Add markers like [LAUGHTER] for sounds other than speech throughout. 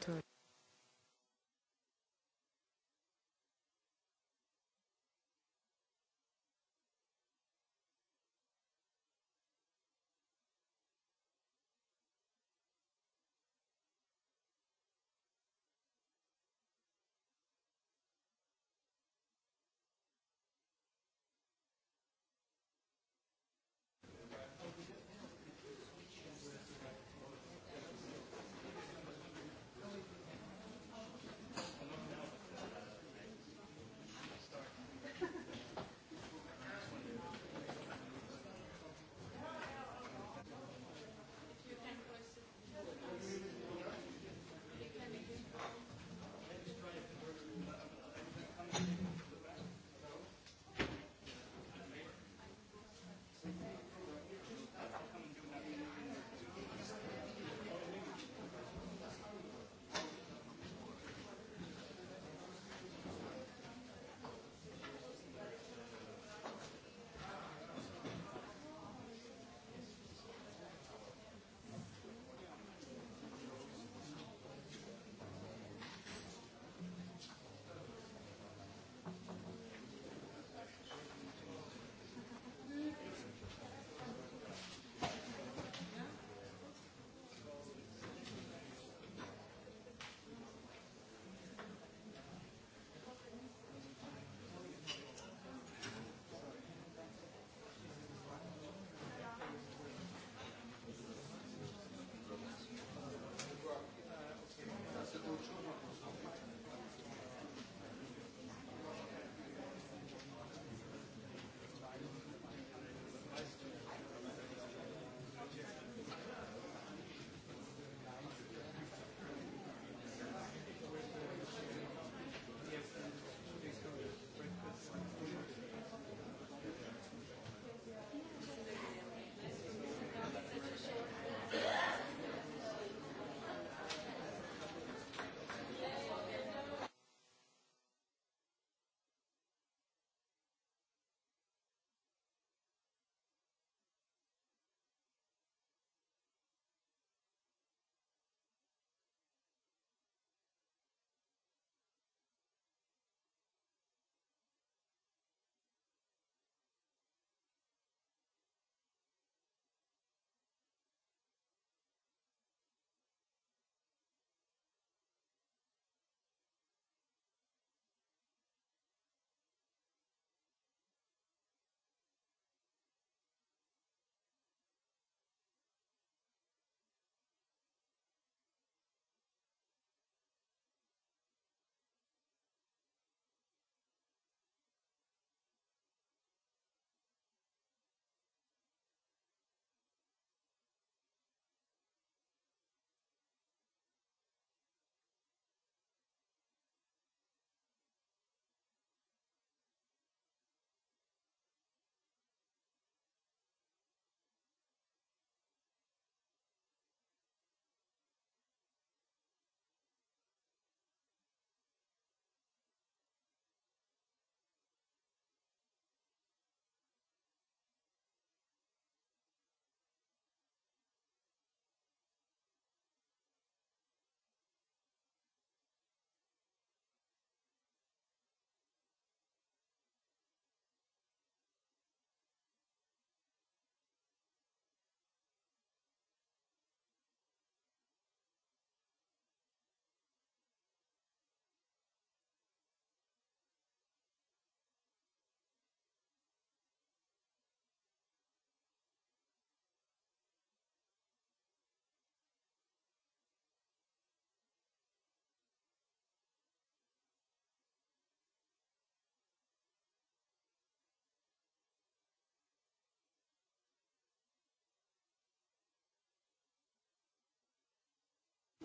kot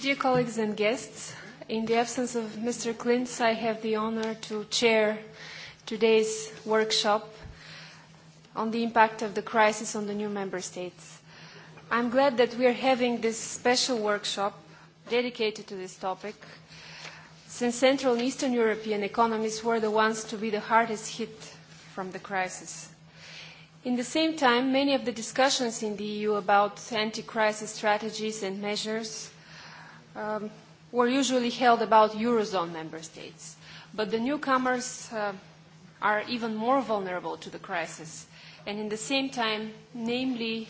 Dear colleagues and guests, in the absence of Mr. Klintz, I have the honor to chair today's workshop on the impact of the crisis on the new member states. I'm glad that we are having this special workshop dedicated to this topic, since Central and Eastern European economies were the ones to be the hardest hit from the crisis. In the same time, many of the discussions in the EU about anti-crisis strategies and measures um, were usually held about Eurozone member states. But the newcomers uh, are even more vulnerable to the crisis. And in the same time, namely,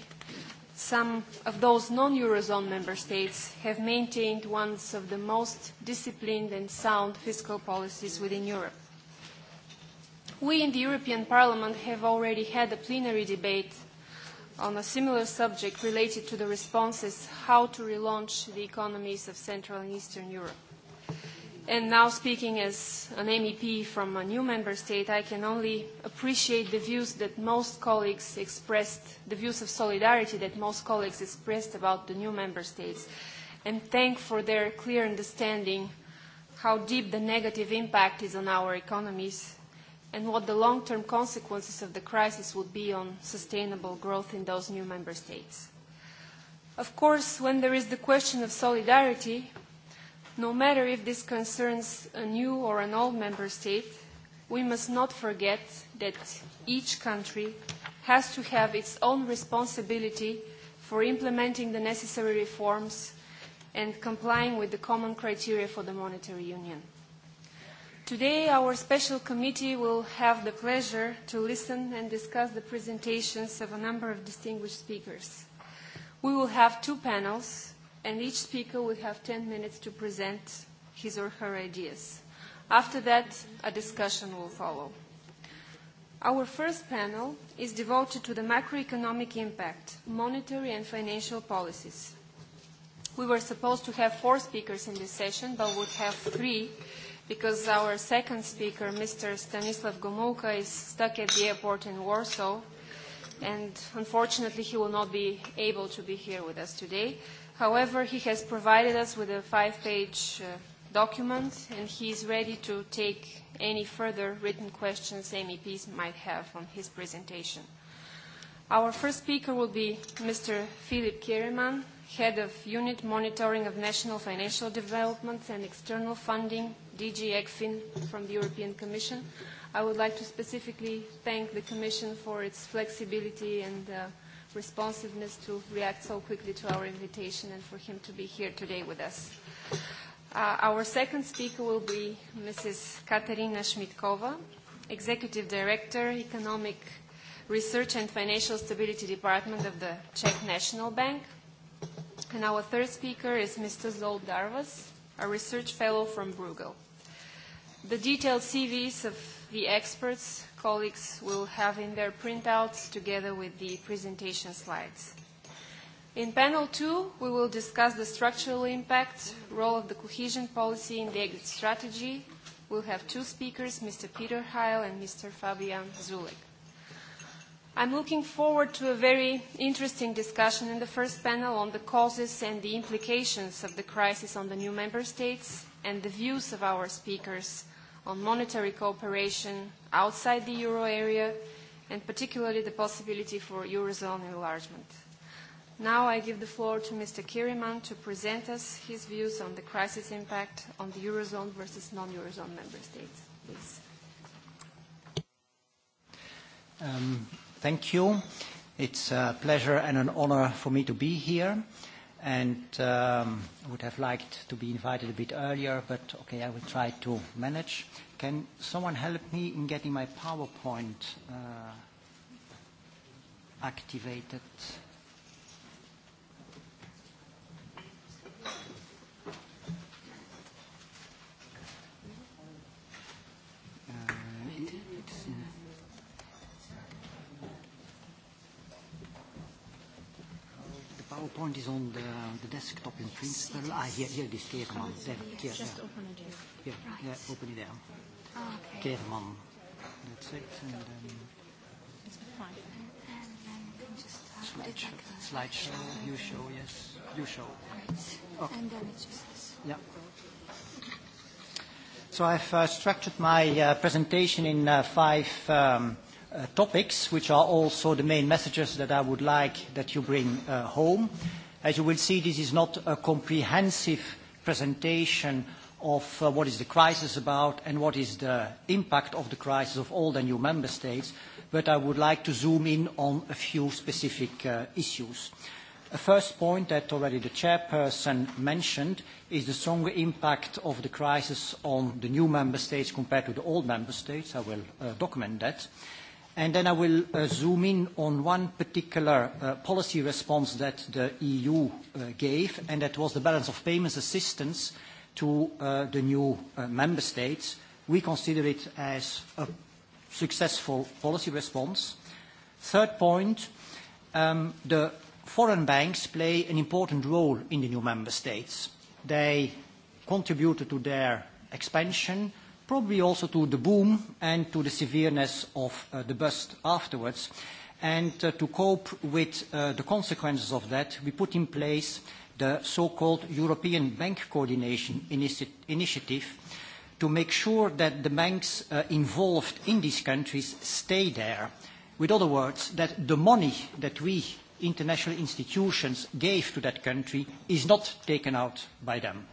some of those non-Eurozone member states have maintained one of the most disciplined and sound fiscal policies within Europe. We in the European Parliament have already had a plenary debate on a similar subject related to the responses how to relaunch the economies of Central and Eastern Europe. And now speaking as an MEP from a new member state, I can only appreciate the views that most colleagues expressed, the views of solidarity that most colleagues expressed about the new member states, and thank for their clear understanding how deep the negative impact is on our economies and what the long-term consequences of the crisis would be on sustainable growth in those new member states. Of course, when there is the question of solidarity, no matter if this concerns a new or an old member state, we must not forget that each country has to have its own responsibility for implementing the necessary reforms and complying with the common criteria for the monetary union. Today, our special committee will have the pleasure to listen and discuss the presentations of a number of distinguished speakers. We will have two panels, and each speaker will have 10 minutes to present his or her ideas. After that, a discussion will follow. Our first panel is devoted to the macroeconomic impact, monetary and financial policies. We were supposed to have four speakers in this session, but would have three because our second speaker, Mr. Stanislav Gomulka, is stuck at the airport in Warsaw, and unfortunately he will not be able to be here with us today. However, he has provided us with a five-page uh, document, and he is ready to take any further written questions MEPs might have on his presentation. Our first speaker will be Mr. Philip Kiriman, Head of Unit Monitoring of National Financial Development and External Funding DG ECFIN from the European Commission. I would like to specifically thank the Commission for its flexibility and uh, responsiveness to react so quickly to our invitation and for him to be here today with us. Uh, our second speaker will be Mrs. Katerina Schmidkova, Executive Director, Economic Research and Financial Stability Department of the Czech National Bank. And our third speaker is Mr. Zold Darvas, a research fellow from Bruegel. The detailed CVs of the experts colleagues will have in their printouts together with the presentation slides. In panel two, we will discuss the structural impact, role of the cohesion policy in the exit strategy. We'll have two speakers, Mr. Peter Heil and Mr. Fabian Zulik. I'm looking forward to a very interesting discussion in the first panel on the causes and the implications of the crisis on the new member states and the views of our speakers on monetary cooperation outside the euro area, and particularly the possibility for eurozone enlargement. Now I give the floor to Mr. Kiriman to present us his views on the crisis impact on the eurozone versus non-eurozone member states. Please. Um, thank you. It's a pleasure and an honor for me to be here and um, would have liked to be invited a bit earlier, but okay, I will try to manage. Can someone help me in getting my PowerPoint uh, activated? Uh, PowerPoint is on the, the desktop in principle. Yes, ah, here, here this Kerman. Oh, there, yes, here, just yeah. open it here. Here, right. yeah, open it there. Oh, okay. Kerman. That's it. And then. It's fine. Slideshow. Uh, like slide you show, yes. You show. Right. Okay. And then it's just this. Yeah. So I've uh, structured my uh, presentation in uh, five. Um, Uh, topics, which are also the main messages that I would like that you bring uh, home. As you will see, this is not a comprehensive presentation of uh, what is the crisis about and what is the impact of the crisis of all the new member states, but I would like to zoom in on a few specific issues. A first point that already the chairperson mentioned is the stronger impact of the crisis on the new member states compared to the old member states. I will document that. And then I will uh, zoom in on one particular uh, policy response that the EU uh, gave, and that was the balance of payments assistance to the new member states. We consider it as a successful policy response. Third point, um, the foreign banks play an important role in the new member states. They contributed to their expansion, probably also to the boom and to the severeness of uh, the bust afterwards. And uh, to cope with uh, the consequences of that, we put in place the so-called European Bank Coordination Inici Initiative to make sure that the banks uh, involved in these countries stay there. With other words, that the money that we international institutions gave to that country is not taken out by them.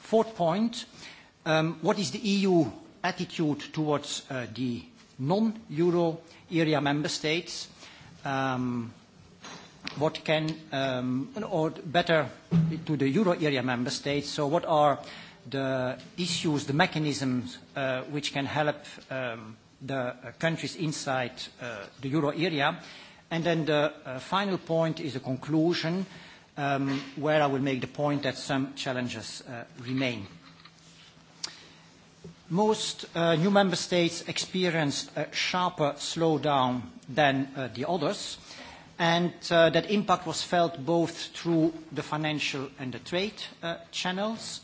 Fourth point, uh, Um, what is the EU attitude towards uh, the non-euro area member states? Um, what can, um, or better, to the euro area member states, so what are the issues, the mechanisms, uh, which can help the uh, countries inside the euro area? And then the final point is a conclusion, where I will make the point that some challenges remain. Most uh, new member states experienced a sharper slowdown than uh, the others, and uh, that impact was felt both through the financial and the trade uh, channels.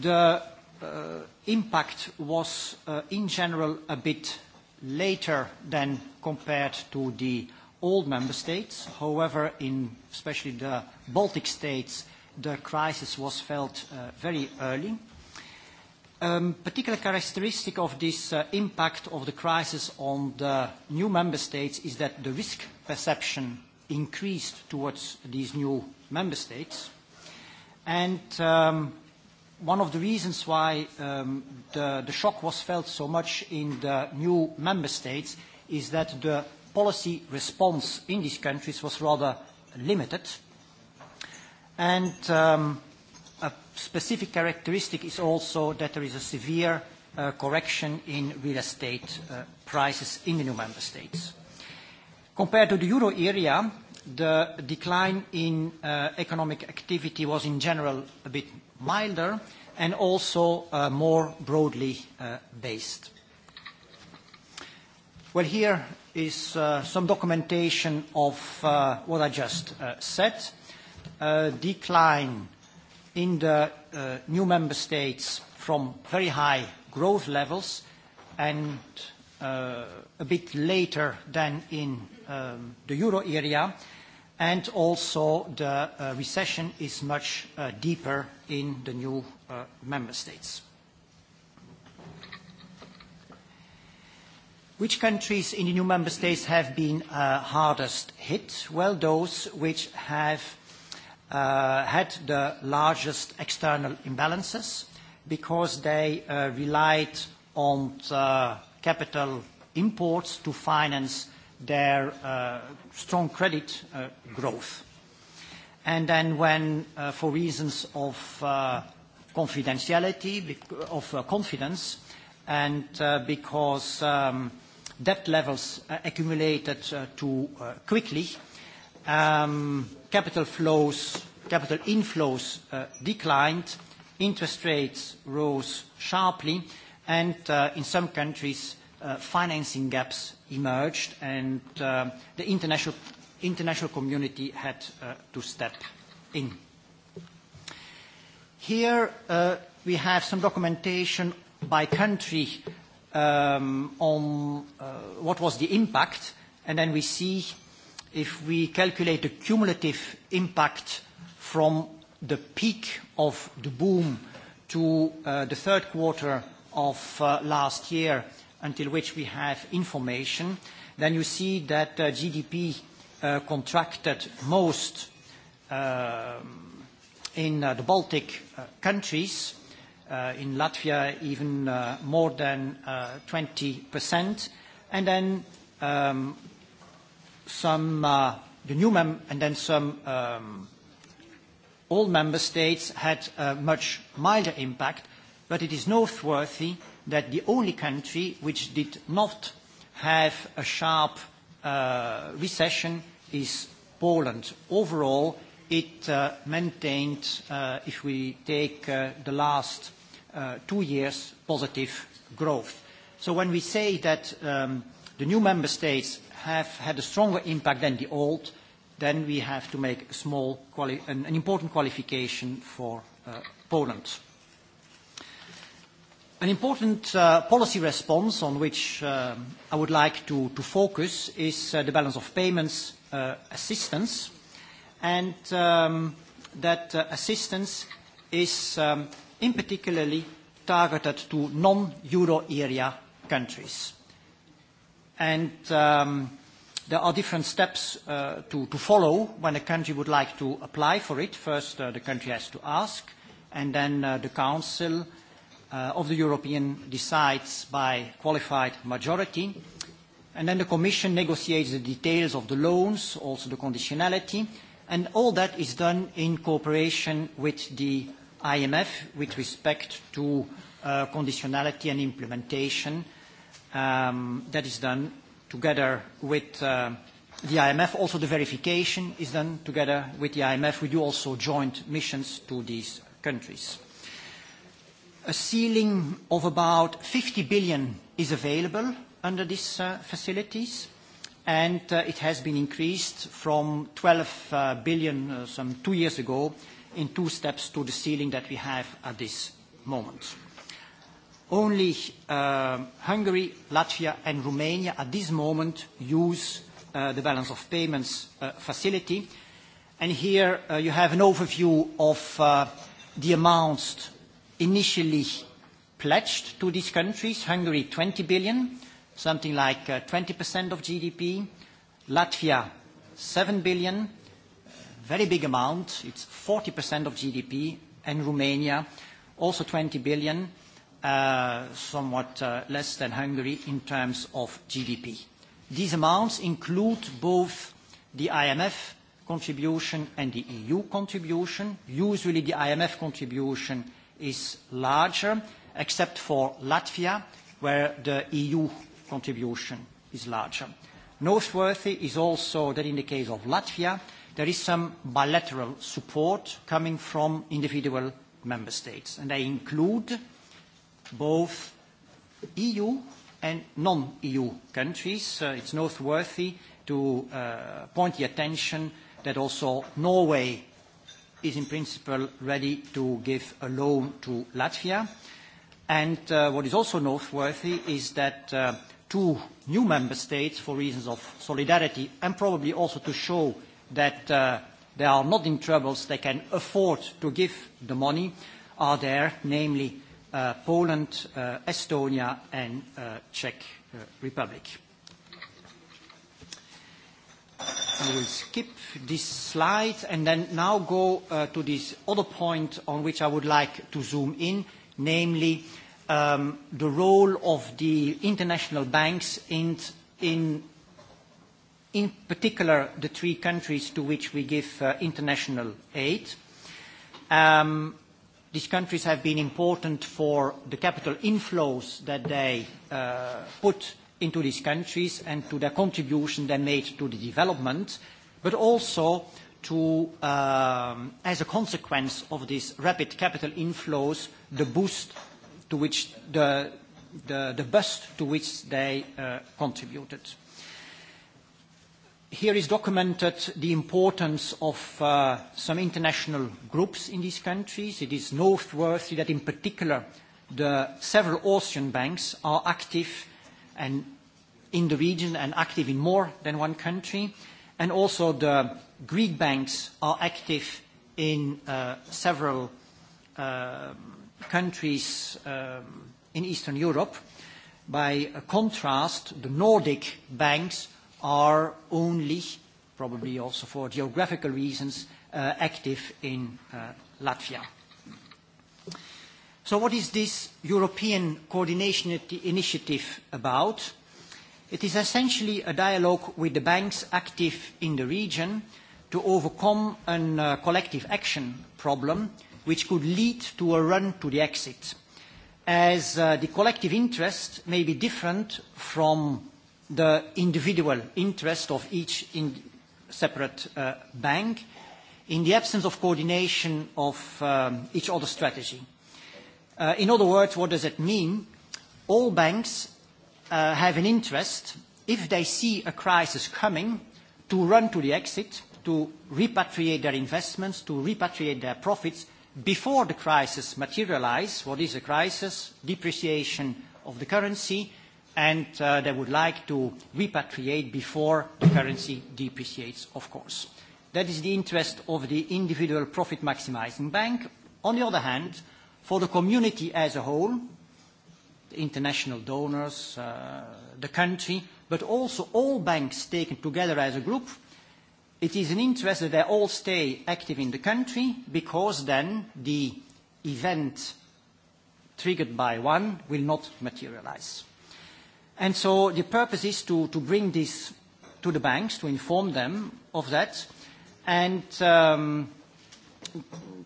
The uh, impact was, uh, in general, a bit later than compared to the old member states. However, in especially the Baltic states, the crisis was felt uh, very early. Um, particular characteristic of this uh, impact of the crisis on the new member states is that the risk perception increased towards these new member states. And um, one of the reasons why um, the, the shock was felt so much in the new member states is that the policy response in these countries was rather limited. And um, specific characteristic is also that there is a severe uh, correction in real estate uh, prices in the new member states. Compared to the euro area, the decline in uh, economic activity was in general a bit milder and also more broadly based. Well, here is some documentation of what I just said. Decline in the uh, new member states from very high growth levels and uh, a bit later than in um, the euro area. And also the uh, recession is much uh, deeper in the new uh, member states. Which countries in the new member states have been uh, hardest hit? Well, those which have Uh, had the largest external imbalances because they uh, relied on the uh, capital imports to finance their uh, strong credit uh, growth. And then when, uh, for reasons of uh, confidentiality, of uh, confidence, and uh, because um, debt levels uh, accumulated uh, too uh, quickly, uh, Um, capital flows, capital inflows uh, declined, interest rates rose sharply, and uh, in some countries, uh, financing gaps emerged, and the international community had to step in. Here, we have some documentation by country um, on what was the impact, and then we see if we calculate the cumulative impact from the peak of the boom to uh, the third quarter of uh, last year, until which we have information, then you see that uh, GDP contracted most um, in the Baltic countries, in Latvia, even more than 20%. Then, um, some uh, the new mem and then some um, old member states had a much milder impact, but it is noteworthy that the only country which did not have a sharp uh, recession is Poland. Overall, it uh, maintained, uh, if we take uh, the last uh, two years, positive growth. So when we say that um, the new member states have had a stronger impact than the old, then we have to make a small quali- an, an important qualification for uh, Poland. An important uh, policy response on which uh, I would like to, to focus is uh, the balance of payments uh, assistance. And um, that uh, assistance is um, in particularly targeted to non-euro area countries and um, there are different steps uh, to follow when a country would like to apply for it. First, uh, the country has to ask, and then uh, the Council of the European decides by qualified majority, and then the Commission negotiates the details of the loans, also the conditionality, and all that is done in cooperation with the IMF with respect to conditionality and implementation, Um, that is done together with uh, the IMF. Also, the verification is done together with the IMF. We do also joint missions to these countries. A ceiling of about 50 billion is available under these uh, facilities, and uh, it has been increased from 12 uh, billion uh, some two years ago in two steps to the ceiling that we have at this moment only uh, Hungary, Latvia, and Romania at this moment use uh, the balance of payments uh, facility. Here you have an overview of the amounts initially pledged to these countries. Hungary, 20 billion, something like 20% of GDP. Latvia, 7 billion, very big amount. It's 40% of GDP. Romania, also 20 billion, Uh, somewhat uh, less than Hungary in terms of GDP. These amounts include both the IMF contribution and the EU contribution. Usually, the IMF contribution is larger, except for Latvia, where the EU contribution is larger. Noteworthy is also that in the case of Latvia, there is some bilateral support coming from individual member states, and they include both EU and non-EU countries, uh, it's noteworthy to uh, point the attention that also Norway is in principle ready to give a loan to Latvia. And uh, what is also noteworthy is that uh, two new member states, for reasons of solidarity, and probably also to show that uh, they are not in troubles, they can afford to give the money, are there, namely Uh, Poland, uh, Estonia and uh, Czech Republic. I will skip this slide and then now go uh, to this other point on which I would like to zoom in, namely um, the role of the international banks in, in, in particular the three countries to which we give uh, international aid. Um, these countries have been important for the capital inflows that they uh, put into these countries and to the contribution they made to the development, but also to, um, as a consequence of these rapid capital inflows, the boost to which the, the, the bust to which they uh, contributed here is documented the importance of uh, some international groups in these countries. It is noteworthy that in particular the several Austrian banks are active and in the region and active in more than one country. And also the Greek banks are active in uh, several uh, countries um, in Eastern Europe. By contrast, the Nordic banks are only, probably also for geographical reasons, uh, active in uh, Latvia. What is this European Coordination Initiative about? It is essentially a dialogue with the banks active in the region to overcome a uh, collective action problem, which could lead to a run to the exit, as the collective interest may be different from the individual interest of each in separate uh, bank in the absence of coordination of um, each other strategy. Uh, in other words, what does it mean? All banks uh, have an interest, if they see a crisis coming, to run to the exit, to repatriate their investments, to repatriate their profits before the crisis materializes. What is a crisis? Depreciation of the currency, and uh, they would like to repatriate before the currency depreciates, of course. That is the interest of the individual profit-maximizing bank. On the other hand, for the community as a whole, the international donors, uh, the country, but also all banks taken together as a group, it is an interest that they all stay active in the country because then the event triggered by one will not materialize. And so the purpose is to, to bring this to the banks, to inform them of that, and um,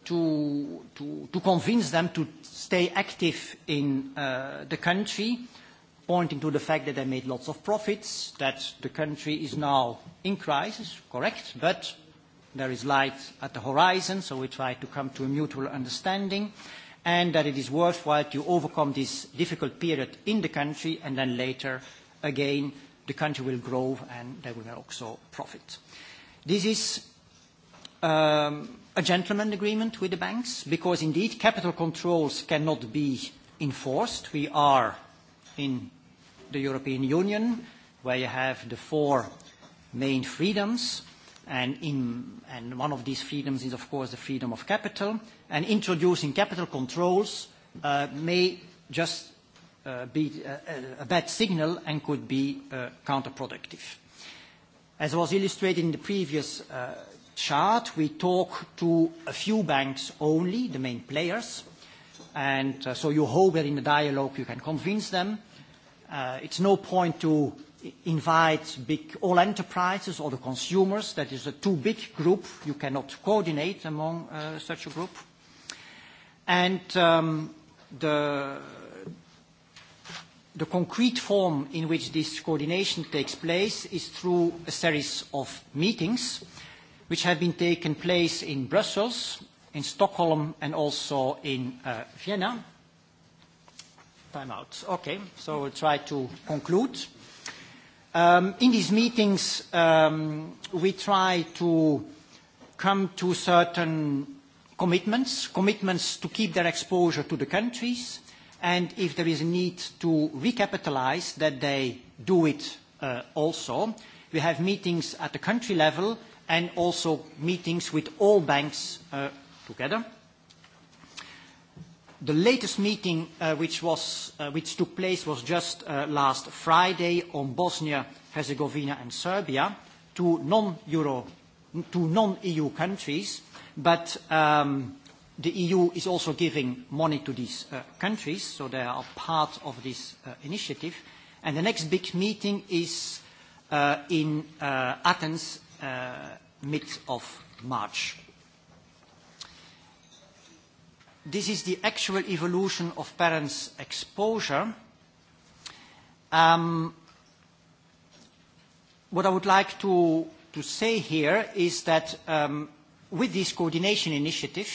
to, to, to convince them to stay active in uh, the country, pointing to the fact that they made lots of profits, that the country is now in crisis, correct, but there is light at the horizon, so we try to come to a mutual understanding and that it is worthwhile to overcome this difficult period in the country, and then later, again, the country will grow and they will also profit. This is um, a gentleman agreement with the banks, because indeed capital controls cannot be enforced. We are in the European Union, where you have the four main freedoms and in, and one of these freedoms is, of course, the freedom of capital. And introducing capital controls uh, may just uh, be uh, a bad signal and could be counterproductive. As was illustrated in the previous chart, we talk to a few banks only, the main players, and so you hope that in the dialogue you can convince them. It's no point to invite big all enterprises or the consumers that is a too big group you cannot coordinate among uh, such a group and um, the the concrete form in which this coordination takes place is through a series of meetings which have been taken place in Brussels in Stockholm and also in uh, Vienna time out okay so we'll try to conclude Um, in these meetings, um, we try to come to certain commitments, commitments to keep their exposure to the countries, and if there is a need to recapitalize, that they do it uh, also. We have meetings at the country level and also meetings with all banks uh, together. The latest meeting uh, which, was, uh, which took place was just uh, last Friday on Bosnia-Herzegovina and Serbia, two non-EU non countries, but um, the EU is also giving money to these uh, countries, so they are part of this uh, initiative. And the next big meeting is uh, in uh, Athens, uh, mid of March this is the actual evolution of parents' exposure. Um, what I would like to, to say here is that um, with this coordination initiative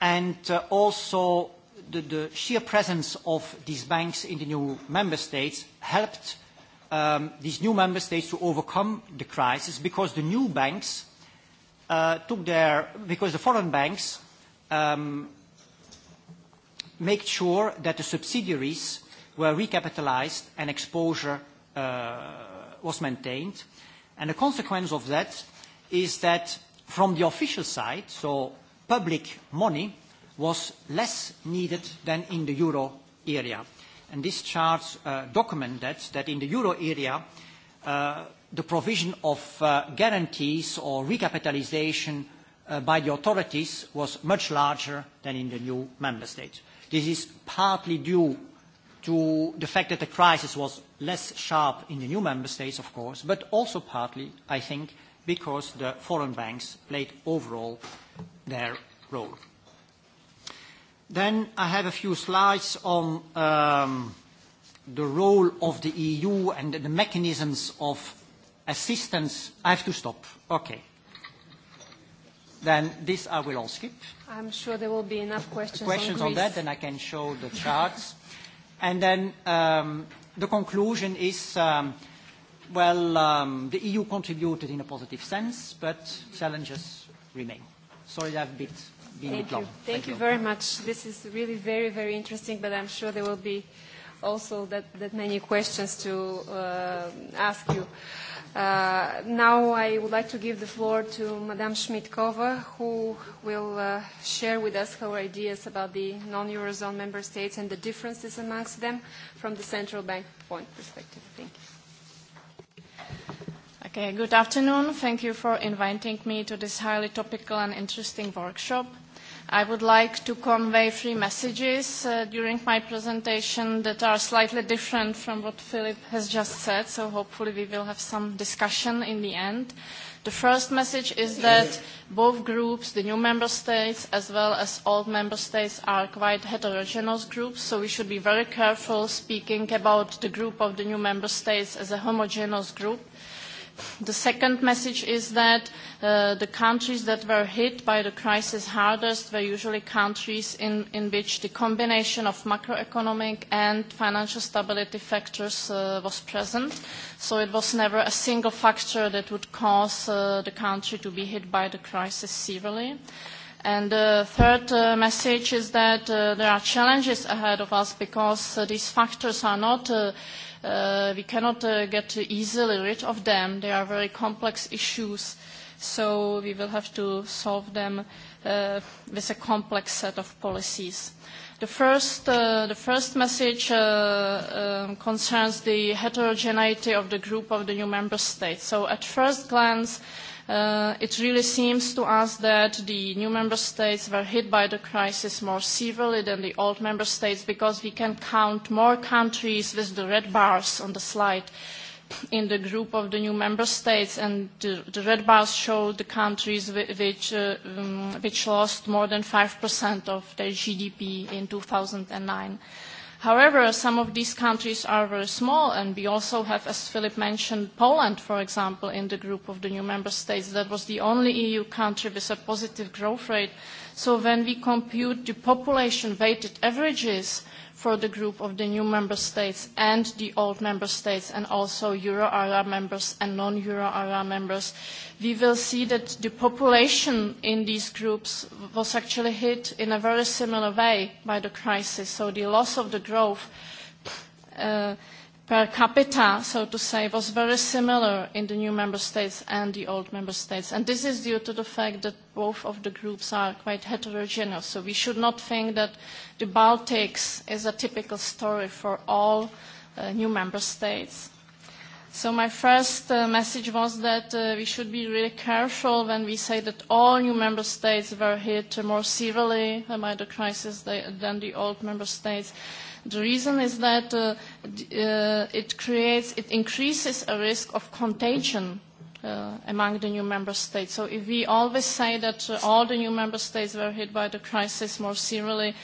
and uh, also the, the sheer presence of these banks in the new member states helped um, these new member states to overcome the crisis because the new banks uh, took their, because the foreign banks um, make sure that the subsidiaries were recapitalized and exposure uh, was maintained. The consequence of that is that from the official side, so public money was less needed than in the euro area. These charts uh, document that in the euro area, uh, the provision of guarantees or recapitalization by the authorities was much larger than in the new member state. This is partly due to the fact that the crisis was less sharp in the new member states, of course, but also partly, I think, because the foreign banks played overall their role. Then I have a few slides on um, the role of the EU and the mechanisms of assistance. I have to stop. Okay. Then this I will all skip. I'm sure there will be enough questions on Greece. Questions on that, then I can show the charts. And then um, the conclusion is, um, well, um, the EU contributed in a positive sense, but challenges remain. Sorry, I've been a bit long. Thank you. Thank you very much. This is really very, very interesting, but I'm sure there will be also that many questions to uh, ask you. Uh, now I would like to give the floor to Madame Schmidkova, who will uh, share with us her ideas about the non-Eurozone member states and the differences amongst them from the central bank point perspective. Thank you. Okay, good afternoon. Thank you for inviting me to this highly topical and interesting workshop. I would like to convey three messages uh, during my presentation that are slightly different from what Philip has just said, so hopefully we will have some discussion in the end. The first message is that both groups, the new member states as well as old member states, are quite heterogeneous groups, so we should be very careful speaking about the group of the new member states as a homogeneous group. The second message is that uh, the countries that were hit by the crisis hardest were usually countries in, in which the combination of macroeconomic and financial stability factors uh, was present. So it was never a single factor that would cause uh, the country to be hit by the crisis severely. And the third uh, message is that uh, there are challenges ahead of us because uh, these factors are not uh, uh, we cannot uh, get easily rid of them. They are very complex issues, so we will have to solve them uh, with a complex set of policies. The first, uh, the first message uh, um, concerns the heterogeneity of the group of the new member states. So at first glance, Uh, it really seems to us that the new member states were hit by the crisis more severely than the old member states because we can count more countries with the red bars on the slide in the group of the new member states and the, the red bars show the countries which, uh, um, which lost more than 5% of their GDP in 2009. However, some of these countries are very small, and we also have, as Philip mentioned, Poland, for example, in the group of the new member states. That was the only EU country with a positive growth rate. So when we compute the population-weighted averages, for the group of the new member states and the old member states and also euro-area members and non-euro-area members, we will see that the population in these groups was actually hit in a very similar way by the crisis. So the loss of the growth uh, per capita, so to say, was very similar in the new member states and the old member states. And this is due to the fact that both of the groups are quite heterogeneous. So we should not think that the Baltics is a typical story for all uh, new member states. So my first uh, message was that uh, we should be really careful when we say that all new member states were hit more severely by the crisis than the old member states. The reason is that uh, uh, it creates, it increases a risk of contagion uh, among the new member states. So if we always say that uh, all the new member states were hit by the crisis more seriously, uh,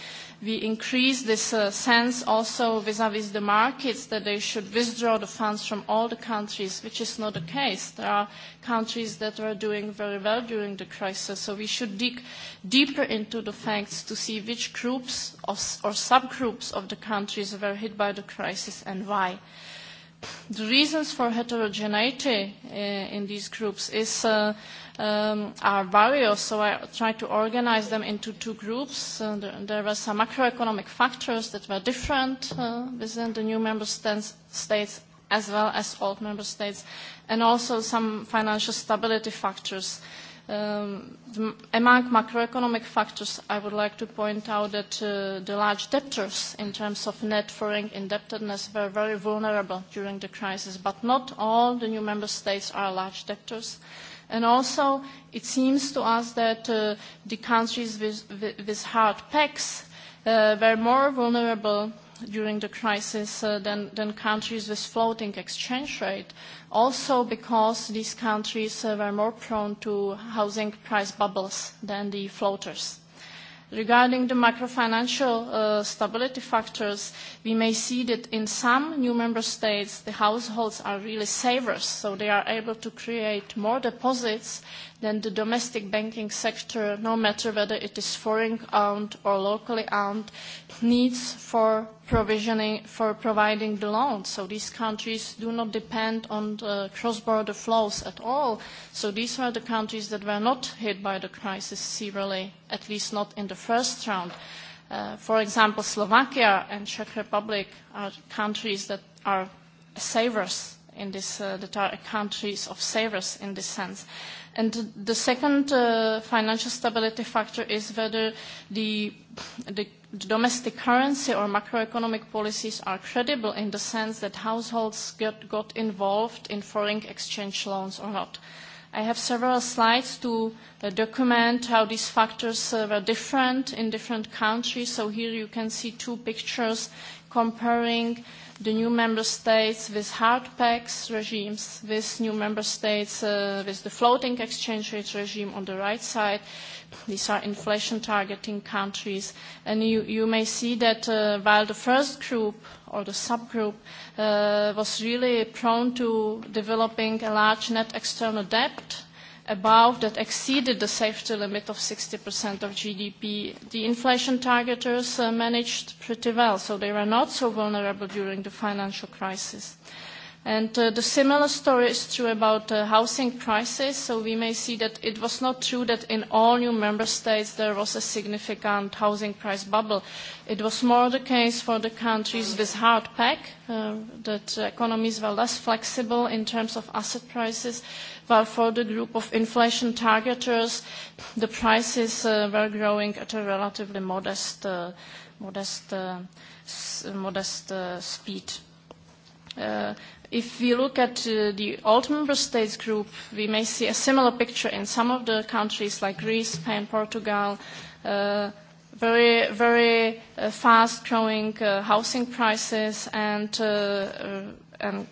we increase this uh, sense also vis-à-vis the markets that they should withdraw the funds from all the countries, which is not the case. There are countries that are doing very well during the crisis, so we should dig deeper into the facts to see which groups of, or subgroups of the countries were hit by the crisis and why the reasons for heterogeneity in, eh, in these groups is, uh, um, are various, so I tried to organize them into two groups. And uh, there, there were some macroeconomic factors that were different uh, within the new member stans- states as well as old member states, and also some financial stability factors uh, Um, among macroeconomic factors, I would like to point out that uh, the large debtors in terms of net foreign indebtedness were very vulnerable during the crisis, but not all the new member states are large debtors. And also, it seems to us that uh, the countries with, with, with hard PECs uh, were more vulnerable during the crisis uh, than, than countries with floating exchange rate, also because these countries uh, were more prone to housing price bubbles than the floaters. Regarding the macrofinancial uh, stability factors, we may see that in some new member states, the households are really savers, so they are able to create more deposits then the domestic banking sector, no matter whether it is foreign-owned or locally-owned, needs for provisioning, for providing the loans. So these countries do not depend on the cross-border flows at all. So these are the countries that were not hit by the crisis severely, at least not in the first round. Uh, for example, Slovakia and Czech Republic are countries that are savers in this, uh, that are countries of savers in this sense. And the second uh, financial stability factor is whether the, the domestic currency or macroeconomic policies are credible in the sense that households get, got involved in foreign exchange loans or not. I have several slides to uh, document how these factors uh, were different in different countries. So here you can see two pictures comparing the new member states with hard PECs regimes, with new member states uh, with the floating exchange rate regime on the right side. These are inflation targeting countries. And you, you may see that uh, while the first group or the subgroup uh, was really prone to developing a large net external debt above that exceeded the safety limit of 60% of GDP, the inflation targeters uh, managed pretty well, so they were not so vulnerable during the financial crisis. And uh, the similar story is true about uh, housing prices. So we may see that it was not true that in all new member states there was a significant housing price bubble. It was more the case for the countries with hard pack, uh, that economies were less flexible in terms of asset prices, while for the group of inflation targeters, the prices uh, were growing at a relatively modest, uh, modest, uh, s modest uh, speed. Uh, If we look at uh, the old member states group, we may see a similar picture in some of the countries like Greece, Spain, Portugal, uh, very, very uh, fast growing uh, housing prices and, uh, uh and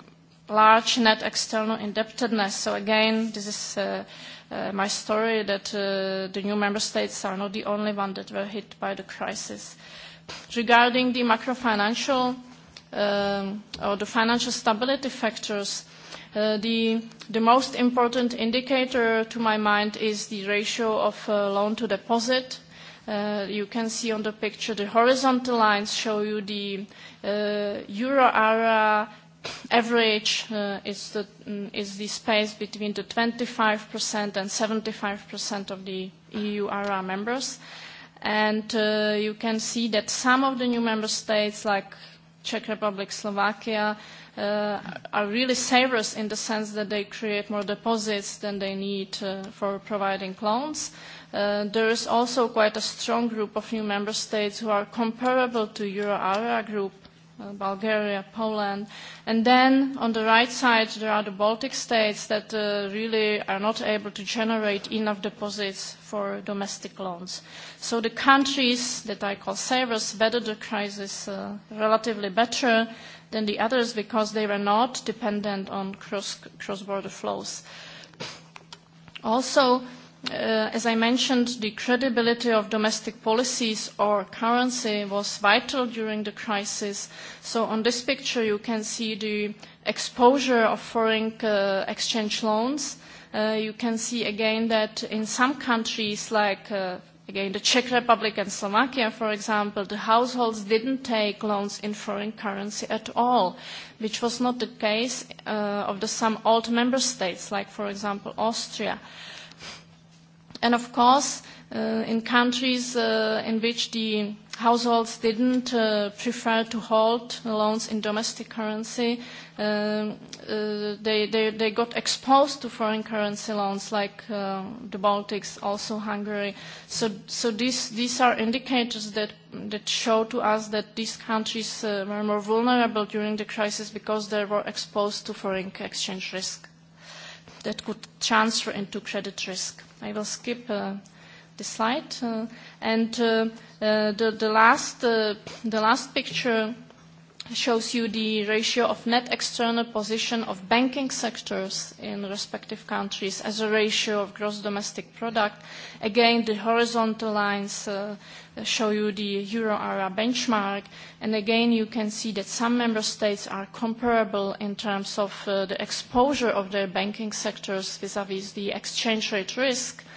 large net external indebtedness. So again, this is uh, uh, my story that uh, the new member states are not the only one that were hit by the crisis. Regarding the macro financial uh, Um, or the financial stability factors, uh, the, the most important indicator to my mind is the ratio of uh, loan to deposit. Uh, you can see on the picture the horizontal lines show you the uh, euro area [COUGHS] average uh, is, the, um, is the space between the 25% and 75% of the EU area members. And uh, you can see that some of the new member states like Czech Republic, Slovakia uh, are really savers in the sense that they create more deposits than they need uh, for providing loans. Uh, there is also quite a strong group of new member states who are comparable to Euro-Area group Uh, Bulgaria, Poland. And then on the right side, there are the Baltic states that uh, really are not able to generate enough deposits for domestic loans. So the countries that I call savers weathered the crisis uh, relatively better than the others because they were not dependent on cross-border cross flows. Also, uh, as I mentioned, the credibility of domestic policies or currency was vital during the crisis. So on this picture, you can see the exposure of foreign uh, exchange loans. Uh, you can see again that in some countries like uh, Again, the Czech Republic and Slovakia, for example, the households didn't take loans in foreign currency at all, which was not the case uh, of the some old member states, like, for example, Austria. Uh, and of course, uh, in countries uh, in which the households didn't uh, prefer to hold loans in domestic currency, uh, uh, they, they, they got exposed to foreign currency loans like uh, the Baltics, also Hungary. So, so these, these are indicators that, that show to us that these countries uh, were more vulnerable during the crisis because they were exposed to foreign exchange risk that could transfer into credit risk. I will skip uh, the slide. Uh, and uh, uh, the, the, last, uh, the last picture shows you the ratio of net external position of banking sectors in respective countries as a ratio of gross domestic product. Again, the horizontal lines uh, show you the euro area benchmark. And again, you can see that some member states are comparable in terms of uh, the exposure of their banking sectors vis-à-vis -vis the exchange rate risk. Uh,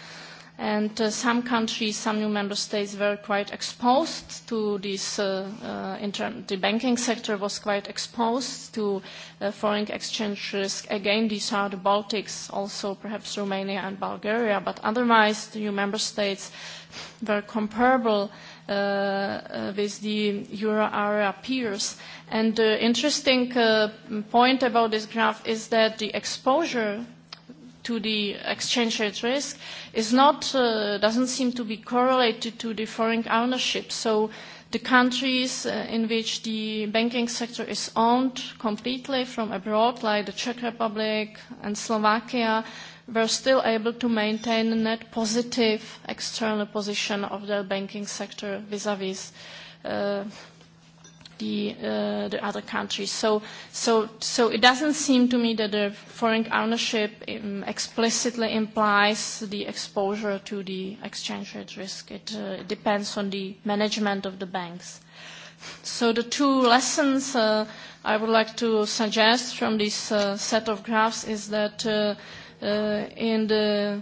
and uh, some countries, some new member states were quite exposed to this, uh, uh, inter- the banking sector was quite exposed to uh, foreign exchange risk. Again, these are the Baltics, also perhaps Romania and Bulgaria, but otherwise the new member states were comparable uh, uh, with the euro area peers. And the interesting uh, point about this graph is that the exposure to the exchange rate risk is not uh, doesn't seem to be correlated to the foreign ownership. So the countries uh, in which the banking sector is owned completely from abroad, like the Czech Republic and Slovakia, were still able to maintain a net positive external position of their banking sector vis-à-vis. Uh, the uh, the other countries. So so so it doesn't seem to me that the foreign ownership um, explicitly implies the exposure to the exchange rate risk. It, uh, it depends on the management of the banks. So the two lessons uh, I would like to suggest from this uh, set of graphs is that uh, uh, in the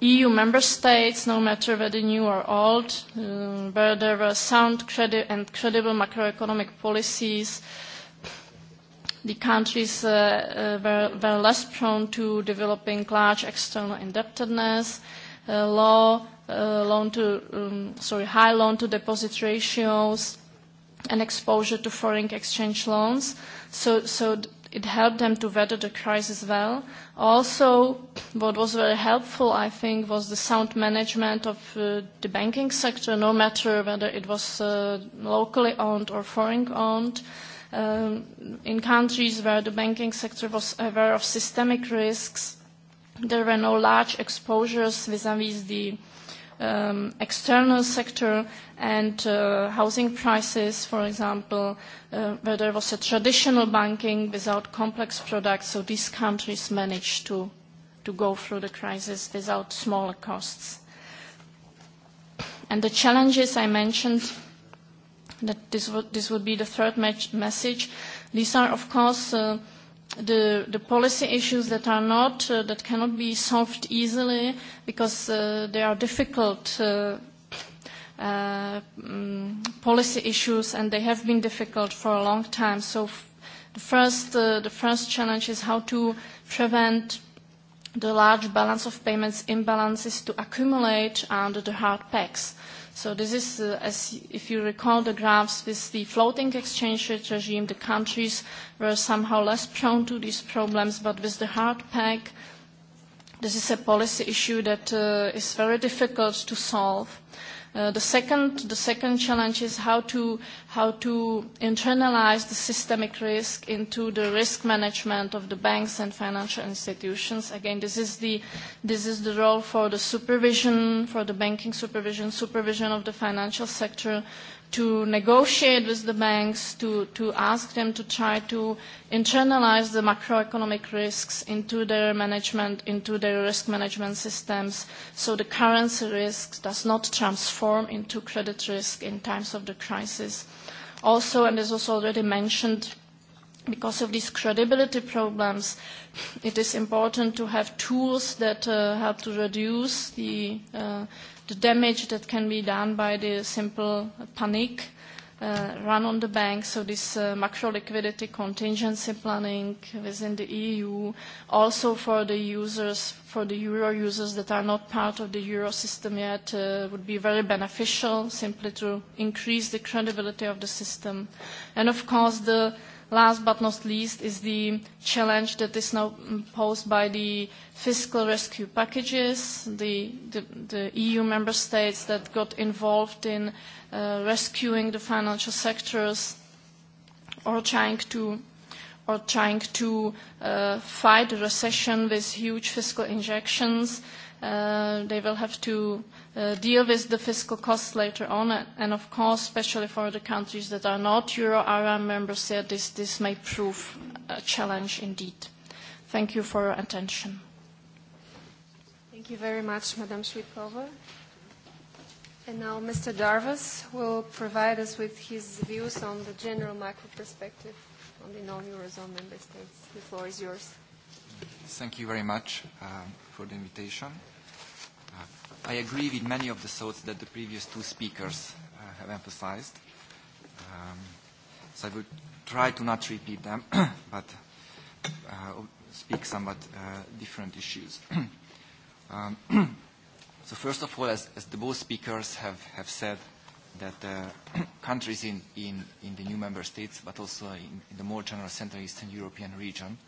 EU member states, no matter whether new or old, um, where there were sound credi- and credible macroeconomic policies, the countries uh, uh, were, were less prone to developing large external indebtedness, uh, low uh, loan to, um, sorry, high loan to deposit ratios, and exposure to foreign exchange loans. So, so it helped them to weather the crisis well. Also, what was very helpful, I think, was the sound management of uh, the banking sector, no matter whether it was uh, locally owned or foreign owned. Um, in countries where the banking sector was aware of systemic risks, there were no large exposures vis-à-vis the uh, um, external sector and uh, housing prices, for example, uh, where there was a traditional banking without complex products, so these countries managed to, to go through the crisis without smaller costs. And the challenges I mentioned, that this would, this would be the third me message, these are, of course, uh, the the policy issues that are not uh, that cannot be solved easily because uh, they are difficult uh, uh, um, policy issues and they have been difficult for a long time so f the first uh, the first challenge is how to prevent the large balance of payments imbalances to accumulate under the hard packs uh, So this is, uh, as if you recall the graphs, this is the floating exchange rate regime. The countries were somehow less prone to these problems, but with the hard peg, this is a policy issue that uh, is very difficult to solve. Uh, Uh, the second the second challenge is how to how to internalize the systemic risk into the risk management of the banks and financial institutions again this is the this is the role for the supervision for the banking supervision supervision of the financial sector to negotiate with the banks, to, to ask them to try to internalize the macroeconomic risks into their management, into their risk management systems, so the currency risk does not transform into credit risk in times of the crisis. Also, and this was already mentioned, because of these credibility problems, it is important to have tools that uh, help to reduce the uh, the damage that can be done by the simple panic uh, run on the bank. So this uh, macro liquidity contingency planning within the EU, also for the users, for the euro users that are not part of the euro system yet, uh, would be very beneficial simply to increase the credibility of the system. And of course, the last but not least is the challenge that is now posed by the fiscal rescue packages. The, the, the EU member states that got involved in uh, rescuing the financial sectors or trying to, or trying to uh, fight the recession with huge fiscal injections, uh, they will have to uh, Uh, deal with the fiscal costs later on. And of course, especially for the countries that are not euro area member states, this may prove a challenge indeed. Thank you for your attention. Thank you very much, Madam Svitkova. And now Mr. Darvas will provide us with his views on the general macro perspective on the non-Eurozone member states. The floor is yours. Thank you very much uh, for the invitation. Uh, I agree with many of the thoughts that the previous two speakers uh, have emphasized. Um, so I will try to not repeat them, [CLEARS THROAT] but uh, speak somewhat uh, different issues. [CLEARS THROAT] um, [CLEARS THROAT] so first of all, as, as the both speakers have, have said, that uh, countries in, in, in the new member states, but also in, in the more general Central Eastern European region,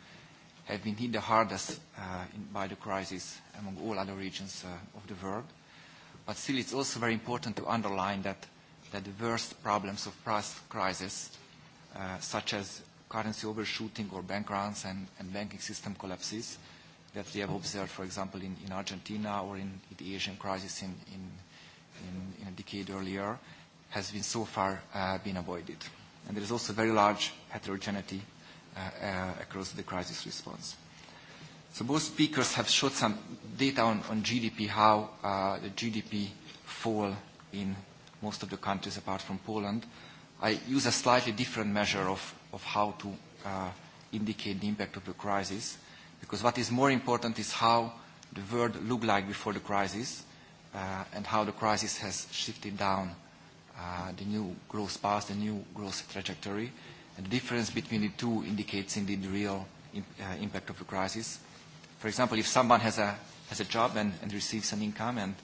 have been hit the hardest uh, in, by the crisis among all other regions uh, of the world. But still, it's also very important to underline that, that the worst problems of price crisis, uh, such as currency overshooting or bank runs and, and banking system collapses, that we have observed, for example, in, in Argentina or in, in the Asian crisis in, in, in, in a decade earlier, has been so far uh, been avoided. And there is also very large heterogeneity Uh, uh, across the crisis response. So both speakers have showed some data on, on GDP, how uh, the GDP fall in most of the countries apart from Poland. I use a slightly different measure of, of how to uh, indicate the impact of the crisis, because what is more important is how the world looked like before the crisis uh, and how the crisis has shifted down uh, the new growth path, the new growth trajectory, difference between the two indicates indeed the real in, uh, impact of the crisis. For example, if someone has a, has a job and, and receives an income and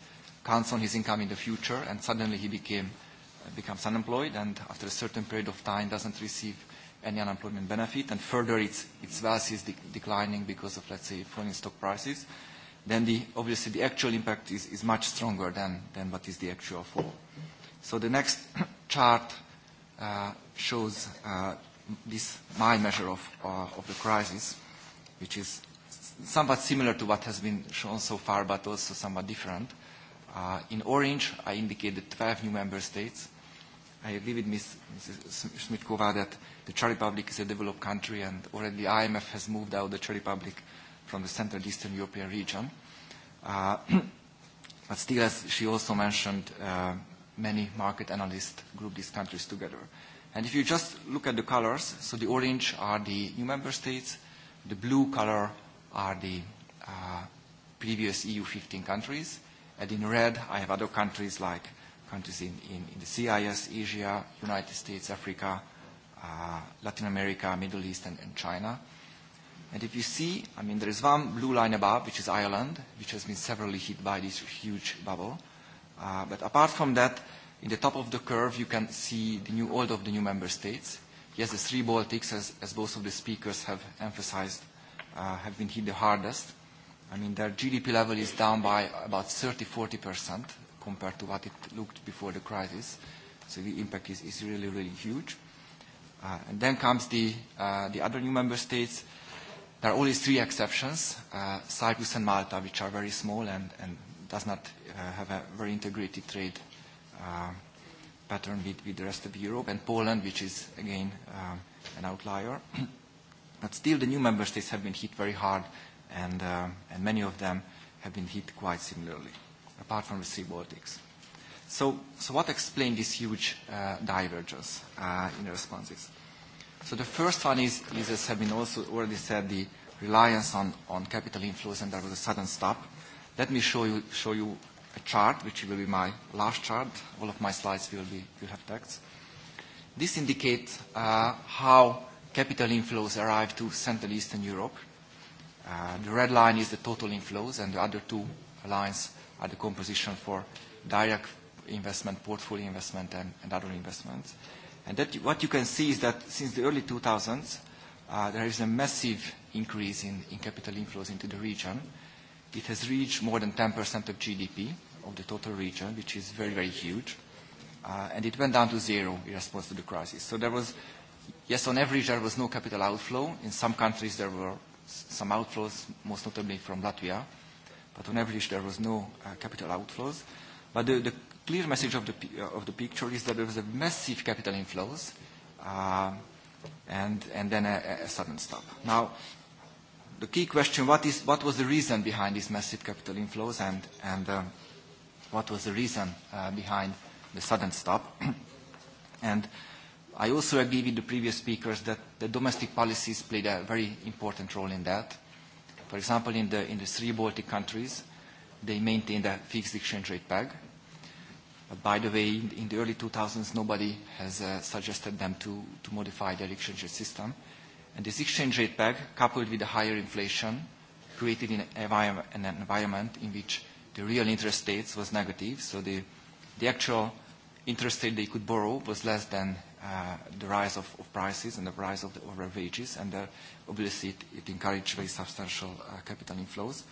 counts on his income in the future and suddenly he became, uh, becomes unemployed and after a certain period of time doesn't receive any unemployment benefit and further its, its value is de declining because of, let's say, falling stock prices, then the, obviously the actual impact is, is much stronger than, than what is the actual fall. So the next [CLEARS THROAT] chart uh, Uh, shows uh, this my measure of, uh, of the crisis, which is somewhat similar to what has been shown so far, but also somewhat different. Uh, in orange, I indicate the 12 new member states. I agree with Ms. Smitkova that the Czech Republic is a developed country and already the IMF has moved out the Czech Republic from the Central Eastern European region. Uh, [CLEARS THROAT] but still, as she also mentioned, uh, many market analysts group these countries together. And if you just look at the colors, so the orange are the new member states, the blue color are the uh, previous EU 15 countries, and in red I have other countries like countries in, in, in the CIS, Asia, United States, Africa, uh, Latin America, Middle East, and, and China. And if you see, I mean, there is one blue line above, which is Ireland, which has been severely hit by this huge bubble. Uh, but apart from that, in the top of the curve, you can see the new order of the new member states. Yes, the three Baltics, as both of the speakers have emphasized, uh, have been hit the hardest. I mean, their GDP level is down by about 30%-40% compared to what it looked before the crisis, so the impact is really, really huge. Uh, and then comes the other new member states. There are only three exceptions, Cyprus and Malta, which are very small and does not uh, have a very integrated trade uh, pattern with, with the rest of Europe, and Poland, which is, again, um, an outlier. [CLEARS THROAT] but still, the new member states have been hit very hard, and, uh, and many of them have been hit quite similarly, apart from the Sea Baltics. So, so what explains this huge uh, divergence uh, in the responses? So the first one is, is as has been also already said, the reliance on, on capital inflows, and there was a sudden stop. Let me show you, show you a chart, which will be my last chart. All of my slides will, be, will have text. This indicates uh, how capital inflows arrive to Central Eastern Europe. Uh, the red line is the total inflows, and the other two lines are the composition for direct investment, portfolio investment, and, and other investments. And that, what you can see is that since the early 2000s, uh, there is a massive increase in, in capital inflows into the region. It has reached more than 10% of GDP of the total region, which is very, very huge. Uh, and it went down to zero in response to the crisis. So there was, yes, on average there was no capital outflow. In some countries there were some outflows, most notably from Latvia. But on average there was no uh, capital outflows. But the, the clear message of the, uh, of the picture is that there was a massive capital inflows uh, and, and then a, a sudden stop. Now, the key question, what, is, what was the reason behind these massive capital inflows and, and um, what was the reason uh, behind the sudden stop? [CLEARS THROAT] and I also agree with the previous speakers that the domestic policies played a very important role in that. For example, in the, in the three Baltic countries, they maintained a fixed exchange rate peg. But by the way, in the early 2000s, nobody has uh, suggested them to, to modify their exchange rate system. Uh, This exchange rate peg, coupled with the higher inflation, created an environment in which the real interest rates was negative. The actual interest rate they could borrow was less than uh, the rise of prices and the rise of the wages, and uh, obviously, it encouraged very substantial uh, capital inflows.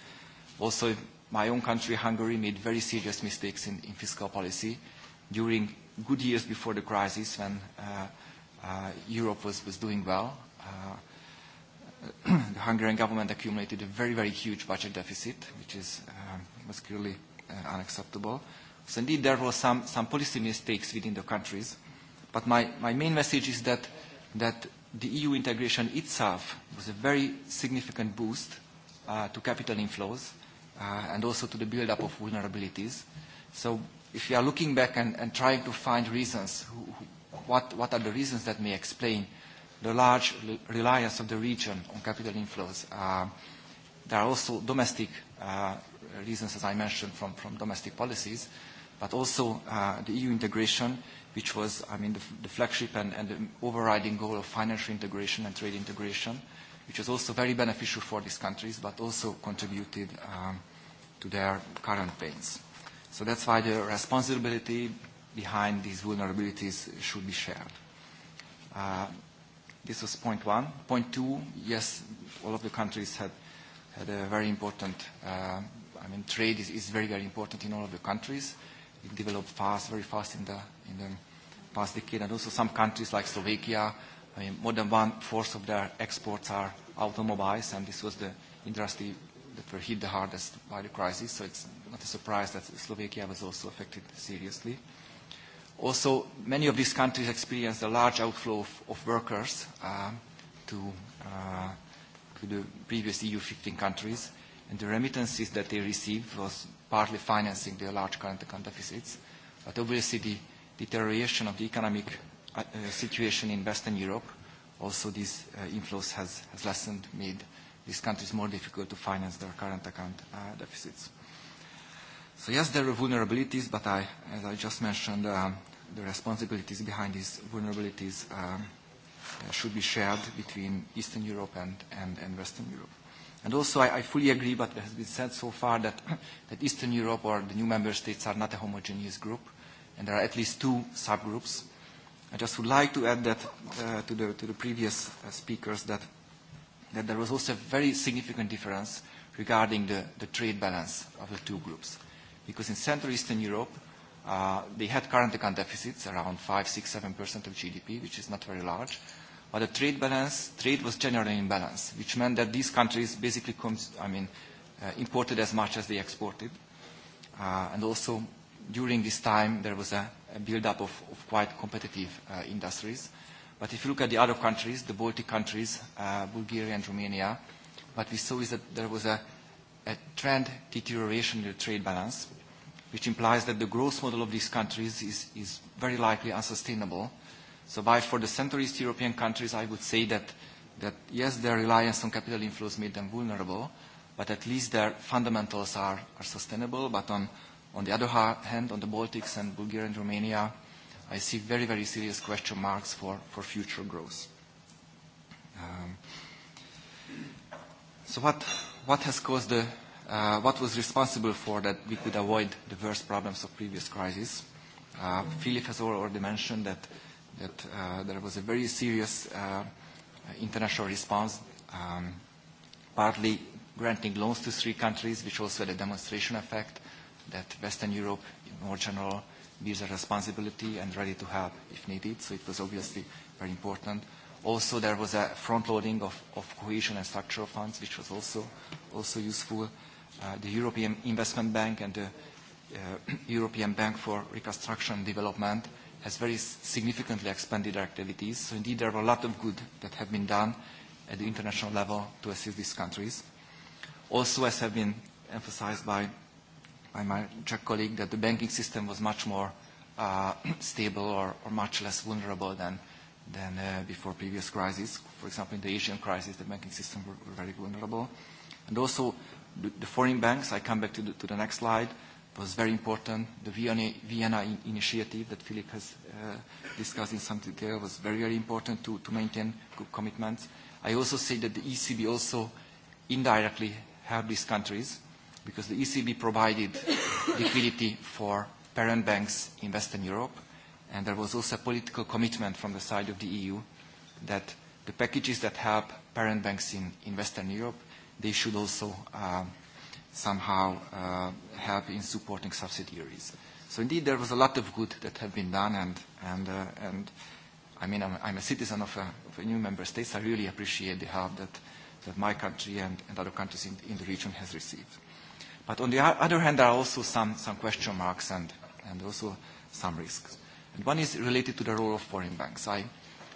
Also, my own country, Hungary, made very serious mistakes in fiscal policy during good years before the crisis when Europe was doing well uh, [CLEARS THROAT] the Hungarian government accumulated a very, very huge budget deficit, which is, uh, was clearly uh, unacceptable. So indeed, there were some, some policy mistakes within the countries. But my, my main message is that, that the EU integration itself was a very significant boost uh, to capital inflows uh, and also to the build-up of vulnerabilities. So if you are looking back and, and trying to find reasons, who, who, what, what are the reasons that may explain uh, the large reliance of the region on capital inflows. Uh, there are also domestic uh, reasons, as I mentioned, from domestic policies, but also uh, the EU integration, which was, I mean, the flagship and the overriding goal of financial integration and trade integration, which was also very beneficial for these countries, but also contributed um, to their current pains. So that's why the responsibility behind these vulnerabilities should be shared. This was point one. Point two, yes, all of the countries had, had a very important, uh, I mean, trade is, is very, very important in all of the countries. It developed fast, very fast in the, in the past decade. And also some countries like Slovakia, I mean, more than one-fourth of their exports are automobiles, and this was the industry that were hit the hardest by the crisis. So it's not a surprise that Slovakia was also affected seriously. Uh, Also, many of these countries experience a large outflow of, of workers uh, to, uh, to the previous EU 15 countries, and the remittances that they received was partly financing their large current account deficits. But obviously, the deterioration of the economic uh, uh, situation in Western Europe, also these uh, inflows has, has lessened, made these countries more difficult to finance their current account uh, deficits. So yes, there are vulnerabilities, but I, as I just mentioned, um, the responsibilities behind these vulnerabilities um, uh, should be shared between Eastern Europe and, and, and Western Europe. And also, I, I fully agree what has been said so far that, [COUGHS] that Eastern Europe or the new member states are not a homogeneous group, and there are at least two subgroups. I just would like to add that uh, to, the, to the previous uh, speakers that, that there was also a very significant difference regarding the, the trade balance of the two groups. Because in Central Eastern Europe, Uh, they had current account deficits around 5, 6, 7% of GDP, which is not very large. But the trade balance, trade was generally in balance, which meant that these countries basically, comes, I mean, uh, imported as much as they exported. Uh, and also, during this time, there was a, a build-up of, of quite competitive uh, industries. But if you look at the other countries, the Baltic countries, uh, Bulgaria and Romania, what we saw is that there was a, a trend deterioration in the trade balance which implies that the growth model of these countries is, is very likely unsustainable. So by for the Central East European countries, I would say that, that yes, their reliance on capital inflows made them vulnerable, but at least their fundamentals are, are sustainable. But on, on the other hand, on the Baltics and Bulgaria and Romania, I see very, very serious question marks for, for future growth. Um, so what, what has caused the Uh, what was responsible for that we could avoid the worst problems of previous crises. Uh, Philip has already mentioned that, that uh, there was a very serious uh, international response, um, partly granting loans to three countries, which also had a demonstration effect that Western Europe, in more general, bears a responsibility and ready to help if needed. So it was obviously very important. Also, there was a front-loading of, of cohesion and structural funds, which was also, also useful. Uh, the European Investment Bank and the uh, [CLEARS THROAT] European Bank for Reconstruction and Development has very significantly expanded their activities. So indeed, there are a lot of good that have been done at the international level to assist these countries. Also, as have been emphasized by, by my Czech colleague, that the banking system was much more uh, [CLEARS THROAT] stable or, or much less vulnerable than, than uh, before previous crises. For example, in the Asian crisis, the banking system were very vulnerable. And also, The foreign banks, I come back to the next slide, was very important. The Vienna initiative that Philippe has uh, discussed in some detail was very important to maintain good commitments. I also say that the ECB also indirectly helped these countries because the ECB provided liquidity for parent banks in Western Europe, and there was also a political commitment from the side of the EU that the packages that help parent banks in Western Europe they should also uh, somehow uh, help in supporting subsidiaries. So indeed, there was a lot of good that have been done, and, and, uh, and I mean, I'm, I'm a citizen of a, of a new member state, so I really appreciate the help that, that my country and, and other countries in, in the region has received. But on the other hand, there are also some, some question marks and, and also some risks. And one is related to the role of foreign banks. I,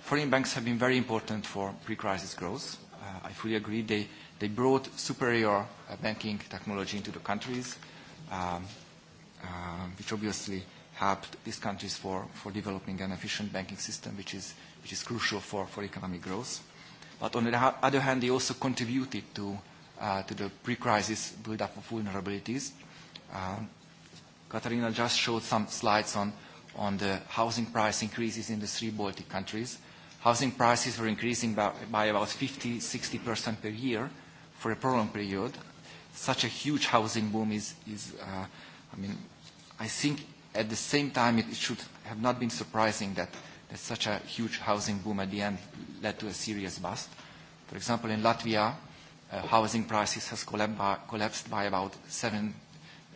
foreign banks have been very important for pre-crisis growth. Uh, I fully agree. They, They brought superior uh, banking technology into the countries, um, uh, which obviously helped these countries for, for developing an efficient banking system, which is, which is crucial for, for economic growth. But on the other hand, they also contributed to, uh, to the pre-crisis build-up of vulnerabilities. Um, Katarina just showed some slides on, on the housing price increases in the three Baltic countries. Housing prices were increasing by, by about 50, 60% per year, for a prolonged period. Such a huge housing boom is, is uh, I mean, I think at the same time it should have not been surprising that, that such a huge housing boom at the end led to a serious bust. For example, in Latvia, uh, housing prices has uh, collapsed by about 70%,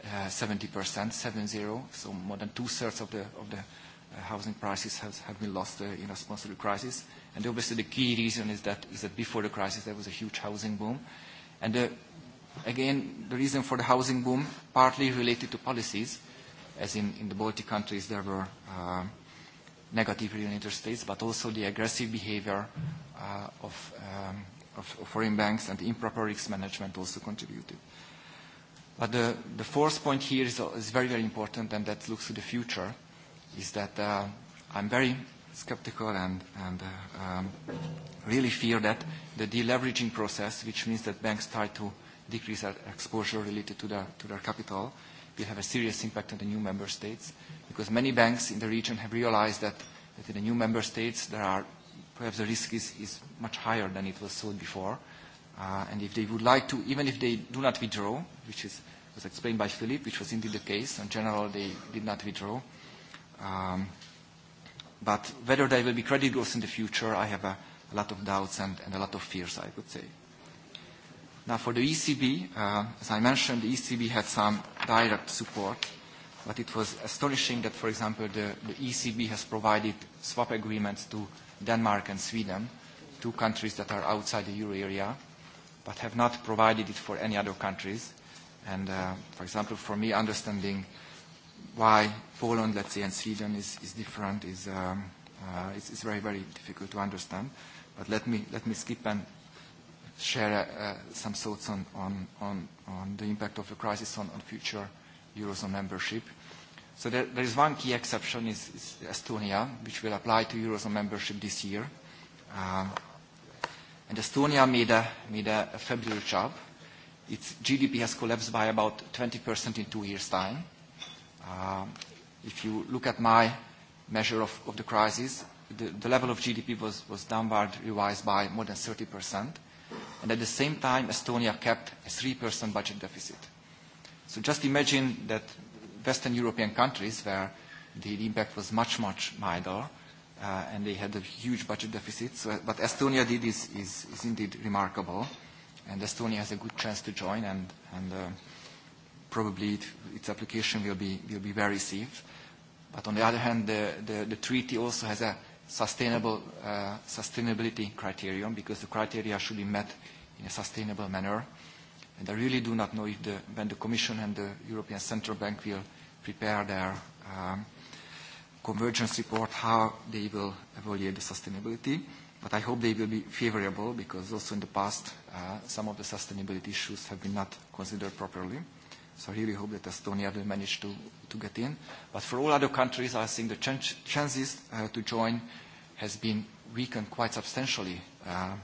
uh, 7-0, so more than two-thirds of the, of the uh, housing prices has, have been lost uh, in response to the crisis. And obviously the key reason is that, is that before the crisis there was a huge housing boom. And uh, again, the reason for the housing boom, partly related to policies, as in, in the Baltic countries there were uh, negative real interest rates, but also the aggressive behavior uh, of, um, of, of foreign banks and the improper risk management also contributed. But the, the fourth point here is, is very, very important, and that looks to the future, is that uh, I'm very skeptical and, and uh, um, really fear that the deleveraging process, which means that banks start to decrease their exposure related to their, to their capital, will have a serious impact on the new member states because many banks in the region have realized that, that in the new member states there are perhaps the risk is, is much higher than it was sold before. Uh, and if they would like to, even if they do not withdraw, which is, was explained by Philip, which was indeed the case, in general they did not withdraw, um, Whether there will be credit growth in the future, I have a lot of doubts and, and a lot of fears, I would say. Now, for the ECB, uh, as I mentioned, the ECB had some direct support, but it was astonishing that, for example, the, the ECB has provided swap agreements to Denmark and Sweden, two countries that are outside the euro area, but have not provided it for any other countries. And, uh, for example, for me, understanding why Poland, let's say, and Sweden is, is different is, um, uh, is, is very, very difficult to understand. But let me, let me skip and share uh, some thoughts on, on, on, on the impact of the crisis on, on future Eurozone membership. So there, there is one key exception is, is Estonia, which will apply to Eurozone membership this year. Um, and Estonia made a, made a, a February job. Its GDP has collapsed by about 20% in two years' time. Um, if you look at my measure of, of the crisis, the, the level of GDP was, was downward revised by more than 30%. And at the same time, Estonia kept a 3% budget deficit. So just imagine that Western European countries, where the impact was much, much milder, uh, and they had a huge budget deficit. So, but Estonia did is, is, is indeed remarkable, and Estonia has a good chance to join, and, and uh, probably it, its application will be, will be well received. But on the other hand, the, the, the treaty also has a sustainable uh, sustainability criterion because the criteria should be met in a sustainable manner. And I really do not know if the, when the Commission and the European Central Bank will prepare their um, convergence report, how they will evaluate the sustainability. But I hope they will be favorable because also in the past, uh, some of the sustainability issues have been not considered properly sorry, really hope that Estonia will manage to, to get in. But for all other countries, I think the ch chances uh, to join has been weakened quite substantially, uh,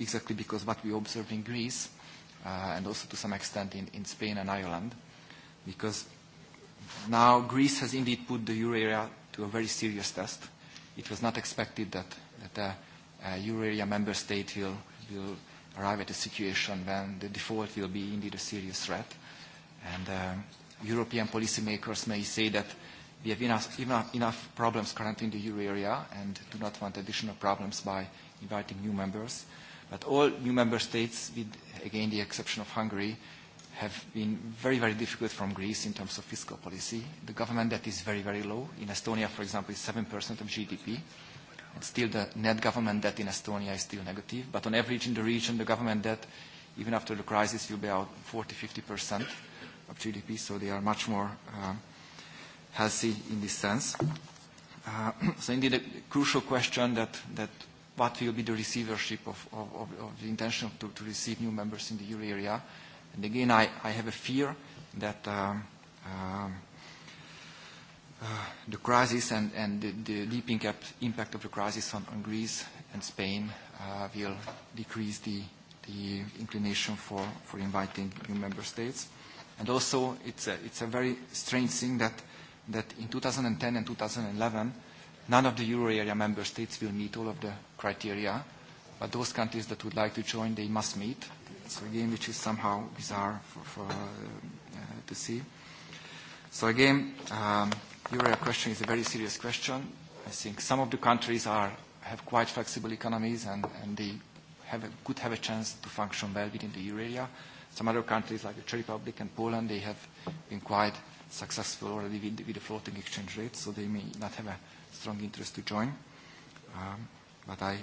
exactly because what we observe in Greece, uh, and also to some extent in, in Spain and Ireland, because now Greece has indeed put the euro area to a very serious test. It was not expected that, that a, a euro area member state will, will arrive at a situation when the default will be indeed a serious threat. Uh, European policymakers may say that we have enough, enough, enough problems currently in the euro area and do not want additional problems by inviting new members. But all new member states, with, again the exception of Hungary, have been very, very difficult from Greece in terms of fiscal policy. The government debt is very, very low. In Estonia, for example, it's 7% of GDP. And still, the net government debt in Estonia is still negative. But on average in the region, the government debt, even after the crisis, will be about 40 50% of GDP, so they are much more uh, healthy in this sense. Uh, [CLEARS THROAT] so indeed a crucial question that, that what will be the receivership of, of, of, of the intention to, to receive new members in the euro area. And again, I, I have a fear that um, um, uh, the crisis and, and the, the deep impact, impact of the crisis on, on Greece and Spain uh, will decrease the, the inclination for, for inviting new member states. And also, it's a, it's a very strange thing that, that in 2010 and 2011, none of the euro area member states will meet all of the criteria, but those countries that would like to join, they must meet. So again, which is somehow bizarre for, for, uh, uh to see. So again, um, euro question is a very serious question. I think some of the countries are, have quite flexible economies and, and they have a, could have a chance to function well within the euro area. Some other countries, like the Czech Republic and Poland, they have been quite successful already with the, with the floating exchange rate, so they may not have a strong interest to join. Um, but I,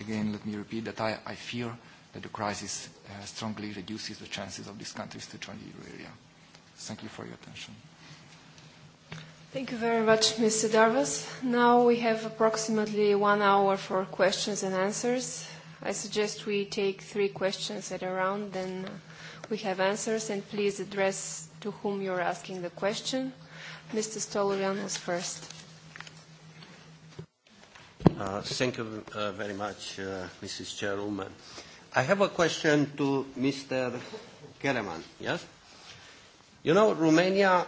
again, let me repeat that I, I fear that the crisis uh, strongly reduces the chances of these countries to join the euro area. Thank you for your attention. Thank you very much, Mr. Darvas. Now we have approximately one hour for questions and answers. I suggest we take three questions at a round, then. Uh, We have answers, and please address to whom you're asking the question. Mr. Stolovian was first. Uh, thank you uh, very much, uh, Mrs. Chairwoman. I have a question to Mr. Kereman, yes? You know, Romania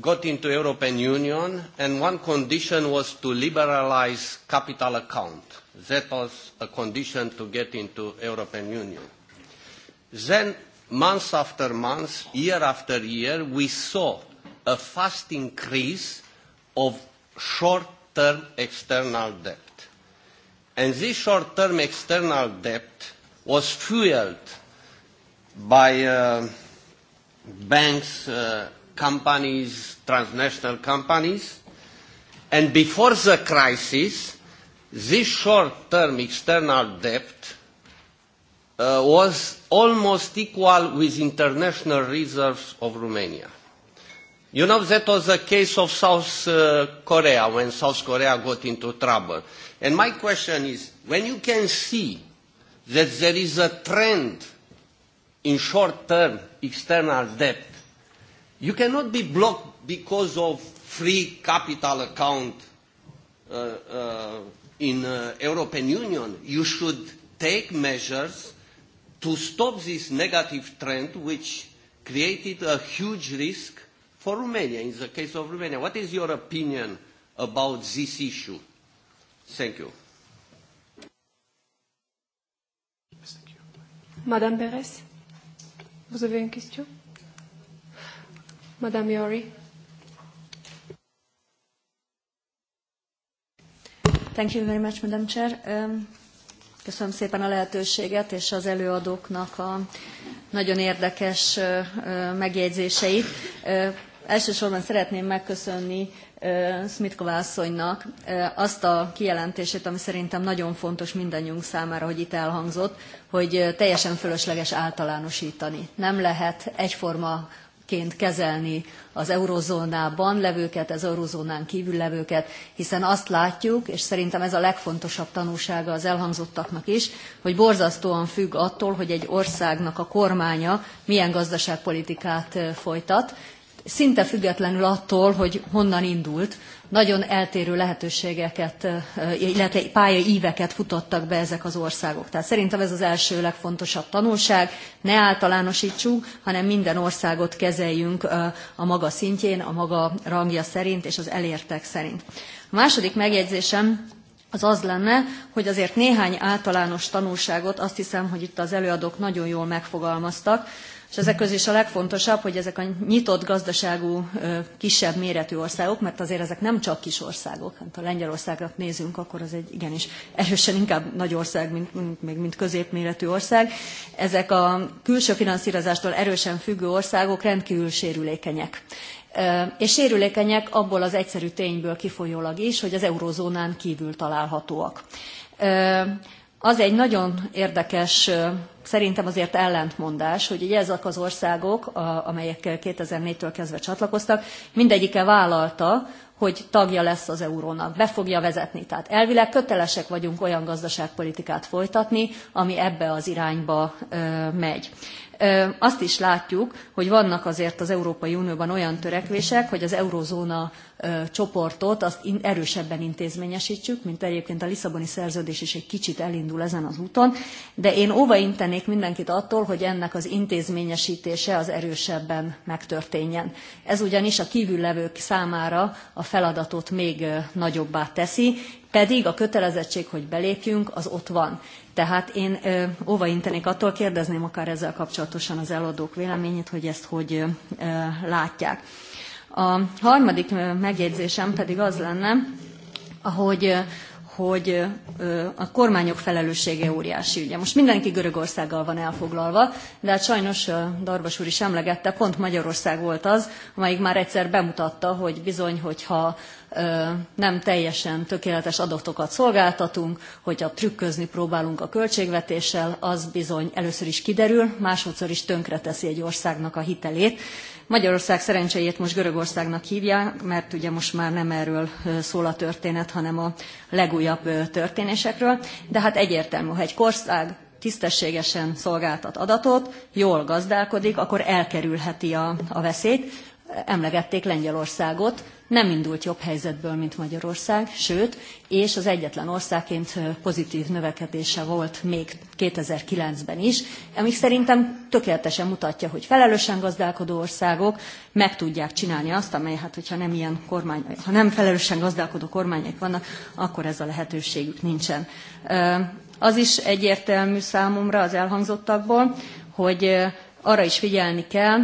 got into European Union, and one condition was to liberalize capital account. That was a condition to get into European Union then month after month, year after year, we saw a fast increase of short-term external debt. And this short-term external debt was fueled by uh, banks, uh, companies, transnational companies. And before the crisis, this short-term external debt uh, was almost equal with international reserves of Romania. You know, that was the case of South uh, Korea, when South Korea got into trouble. And my question is, when you can see that there is a trend in short-term external debt, you cannot be blocked because of free capital account uh, uh, in uh, European Union. You should take measures to stop this negative trend, which created a huge risk for Romania, in the case of Romania. What is your opinion about this issue? Thank you. Madame Beres, vous avez une question? Madame Yori. Thank you very much, Madam Chair. Um, Köszönöm szépen a lehetőséget és az előadóknak a nagyon érdekes megjegyzéseit. Elsősorban szeretném megköszönni Smitkova asszonynak azt a kijelentését, ami szerintem nagyon fontos mindannyiunk számára, hogy itt elhangzott, hogy teljesen fölösleges általánosítani. Nem lehet egyforma ként kezelni az eurozónában levőket, az eurozónán kívül levőket, hiszen azt látjuk, és szerintem ez a legfontosabb tanulsága az elhangzottaknak is, hogy borzasztóan függ attól, hogy egy országnak a kormánya milyen gazdaságpolitikát folytat, szinte függetlenül attól, hogy honnan indult, nagyon eltérő lehetőségeket, illetve pályai íveket futottak be ezek az országok. Tehát szerintem ez az első legfontosabb tanulság, ne általánosítsunk, hanem minden országot kezeljünk a maga szintjén, a maga rangja szerint és az elértek szerint. A második megjegyzésem az az lenne, hogy azért néhány általános tanulságot azt hiszem, hogy itt az előadók nagyon jól megfogalmaztak, És ezek közé is a legfontosabb, hogy ezek a nyitott gazdaságú kisebb méretű országok, mert azért ezek nem csak kis országok, hát ha Lengyelországnak nézünk, akkor az egy igenis erősen inkább nagy ország, mint, mint, mint, mint középméretű ország. Ezek a külső finanszírozástól erősen függő országok rendkívül sérülékenyek. És sérülékenyek abból az egyszerű tényből kifolyólag is, hogy az eurozónán kívül találhatóak. Az egy nagyon érdekes szerintem azért ellentmondás, hogy ugye ezek az országok, amelyek 2004-től kezdve csatlakoztak, mindegyike vállalta, hogy tagja lesz az eurónak, be fogja vezetni. Tehát elvileg kötelesek vagyunk olyan gazdaságpolitikát folytatni, ami ebbe az irányba ö, megy. Ö, azt is látjuk, hogy vannak azért az Európai Unióban olyan törekvések, hogy az eurózóna csoportot, azt in, erősebben intézményesítsük, mint egyébként a Lisszaboni szerződés is egy kicsit elindul ezen az úton, de én óvaintenék mindenkit attól, hogy ennek az intézményesítése az erősebben megtörténjen. Ez ugyanis a kívüllevők számára a feladatot még nagyobbá teszi, pedig a kötelezettség, hogy belépjünk, az ott van. Tehát én óvaintenék attól, kérdezném akár ezzel kapcsolatosan az eladók véleményét, hogy ezt hogy ö, látják. A harmadik megjegyzésem pedig az lenne, hogy hogy a kormányok felelőssége óriási ügye. Most mindenki Görögországgal van elfoglalva, de hát sajnos Darvas úr is emlegette, pont Magyarország volt az, amelyik már egyszer bemutatta, hogy bizony, hogyha nem teljesen tökéletes adatokat szolgáltatunk, hogyha trükközni próbálunk a költségvetéssel, az bizony először is kiderül, másodszor is tönkreteszi egy országnak a hitelét. Magyarország szerencséjét most Görögországnak hívják, mert ugye most már nem erről szól a történet, hanem a legújabb történésekről. De hát egyértelmű, ha egy ország tisztességesen szolgáltat adatot, jól gazdálkodik, akkor elkerülheti a, a veszélyt emlegették Lengyelországot, nem indult jobb helyzetből, mint Magyarország, sőt, és az egyetlen országként pozitív növekedése volt még 2009-ben is, ami szerintem tökéletesen mutatja, hogy felelősen gazdálkodó országok meg tudják csinálni azt, amely, hát, hogyha nem ilyen kormány, ha nem felelősen gazdálkodó kormányok vannak, akkor ez a lehetőségük nincsen. Az is egyértelmű számomra az elhangzottakból, hogy arra is figyelni kell,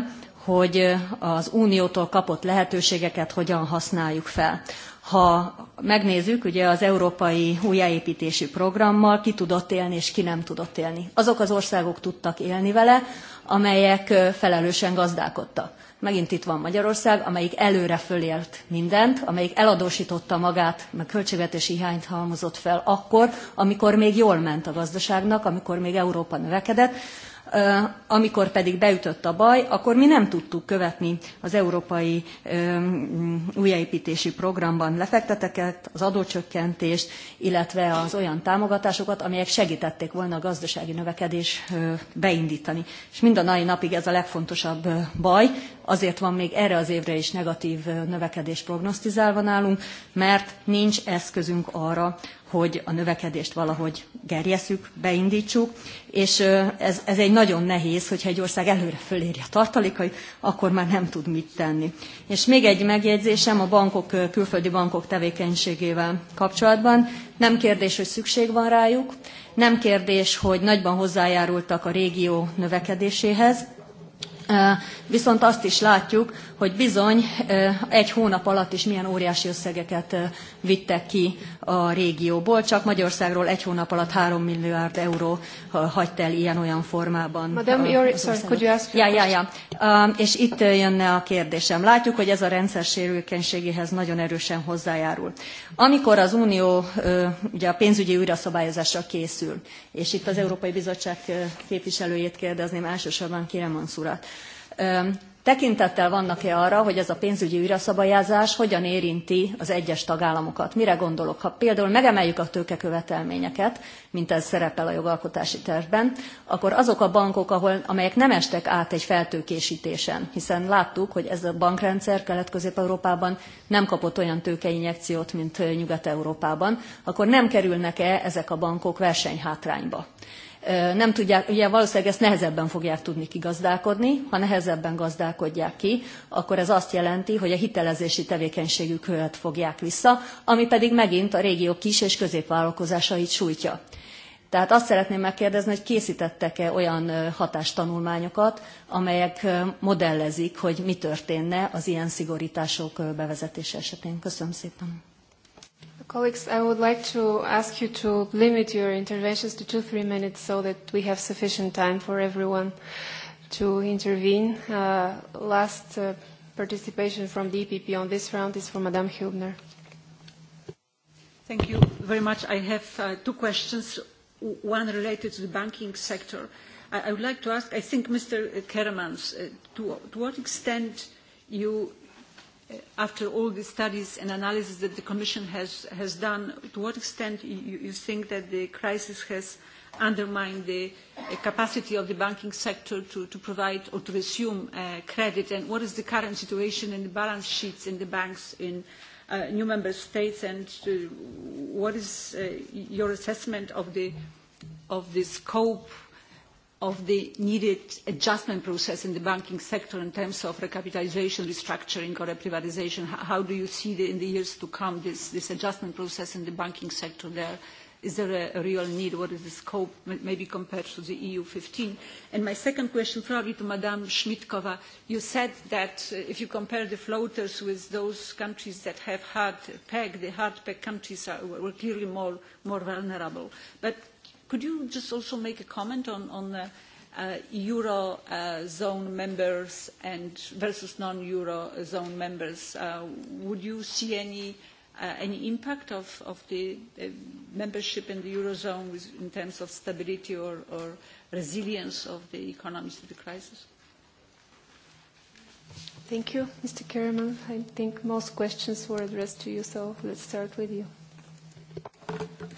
hogy az uniótól kapott lehetőségeket hogyan használjuk fel. Ha megnézzük, ugye az európai újjáépítési programmal ki tudott élni és ki nem tudott élni. Azok az országok tudtak élni vele, amelyek felelősen gazdálkodtak. Megint itt van Magyarország, amelyik előre fölélt mindent, amelyik eladósította magát, meg költségvetési hiányt halmozott fel akkor, amikor még jól ment a gazdaságnak, amikor még Európa növekedett, amikor pedig beütött a baj, akkor mi nem tudtuk követni az európai újjáépítési programban lefekteteket, az adócsökkentést, illetve az olyan támogatásokat, amelyek segítették volna a gazdasági növekedés beindítani. És mind a mai napig ez a legfontosabb baj, azért van még erre az évre is negatív növekedés prognosztizálva nálunk, mert nincs eszközünk arra, hogy a növekedést valahogy gerjeszük, beindítsuk, és ez, ez egy nagyon nehéz, hogyha egy ország előre föléri a tartalékait, akkor már nem tud mit tenni. És még egy megjegyzésem a bankok, külföldi bankok tevékenységével kapcsolatban. Nem kérdés, hogy szükség van rájuk, nem kérdés, hogy nagyban hozzájárultak a régió növekedéséhez, Viszont azt is látjuk, hogy bizony egy hónap alatt is milyen óriási összegeket vitte ki a régióból. Csak Magyarországról egy hónap alatt 3 milliárd euró hagyt el ilyen-olyan formában. Madam, sorry, could you ask yeah, yeah, yeah. Um, és itt jönne a kérdésem. Látjuk, hogy ez a rendszer sérülkenységéhez nagyon erősen hozzájárul. Amikor az Unió ugye a pénzügyi újraszabályozásra készül, és itt az Európai Bizottság képviselőjét kérdezném, elsősorban Kiremansz urat, Tekintettel vannak-e arra, hogy ez a pénzügyi üraszabályázás hogyan érinti az egyes tagállamokat? Mire gondolok? Ha például megemeljük a tőkekövetelményeket, mint ez szerepel a jogalkotási tervben, akkor azok a bankok, ahol, amelyek nem estek át egy feltőkésítésen, hiszen láttuk, hogy ez a bankrendszer Kelet-Közép-Európában nem kapott olyan tőkeinjekciót, mint Nyugat-Európában, akkor nem kerülnek-e ezek a bankok versenyhátrányba? nem tudják, ugye valószínűleg ezt nehezebben fogják tudni kigazdálkodni, ha nehezebben gazdálkodják ki, akkor ez azt jelenti, hogy a hitelezési tevékenységük őt fogják vissza, ami pedig megint a régió kis és középvállalkozásait sújtja. Tehát azt szeretném megkérdezni, hogy készítettek-e olyan hatástanulmányokat, amelyek modellezik, hogy mi történne az ilyen szigorítások bevezetése esetén. Köszönöm szépen. Colleagues, I would like to ask you to limit your interventions to two, three minutes so that we have sufficient time for everyone to intervene. Uh, last uh, participation from the EPP on this round is for Madame Hubner. Thank you very much. I have uh, two questions, one related to the banking sector. I, I would like to ask, I think, Mr. Keremans, uh, to, to what extent you Uh, after all the studies and analysis that the Commission has, has done, to what extent you, you think that the crisis has undermined the uh, capacity of the banking sector to, to provide or to resume uh, credit, and what is the current situation in the balance sheets in the banks in uh, new member states, and uh, what is uh, your assessment of the, of the scope of the needed adjustment process in the banking sector in terms of recapitalization, restructuring or a privatization? How do you see the, in the years to come this, this adjustment process in the banking sector there? Is there a, a real need? What is the scope, maybe compared to the EU 15? And my second question, probably to Madame Schmidkova. You said that uh, if you compare the floaters with those countries that have hard peg, the hard peg countries are, were clearly more, more vulnerable. But Could you just also make a comment on, on the uh, Eurozone uh, members and versus non-Eurozone members? Uh, would you see any, uh, any impact of, of the uh, membership in the Eurozone in terms of stability or, or resilience of the economies of the crisis? Thank you, Mr. Kerriman. I think most questions were addressed to you, so let's start with you.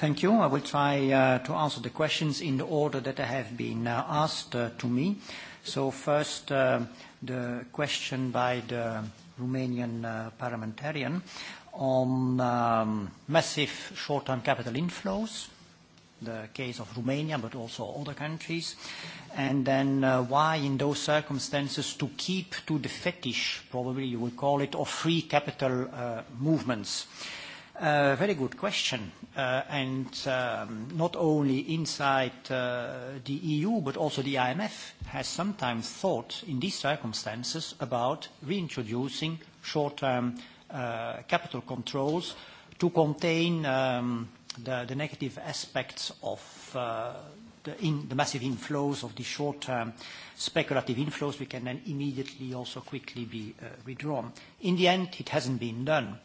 Thank you. I will try uh, to answer the questions in the order that they have been uh, asked uh, to me. So first, the question by the Romanian parliamentarian on um, massive short-term capital inflows, the case of Romania, but also other countries, and then why, in those circumstances, to keep to the fetish, probably you would call it, of free capital movements. Very good question. Uh, um, not only inside uh, the EU, but also the IMF has sometimes thought in these circumstances about reintroducing short-term uh, capital controls to contain um, the negative aspects of the massive inflows of the short-term speculative inflows. We can then immediately also quickly be withdrawn. In the end, it hasn't been done.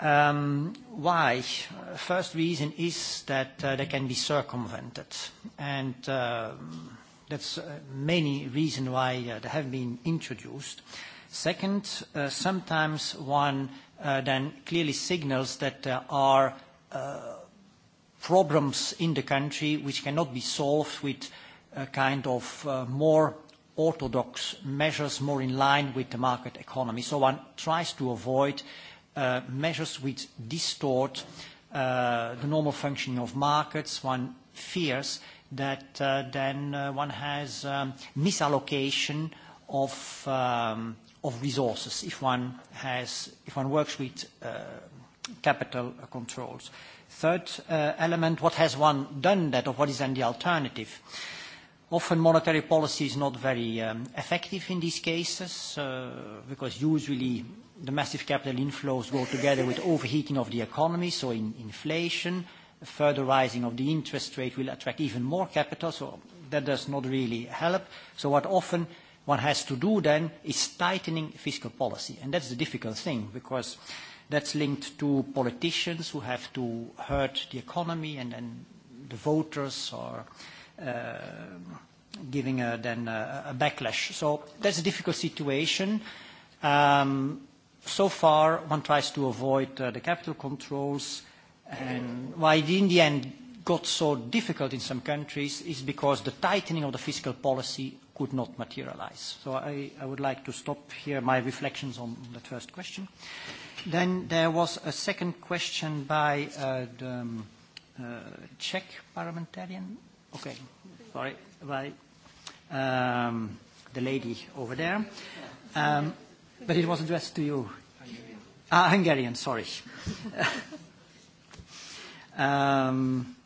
Um, why? First reason is that uh, they can be circumvented. And uh, that's uh, many reasons why uh, they have been introduced. Second, uh, sometimes one uh, then clearly signals that there are uh, problems in the country which cannot be solved with a kind of uh, more orthodox measures, more in line with the market economy. So one tries to avoid uh, Uh, measures which distort uh, the normal functioning of markets. One fears that uh, then uh, one has um, misallocation of, um, of resources if one, has, if one works with uh, capital controls. Third uh, element, what has one done that or what is then the alternative? Often monetary policy is not very um, effective in these cases uh, because usually the massive capital inflows go together with overheating of the economy, so in inflation, further rising of the interest rate will attract even more capital, so that does not really help. What often one has to do then is tightening fiscal policy. That's the difficult thing because that's linked to politicians who have to hurt the economy, and then the voters are uh, giving then a backlash. That's a difficult situation. Um, so far one tries to avoid uh, the capital controls and why it in the end got so difficult in some countries is because the tightening of the fiscal policy could not materialize. So I, I would like to stop here my reflections on that first question. Then there was a second question by uh, the um, uh, Czech parliamentarian. Okay, sorry, by um, the lady over there. Um, But it wasn't addressed to you. Hungarian. Ah, Hungarian, sorry. [LAUGHS] um,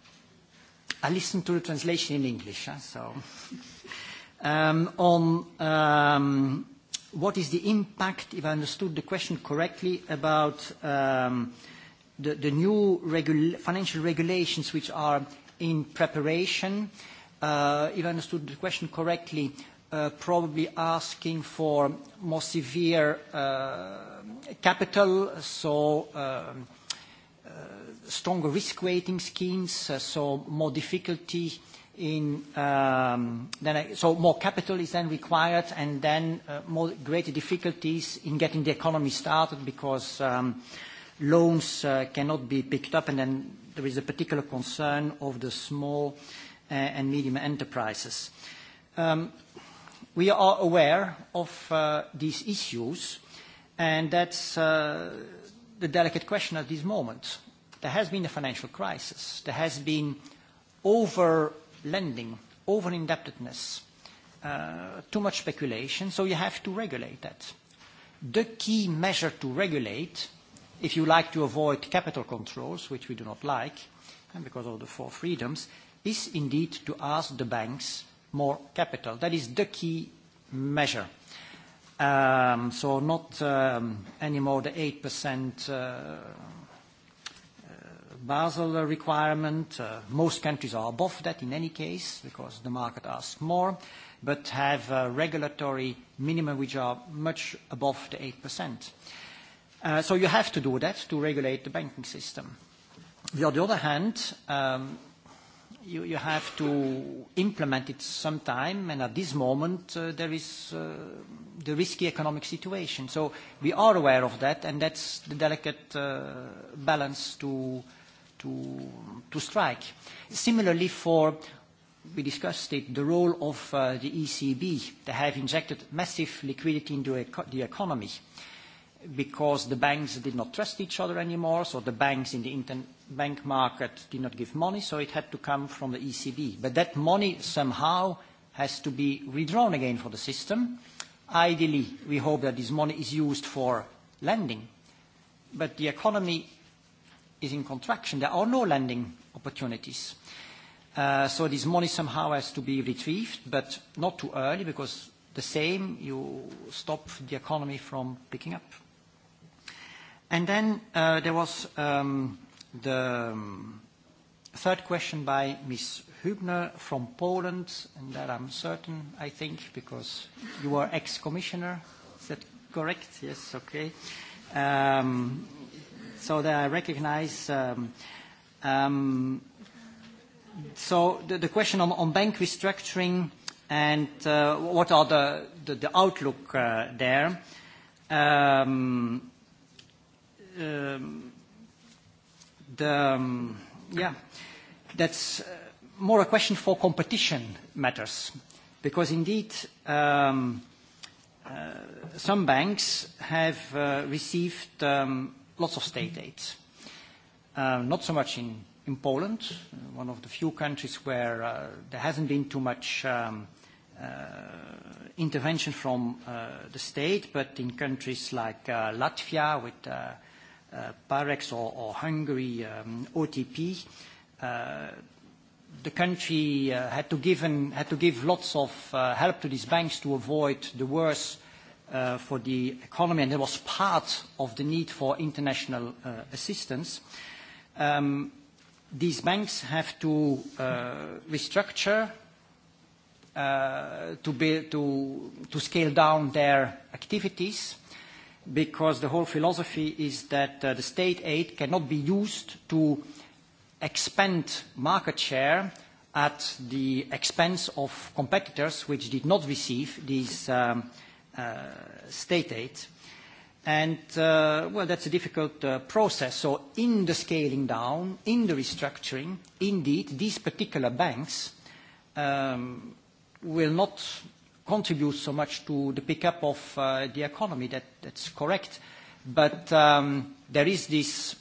I listened to the translation in English, huh, so. Um, on um, what is the impact, if I understood the question correctly, about um, the, the new regul- financial regulations which are in preparation. Uh, if I understood the question correctly, Uh, probably asking for more severe uh, capital, so um, uh, stronger risk weighting schemes, so more difficulty in um, then so more capital is then required, and then more greater difficulties in getting the economy started because um, loans cannot be picked up, and then there is a particular concern of the small and medium enterprises. We are aware of uh, these issues, and that's uh, the delicate question at this moment. There has been a financial crisis. There has been over-lending, over-indebtedness, uh, too much speculation, so you have to regulate that. The key measure to regulate, if you like to avoid capital controls, which we do not like, and because of the four freedoms, is indeed to ask the banks more capital. That is the key measure. Um, not um, anymore the 8% uh, uh, Basel requirement. Uh, most countries are above that in any case, because the market asks more, but have a regulatory minimum which are much above the 8%. You have to do that to regulate the banking system. On the other hand, um, you have to implement it sometime, and at this moment, uh, there is uh, the risky economic situation. We are aware of that, and that's the delicate uh, balance to strike. Similarly for, we discussed it, the role of the ECB. They have injected massive liquidity into the economy because the banks did not trust each other anymore, so the banks in the bank market did not give money, so it had to come from the ECB. But that money somehow has to be redrawn again for the system. Ideally, we hope that this money is used for lending. But the economy is in contraction. There are no lending opportunities. Uh, so this money somehow has to be retrieved, but not too early, because the same, you stop the economy from picking up. And then uh, there was um, The um, third question by Ms. Hübner from Poland, and that I'm certain, I think, because you are ex-commissioner. Is that correct? Yes. Okay. Um, so that I recognize. Um, so the question on bank restructuring and uh, what are the outlook uh, there? the, um, yeah, that's uh, more a question for competition matters, because indeed, um, uh, some banks have uh, received um, lots of state aids. Not so much in Poland, one of the few countries where there hasn't been too much intervention from the state, but in countries like Latvia, Uh, Pyrex or Hungary um, OTP, uh, the country uh, had to give lots of help to these banks to avoid the worst for the economy, and that was part of the need for international assistance. Um, these banks have to restructure to scale down their activities because the whole philosophy is that uh, the state aid cannot be used to expand market share at the expense of competitors which did not receive this um, uh, state aid. And uh, well, that's a difficult process. So in the scaling down, in the restructuring, indeed, these particular banks um, will not contribute so much to the pickup of uh, the economy. That's correct. Um, there is this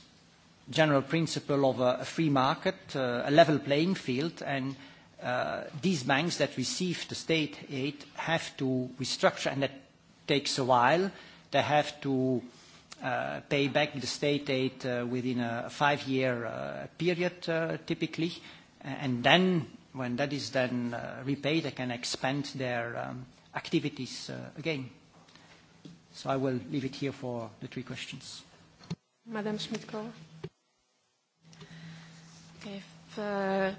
general principle of a free market, uh, a level playing field, and uh, these banks that receive the state aid have to restructure, and that takes a while. They have to pay back the state aid within a five-year period, typically. Then when that is then uh, repaid, they can expand their um, activities uh, again. I will leave it here for the three questions. Madame Schmidt-Cohen. If uh,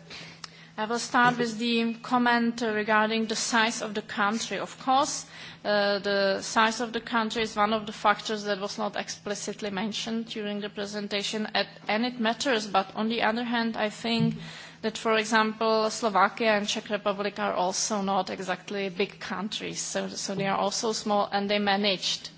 I will start with the comment regarding the size of the country. Of course, the size of the country is one of the factors that was not explicitly mentioned during the presentation, and it matters. But on the other hand, I think that, for example, Slovakia and Czech Republic are also not exactly big countries, so, so they are also small, and they managed.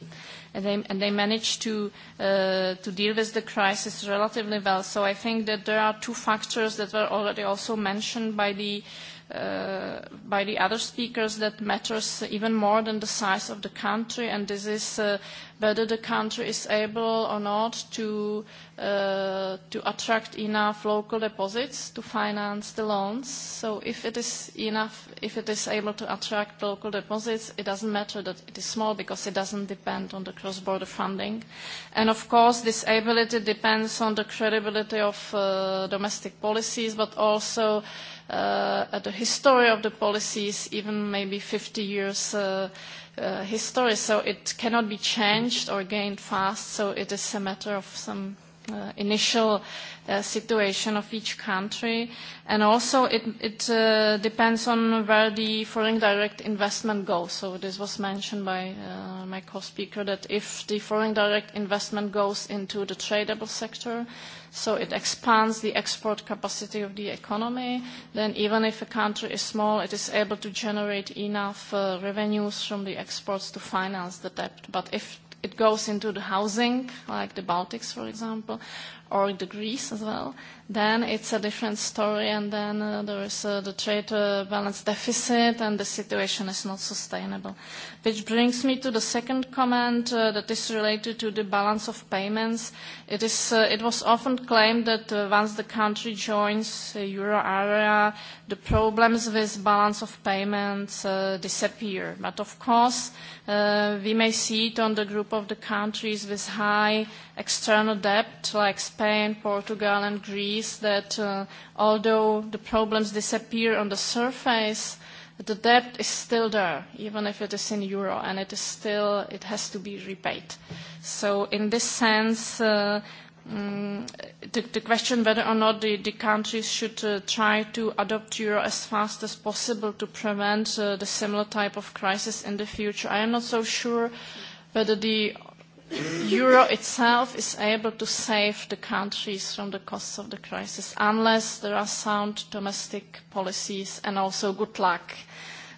And they, and they managed to, uh, to deal with the crisis relatively well. So I think that there are two factors that were already also mentioned by the, uh, Uh, by the other speakers that matters even more than the size of the country and this is uh, whether the country is able or not to uh, to attract enough local deposits to finance the loans so if it is enough if it is able to attract local deposits it doesn't matter that it is small because it doesn't depend on the cross border funding and of course this ability depends on the credibility of uh, domestic policies but also uh, uh, at the history of the policies, even maybe 50 years uh, uh, history. So it cannot be changed or gained fast. So it is a matter of some uh, initial uh, situation of each country. And also it, it uh, depends on where the foreign direct investment goes. So this was mentioned by uh, my co-speaker that if the foreign direct investment goes into the tradable sector, so it expands the export capacity of the economy, then even if a country is small, it is able to generate enough uh, revenues from the exports to finance the debt. But if it goes into the housing, like the Baltics, for example, or the Greece as well then it's a different story and then uh, there is uh, the trade uh, balance deficit and the situation is not sustainable. Which brings me to the second comment uh, that is related to the balance of payments. It, is, uh, it was often claimed that uh, once the country joins the uh, euro area, the problems with balance of payments uh, disappear. But of course, uh, we may see it on the group of the countries with high external debt like Spain, Portugal and Greece is that uh, although the problems disappear on the surface, the debt is still there, even if it is in euro, and it is still it has to be repaid. So in this sense, uh, Mm, the, the question whether or not the, the countries should uh, try to adopt euro as fast as possible to prevent uh, the similar type of crisis in the future. I am not so sure whether the euro itself is able to save the countries from the costs of the crisis unless there are sound domestic policies and also good luck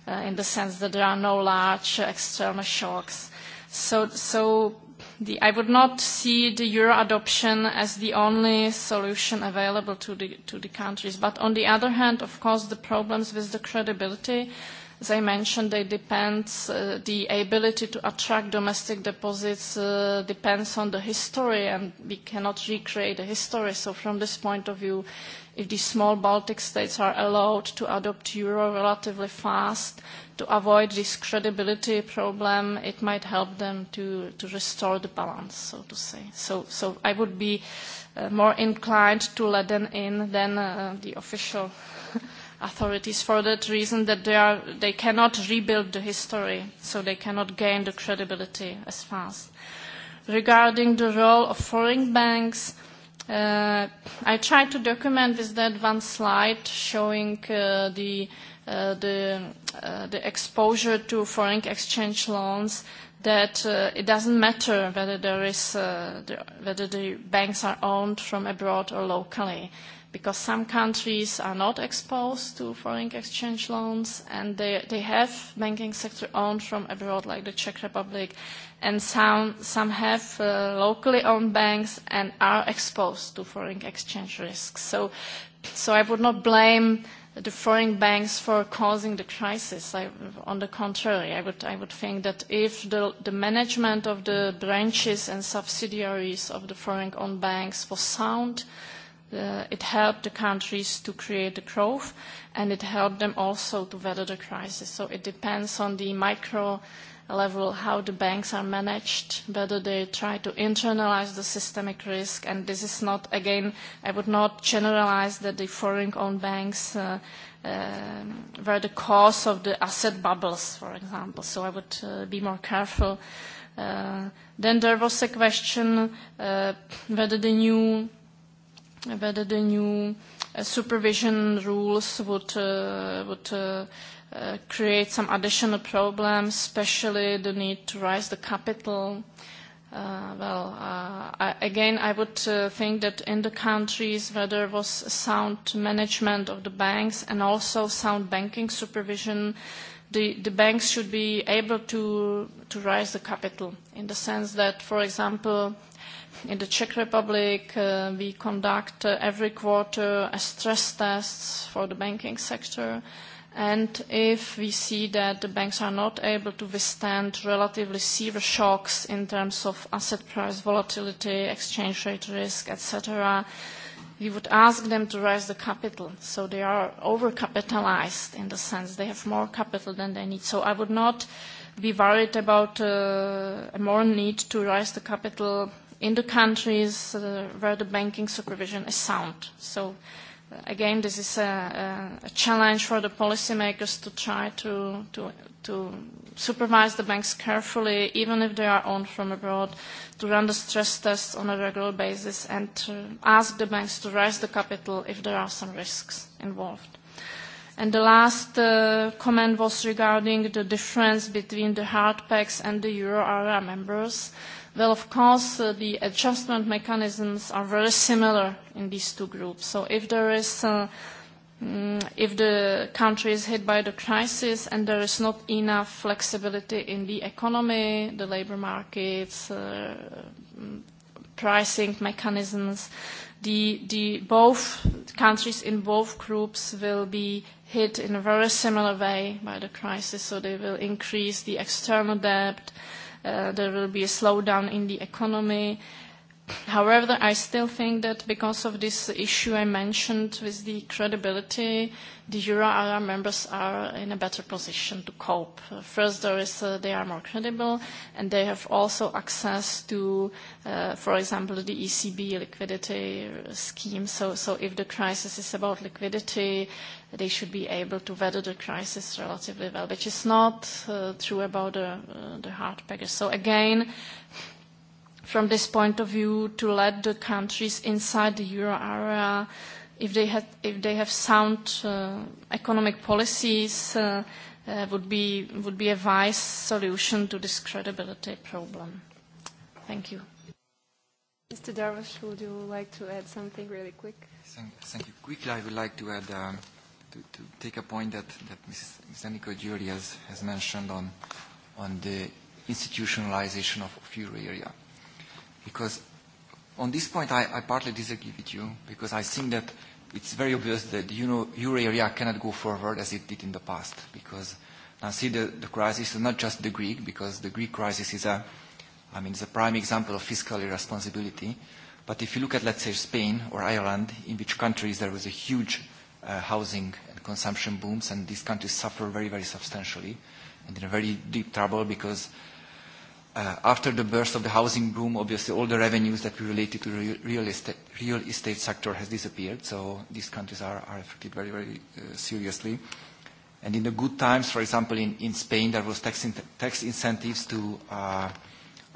uh, in the sense that there are no large external shocks. So, so the, I would not see the euro adoption as the only solution available to the, to the countries. But on the other hand, of course, the problems with the credibility uh, as I mentioned, they depends uh, the ability to attract domestic deposits uh, depends on the history, and we cannot recreate the history. So from this point of view, if these small Baltic states are allowed to adopt euro relatively fast to avoid this credibility problem, it might help them to, to restore the balance, so to say. So, so I would be uh, more inclined to let them in than uh, the official. [LAUGHS] authorities for that reason that they, are, they cannot rebuild the history, so they cannot gain the credibility as fast. Regarding the role of foreign banks, uh, I tried to document with that one slide showing uh, the, uh, the, uh, the exposure to foreign exchange loans that uh, it doesn't matter whether, there is, uh, the, whether the banks are owned from abroad or locally. Uh, because some countries are not exposed to foreign exchange loans and they, they have banking sector owned from abroad like the Czech Republic and some, some have uh, locally owned banks and are exposed to foreign exchange risks. So, so I would not blame the foreign banks for causing the crisis. I, on the contrary, I would, I would think that if the, the management of the branches and subsidiaries of the foreign owned banks was sound, uh, it helped the countries to create the growth and it helped them also to weather the crisis. So it depends on the micro level how the banks are managed, whether they try to internalize the systemic risk. And this is not, again, I would not generalize that the foreign-owned banks uh, um, were the cause of the asset bubbles, for example. So I would uh, be more careful. Uh, then there was a question uh, whether the new whether the new uh, supervision rules would uh, would uh, uh, create some additional problems, especially the need to raise the capital. Uh, well, uh, I, again, I would uh, think that in the countries where there was sound management of the banks and also sound banking supervision, the, the banks should be able to, to raise the capital in the sense that, for example, In the Czech Republic, uh, we conduct uh, every quarter a uh, stress tests for the banking sector. And if we see that the banks are not able to withstand relatively severe shocks in terms of asset price volatility, exchange rate risk, etc., we would ask them to raise the capital. So they are overcapitalized in the sense they have more capital than they need. So I would not be worried about uh, a more need to raise the capital in the countries uh, where the banking supervision is sound. So uh, again, this is a, a challenge for the policymakers to try to, to, to supervise the banks carefully, even if they are owned from abroad, to run the stress tests on a regular basis and to ask the banks to raise the capital if there are some risks involved. And the last uh, comment was regarding the difference between the hard packs and the euro area members. Uh, Well, of course, uh, the adjustment mechanisms are very similar in these two groups. So if there is, uh, mm, if the country is hit by the crisis and there is not enough flexibility in the economy, the labor markets, uh, mm, pricing mechanisms, the, the both countries in both groups will be hit in a very similar way by the crisis. So they will increase the external debt, uh, Uh, there will be a slowdown in the economy, However, I still think that because of this issue I mentioned with the credibility, the euro area members are in a better position to cope. First, there is, uh, they are more credible, and they have also access to, uh, for example, the ECB liquidity uh, scheme. So, so if the crisis is about liquidity, they should be able to weather the crisis relatively well, which is not uh, true about the, uh, the hard package. So again, from this point of view to let the countries inside the euro area, if they have, if they have sound uh, economic policies, uh, uh, would, be, would be a wise solution to this credibility problem. Thank you. Mr. Darvish, would you like to add something really quick? Thank, thank you. Quickly, I would like to add, um, to, to take a point that, that Ms. Aniko-Giuri has, has mentioned on, on the institutionalization of, of euro area because on this point I, I partly disagree with you because I think that it's very obvious that you know, euro area cannot go forward as it did in the past because now see the, the crisis is not just the Greek because the Greek crisis is a, I mean, it's a prime example of fiscal irresponsibility. But if you look at, let's say, Spain or Ireland, in which countries there was a huge uh, housing and consumption booms and these countries suffer very, very substantially and in a very deep trouble because Uh, after the burst of the housing boom, obviously all the revenues that we related to the real estate, real estate sector has disappeared. So these countries are, are affected very, very uh, seriously. And in the good times, for example, in, in Spain, there was tax, in, tax incentives to, uh,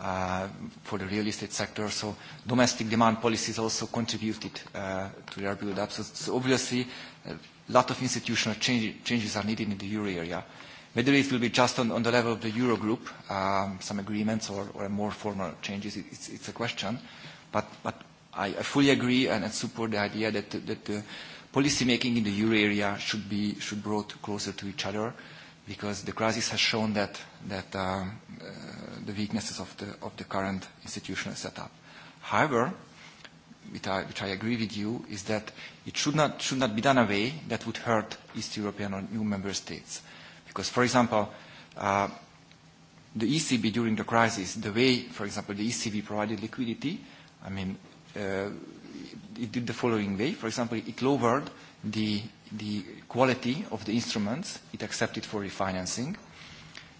uh, for the real estate sector. So domestic demand policies also contributed uh, to their build-up. So, so obviously, a lot of institutional change, changes are needed in the euro area. Uh, Middle East will be just on, on the level of the Eurogroup, um, some agreements or, or more formal changes, it, it's, it's a question. But, but I, I fully agree and I support the idea that, that the policy making in the Euro area should be should brought closer to each other because the crisis has shown that, that um, uh, the weaknesses of the, of the current institutional setup. However, which I, which I agree with you, is that it should not, should not be done away that would hurt East European or new member states. Uh, Because, for example, uh, the ECB during the crisis, the way, for example, the ECB provided liquidity, I mean, uh, it did the following way. For example, it lowered the, the quality of the instruments it accepted for refinancing,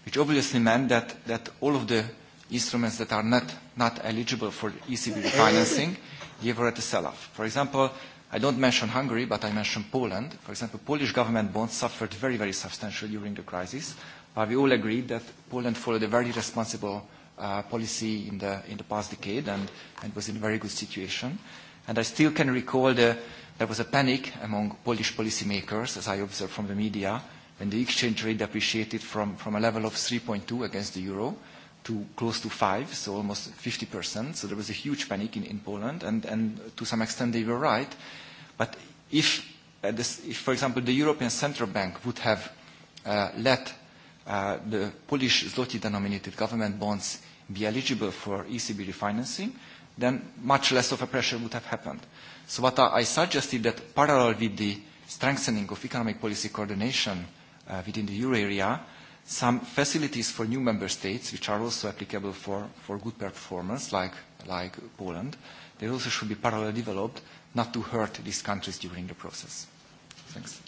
which obviously meant that, that all of the instruments that are not, not eligible for ECB refinancing, they were at a sell-off. For example, I don't mention Hungary, but I mention Poland. For example, Polish government bonds suffered very, very substantially during the crisis. But we all agreed that Poland followed a very responsible uh, policy in the, in the past decade and, and was in a very good situation. And I still can recall the, there was a panic among Polish policymakers, as I observed from the media, when the exchange rate appreciated from, from a level of 3.2 against the euro to close to five, so almost 50%. So there was a huge panic in, in Poland, and, and to some extent they were right. But if, uh, this, if for example, the European Central Bank would have uh, let uh, the Polish zloty-denominated government bonds be eligible for ECB refinancing, then much less of a pressure would have happened. So what I suggested that parallel with the strengthening of economic policy coordination uh, within the euro area, uh, some facilities for new member states, which are also applicable for, for good performers, like, like Poland, they also should be parallel developed, not to hurt these countries during the process. Thanks.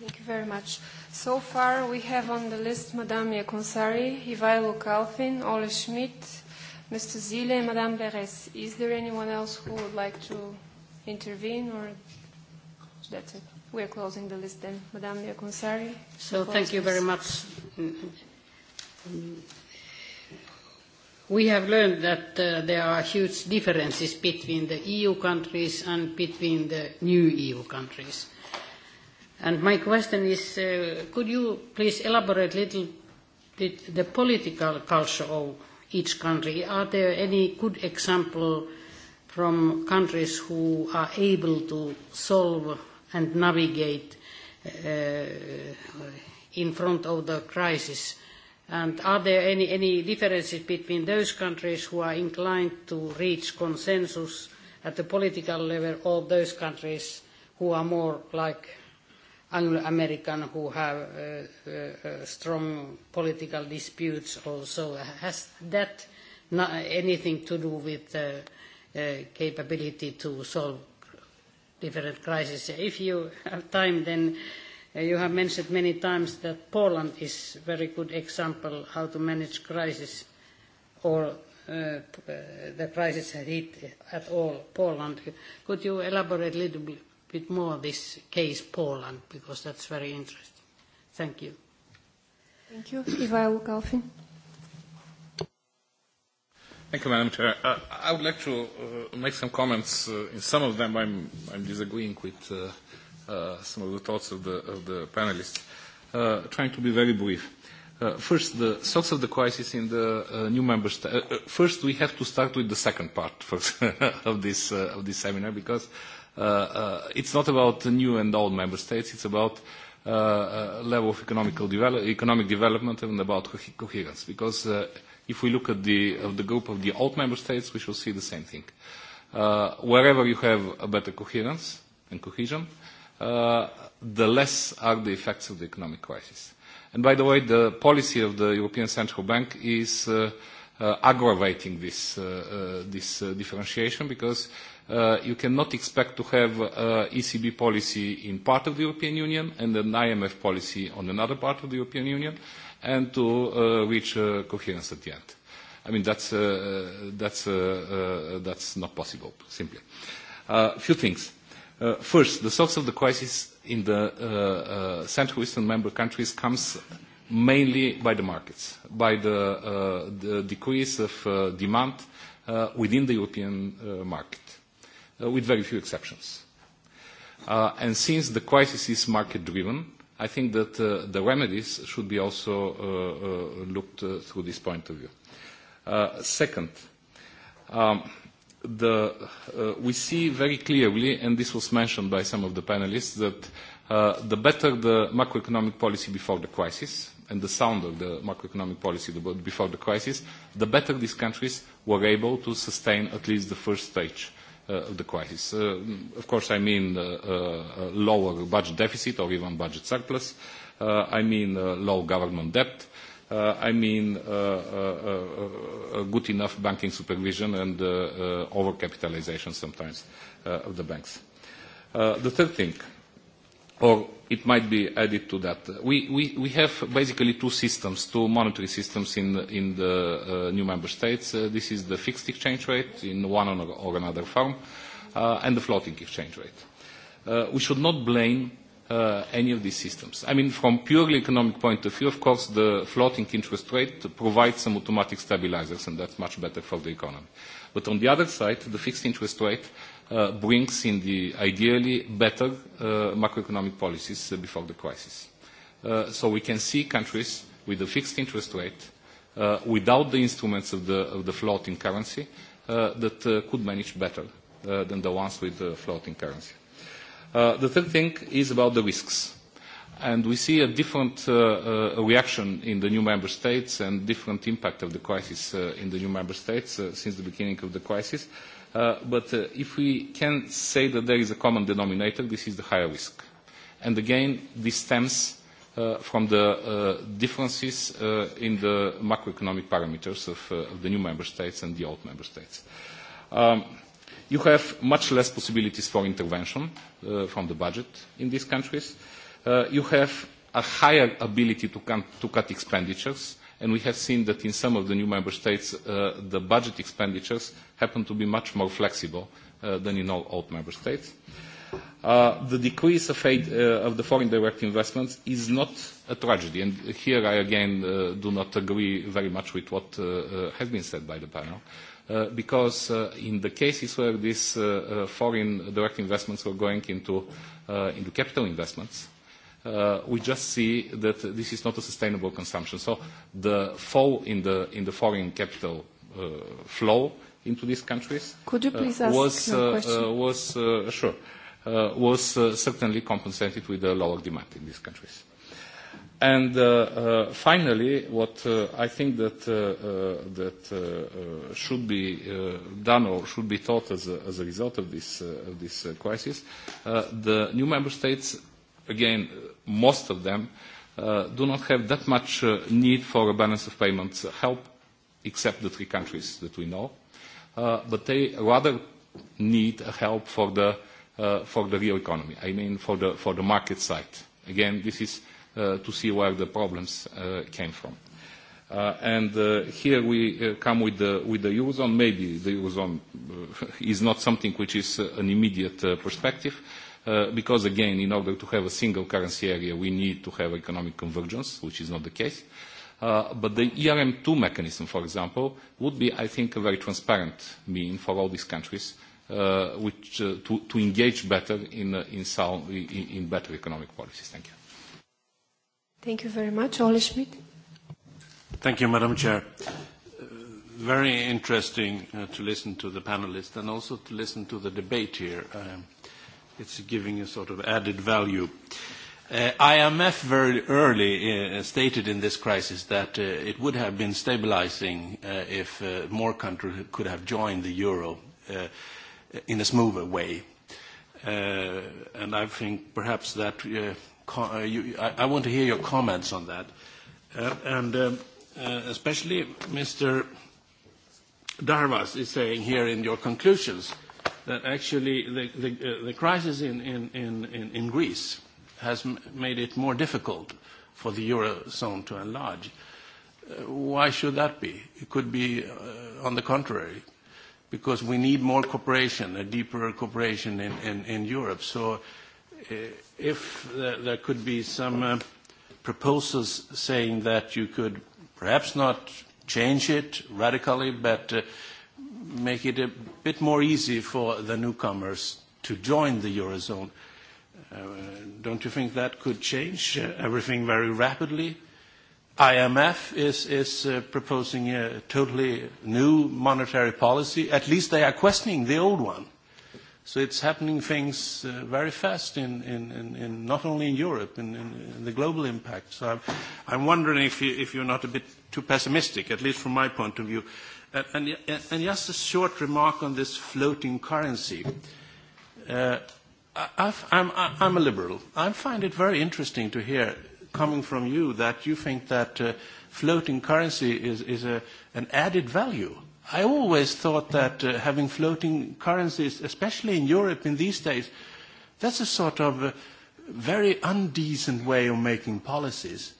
Thank you very much. So far, we have on the list Madame Yakonsari, Ivailo Kalfin, Ole Schmidt, Mr. Zile, and Madame Beres. Is there anyone else who would like to intervene, or that's it? We are closing the list then. Madame Le Commissaire. Thank you very much. We have learned that uh, there are huge differences between the EU countries and between the new EU countries. My question is, uh, could you please elaborate little bit the political culture of each country? Are there any good example from countries who are able to solve and navigate uh, in front of the crisis? And are there any, any differences between those countries who are inclined to reach consensus at the political level or those countries who are more like Anglo-American who have uh, uh, uh, strong political disputes also? Has that not anything to do with the uh, uh, capability to solve different crises. If you have time, then uh, you have mentioned many times that Poland is very good example how to manage crisis or uh, uh, the crisis had hit at all Poland. Could you elaborate a little bit more this case Poland? Because that's very interesting. Thank you. Thank you. Ivar Lukovin. Thank you, Madam Chair. Uh, I would like to uh, make some comments. Uh, in some of them, I'm, I'm disagreeing with uh, uh, some of the thoughts of the, of the panelists, uh, trying to be very brief. Uh, first, the source of the crisis in the uh, new member states. Uh, uh, first, we have to start with the second part first [LAUGHS] of, this, uh, of this seminar, because uh, uh, it's not about the new and old member states. It's about uh, uh, level of economic, devel economic development and about co coherence, because uh, If we look at the group of the old member states, we shall see the same thing. Uh, wherever you have a better coherence and cohesion, uh, the less are the effects of the economic crisis. By the way, the policy of the European Central Bank is uh, aggravating this differentiation because you cannot expect to have ECB policy in part of the European Union and an IMF policy on another part of the European Union and to uh, reach a coherence at the end. I mean, that's uh, that's uh, that's not possible, simply. A few things. First, the source of the crisis in the Central Eastern member countries comes mainly by the markets, by the decrease of demand within the European market, with very few exceptions. And since the crisis is market-driven, I think that uh, the remedies should be also uh, uh, looked uh, through this point of view. Uh, second, um, the, uh, we see very clearly, and this was mentioned by some of the panelists, that uh, the better the macroeconomic policy before the crisis, and the sound of the macroeconomic policy before the crisis, the better these countries were able to sustain at least the first stage. Uh, of uh, the crisis. Uh, of course, I mean uh, lower budget deficit or even budget surplus. I mean low government debt. I mean good enough banking supervision and overcapitalization sometimes of the banks. The third thing, or it might be added to that. We have basically two systems, two monetary systems in the uh, new member states. Uh, this is the fixed exchange rate in one or another form, uh, and the floating exchange rate. We should not blame any of these systems. I mean, from purely economic point of view, of course, the floating interest rate provides some automatic stabilizers, and that's much better for the economy. But on the other side, the fixed interest rate uh, brings in the ideally better uh, macroeconomic policies uh, before the crisis. Uh, so we can see countries with a fixed interest rate, uh, without the instruments of the, of the floating currency, uh, that uh, could manage better uh, than the ones with the floating currency. Uh, the third thing is about the risks. And we see a different uh, uh, reaction in the new member states and different impact of the crisis uh, in the new member states uh, since the beginning of the crisis. Uh, Uh, but uh, if we can say that there is a common denominator, this is the higher risk. And again, this stems uh, from the uh, differences uh, in the macroeconomic parameters of, uh, of the new member states and the old member states. Um, you have much less possibilities for intervention uh, from the budget in these countries. Uh, you have a higher ability to, to cut expenditures, and we have seen that in some of the new member states uh, the budget expenditures happen to be much more flexible uh, than in all old member states. Uh, the decrease of, aid, uh, of the foreign direct investments is not a tragedy, and here I again uh, do not agree very much with what uh, uh, has been said by the panel, uh, because uh, in the cases where these uh, uh, foreign direct investments were going into, uh, into capital investments, uh, Uh, we just see that this is not a sustainable consumption. So the fall in the, in the foreign capital uh, flow into these countries Could you uh, please uh, ask was, uh, uh, was, uh, sure, uh, was uh, certainly compensated with the lower demand in these countries. And uh, uh, finally, what uh, I think that, uh, uh, that uh, uh, should be uh, done or should be taught as a, as a result of this, uh, of this uh, crisis, uh, the new member states, again, most of them uh, do not have that much uh, need for a balance of payments uh, help, except the three countries that we know, uh, but they rather need help for the, uh, for the real economy, I mean for the, for the market side. Again, this is uh, to see where the problems uh, came from. Uh, and uh, here we uh, come with the, with the Eurozone. Maybe the Eurozone uh, [LAUGHS] is not something which is uh, an immediate uh, perspective, uh, Uh, because again, in order to have a single currency area, we need to have economic convergence, which is not the case. Uh, but the ERM2 mechanism, for example, would be, I think, a very transparent mean for all these countries uh, which, uh, to, to engage better in, uh, in, sound, in, in better economic policies. Thank you. Thank you very much. Ole Schmidt. Thank you, Madam Chair. Uh, very interesting uh, to listen to the panelists and also to listen to the debate here. Uh, it's giving a sort of added value. Uh, IMF very early uh, stated in this crisis that uh, it would have been stabilizing if more countries could have joined the euro in a smoother way. I think perhaps that I want to hear your comments on that. Um, especially Mr. Darvas is saying here in your conclusions that actually the, the, uh, the crisis in, in, in, in Greece has m- made it more difficult for the eurozone to enlarge. Uh, why should that be? It could be uh, on the contrary, because we need more cooperation, a deeper cooperation in, in, in Europe. So uh, if there, there could be some uh, proposals saying that you could perhaps not change it radically, but uh, make it a bit more easy for the newcomers to join the eurozone. Uh, don't you think that could change uh, everything very rapidly? IMF is, is uh, proposing a totally new monetary policy. At least they are questioning the old one. So it's happening things uh, very fast, in, in, in, in not only in Europe, in, in, in the global impact. So I'm, I'm wondering if, you, if you're not a bit too pessimistic, at least from my point of view. Uh, uh, and just a short remark on this floating currency. Uh, I'm a liberal. I find it very interesting to hear, coming from you, that you think that floating currency is an added value. I always thought that having floating currencies, especially in Europe in these days, that's a sort of very indecent way of making policies.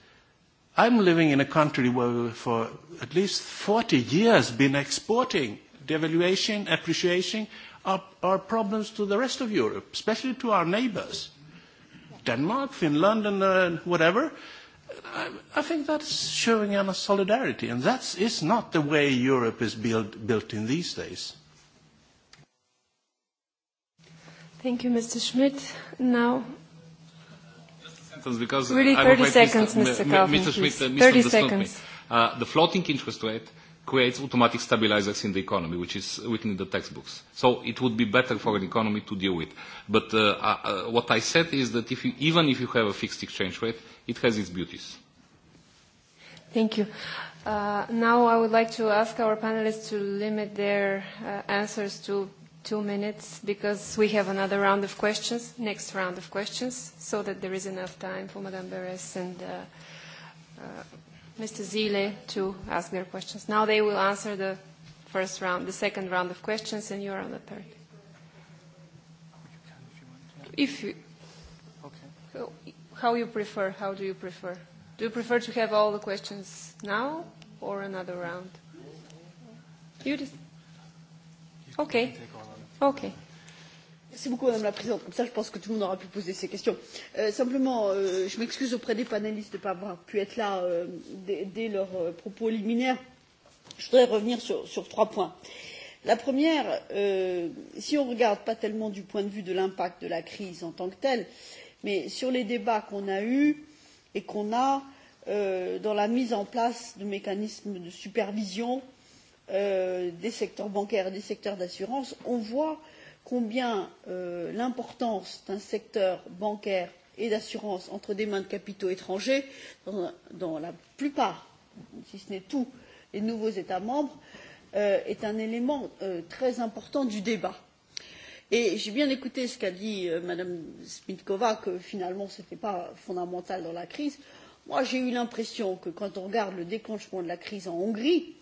I'm living in a country where we've for at least 40 years been exporting devaluation, appreciation, our, our problems to the rest of Europe, especially to our neighbors, Denmark, Finland, and uh, whatever. I, I think that's showing us solidarity, and that is not the way Europe is build, built in these days. Thank you, Mr. Schmidt. Now, seconds, because really 30 seconds, Mr. Kaufman, Mr. Schmidt, please. Mr. 30 seconds. Uh, the floating interest rate creates automatic stabilizers in the economy, which is written in the textbooks. So it would be better for an economy to deal with. But uh, uh, uh, what I said is that if you, even if you have a fixed exchange rate, it has its beauties. Thank you. Uh, now I would like to ask our panelists to limit their uh, answers to two minutes because we have another round of questions, next round of questions, so that there is enough time for Madame Beres and uh, uh, Mr. Zile to ask their questions. Now they will answer the first round, the second round of questions, and you are on the third. If you, okay. how you prefer, how do you prefer? Do you prefer to have all the questions now or another round? You just, okay. You Ok. Merci beaucoup, Madame la Présidente. Comme ça, je pense que tout le monde aura pu poser ses questions. Euh, simplement, euh, je m'excuse auprès des panélistes de ne pas avoir pu être là euh, dès, dès leurs euh, propos liminaires. Je voudrais revenir sur, sur trois points. La première, euh, si on ne regarde pas tellement du point de vue de l'impact de la crise en tant que telle, mais sur les débats qu'on a eus et qu'on a euh, dans la mise en place de mécanismes de supervision euh, Euh, des secteurs bancaires et des secteurs d'assurance, on voit combien euh, l'importance d'un secteur bancaire et d'assurance entre des mains de capitaux étrangers dans, dans la plupart, si ce n'est tous, les nouveaux États membres euh, est un élément euh, très important du débat. Et j'ai bien écouté ce qu'a dit euh, Mme Smitkova, que finalement ce n'était pas fondamental dans la crise. Moi, j'ai eu l'impression que quand on regarde le déclenchement de la crise en Hongrie, euh,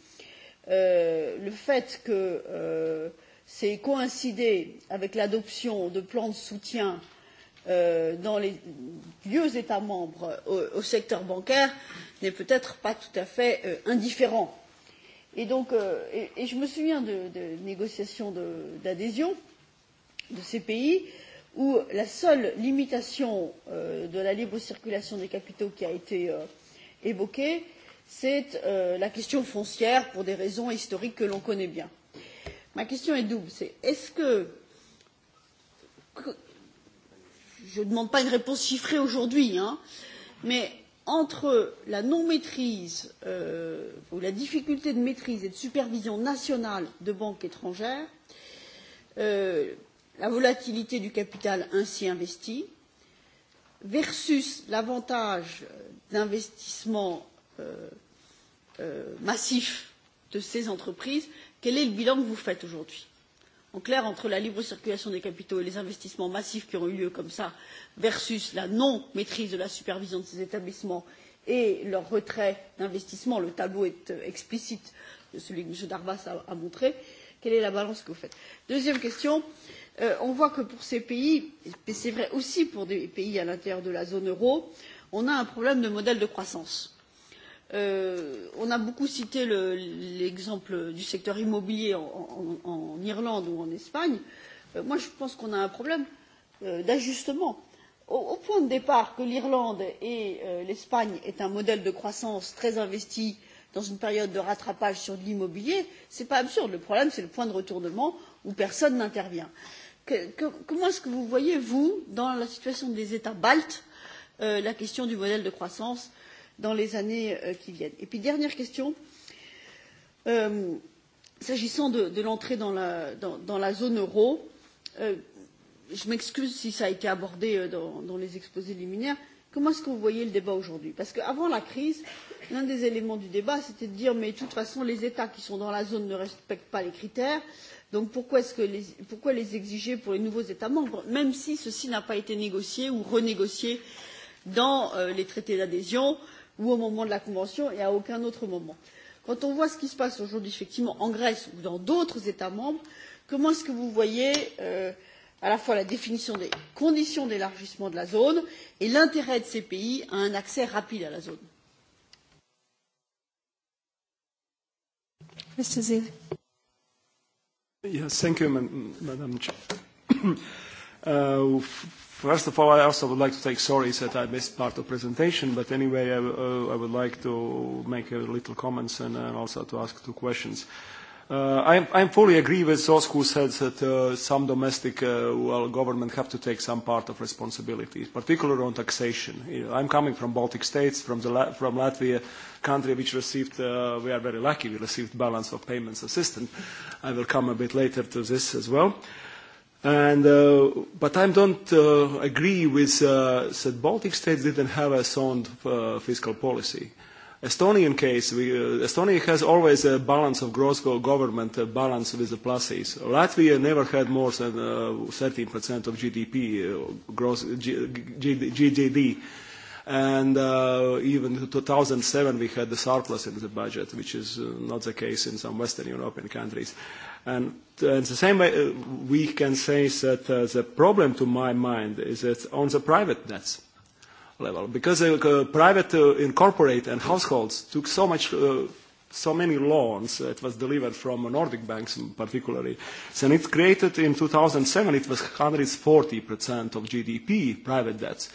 Euh, le fait que euh, c'est coïncidé avec l'adoption de plans de soutien euh, dans les vieux États membres au, au secteur bancaire n'est peut-être pas tout à fait euh, indifférent. Et donc, euh, et, et je me souviens de, de négociations d'adhésion de, de ces pays où la seule limitation euh, de la libre circulation des capitaux qui a été euh, évoquée euh, c'est euh, la question foncière pour des raisons historiques que l'on connaît bien. Ma question est double. Est-ce est que, que je ne demande pas une réponse chiffrée aujourd'hui, hein, mais entre la non maîtrise euh, ou la difficulté de maîtrise et de supervision nationale de banques étrangères, euh, la volatilité du capital ainsi investi versus l'avantage d'investissement Euh, euh, massif de ces entreprises, quel est le bilan que vous faites aujourd'hui En clair, entre la libre circulation des capitaux et les investissements massifs qui ont eu lieu comme ça, versus la non-maîtrise de la supervision de ces établissements et leur retrait d'investissement, le tableau est euh, explicite, celui que M. Darbas a, a montré, quelle est la balance que vous faites Deuxième question, euh, on voit que pour ces pays, et c'est vrai aussi pour des pays à l'intérieur de la zone euro, on a un problème de modèle de croissance. Euh, on a beaucoup cité l'exemple le, du secteur immobilier en, en, en Irlande ou en Espagne. Euh, moi, je pense qu'on a un problème euh, d'ajustement. Au, au point de départ que l'Irlande et euh, l'Espagne est un modèle de croissance très investi dans une période de rattrapage sur l'immobilier, ce n'est pas absurde. Le problème, c'est le point de retournement où personne n'intervient. Que, que, comment est-ce que vous voyez, vous, dans la situation des États baltes, euh, la question du modèle de croissance dans les années euh, qui viennent. enfin dernière question euh, s'agissant de l'entrée dans la zone euro euh, je m'excuse si cela a été abordé dans les exposés liminaires comment est ce que vous voyez le débat aujourd'hui? parce qu'avant la crise l'un des éléments du débat c'était de dire mais de toute façon les états qui sont dans la zone ne respectent pas les critères donc pourquoi, est-ce que les, pourquoi les exiger pour les nouveaux états membres même si ceci n'a pas été négocié ou renégocié dans les traités d'adhésion? ou au moment de la convention et à aucun autre moment. Quand on voit ce qui se passe aujourd'hui effectivement en Grèce ou dans d'autres États membres, comment est-ce que vous voyez euh, à la fois la définition des conditions d'élargissement de la zone et l'intérêt de ces pays à un accès rapide à la zone Mr. Zil. Yes, thank you, Madam Chair. [COUGHS] uh, First of all, I also would like to take sorry that I missed part of presentation, but anyway, I, uh, I would like to make a little comments and uh, also to ask two questions. Uh, I, I fully agree with those who said that uh, some domestic uh, well, government have to take some part of responsibilities, particularly on taxation. You know, I'm coming from Baltic states, from, the, from Latvia, country which received, uh, we are very lucky, we received balance of payments assistance. I will come a bit later to this as well. Uh, And, uh, but I don't uh, agree with uh, that Baltic states didn't have a sound uh, fiscal policy. Estonian case, we, uh, Estonia has always a balance of gross government uh, balance with the pluses. Latvia never had more than uh, 13% of GDP, uh, gross GDP. And uh, even in 2007 we had the surplus in the budget, which is uh, not the case in some Western European countries. Uh, And uh, in the same way, uh, we can say that uh, the problem to my mind is it's on the private nets level, because the uh, uh, private uh, in corporate and households took so much, uh, so many loans that was delivered from Nordic banks particularly, and it created in 2007, it was 140% of GDP private debts,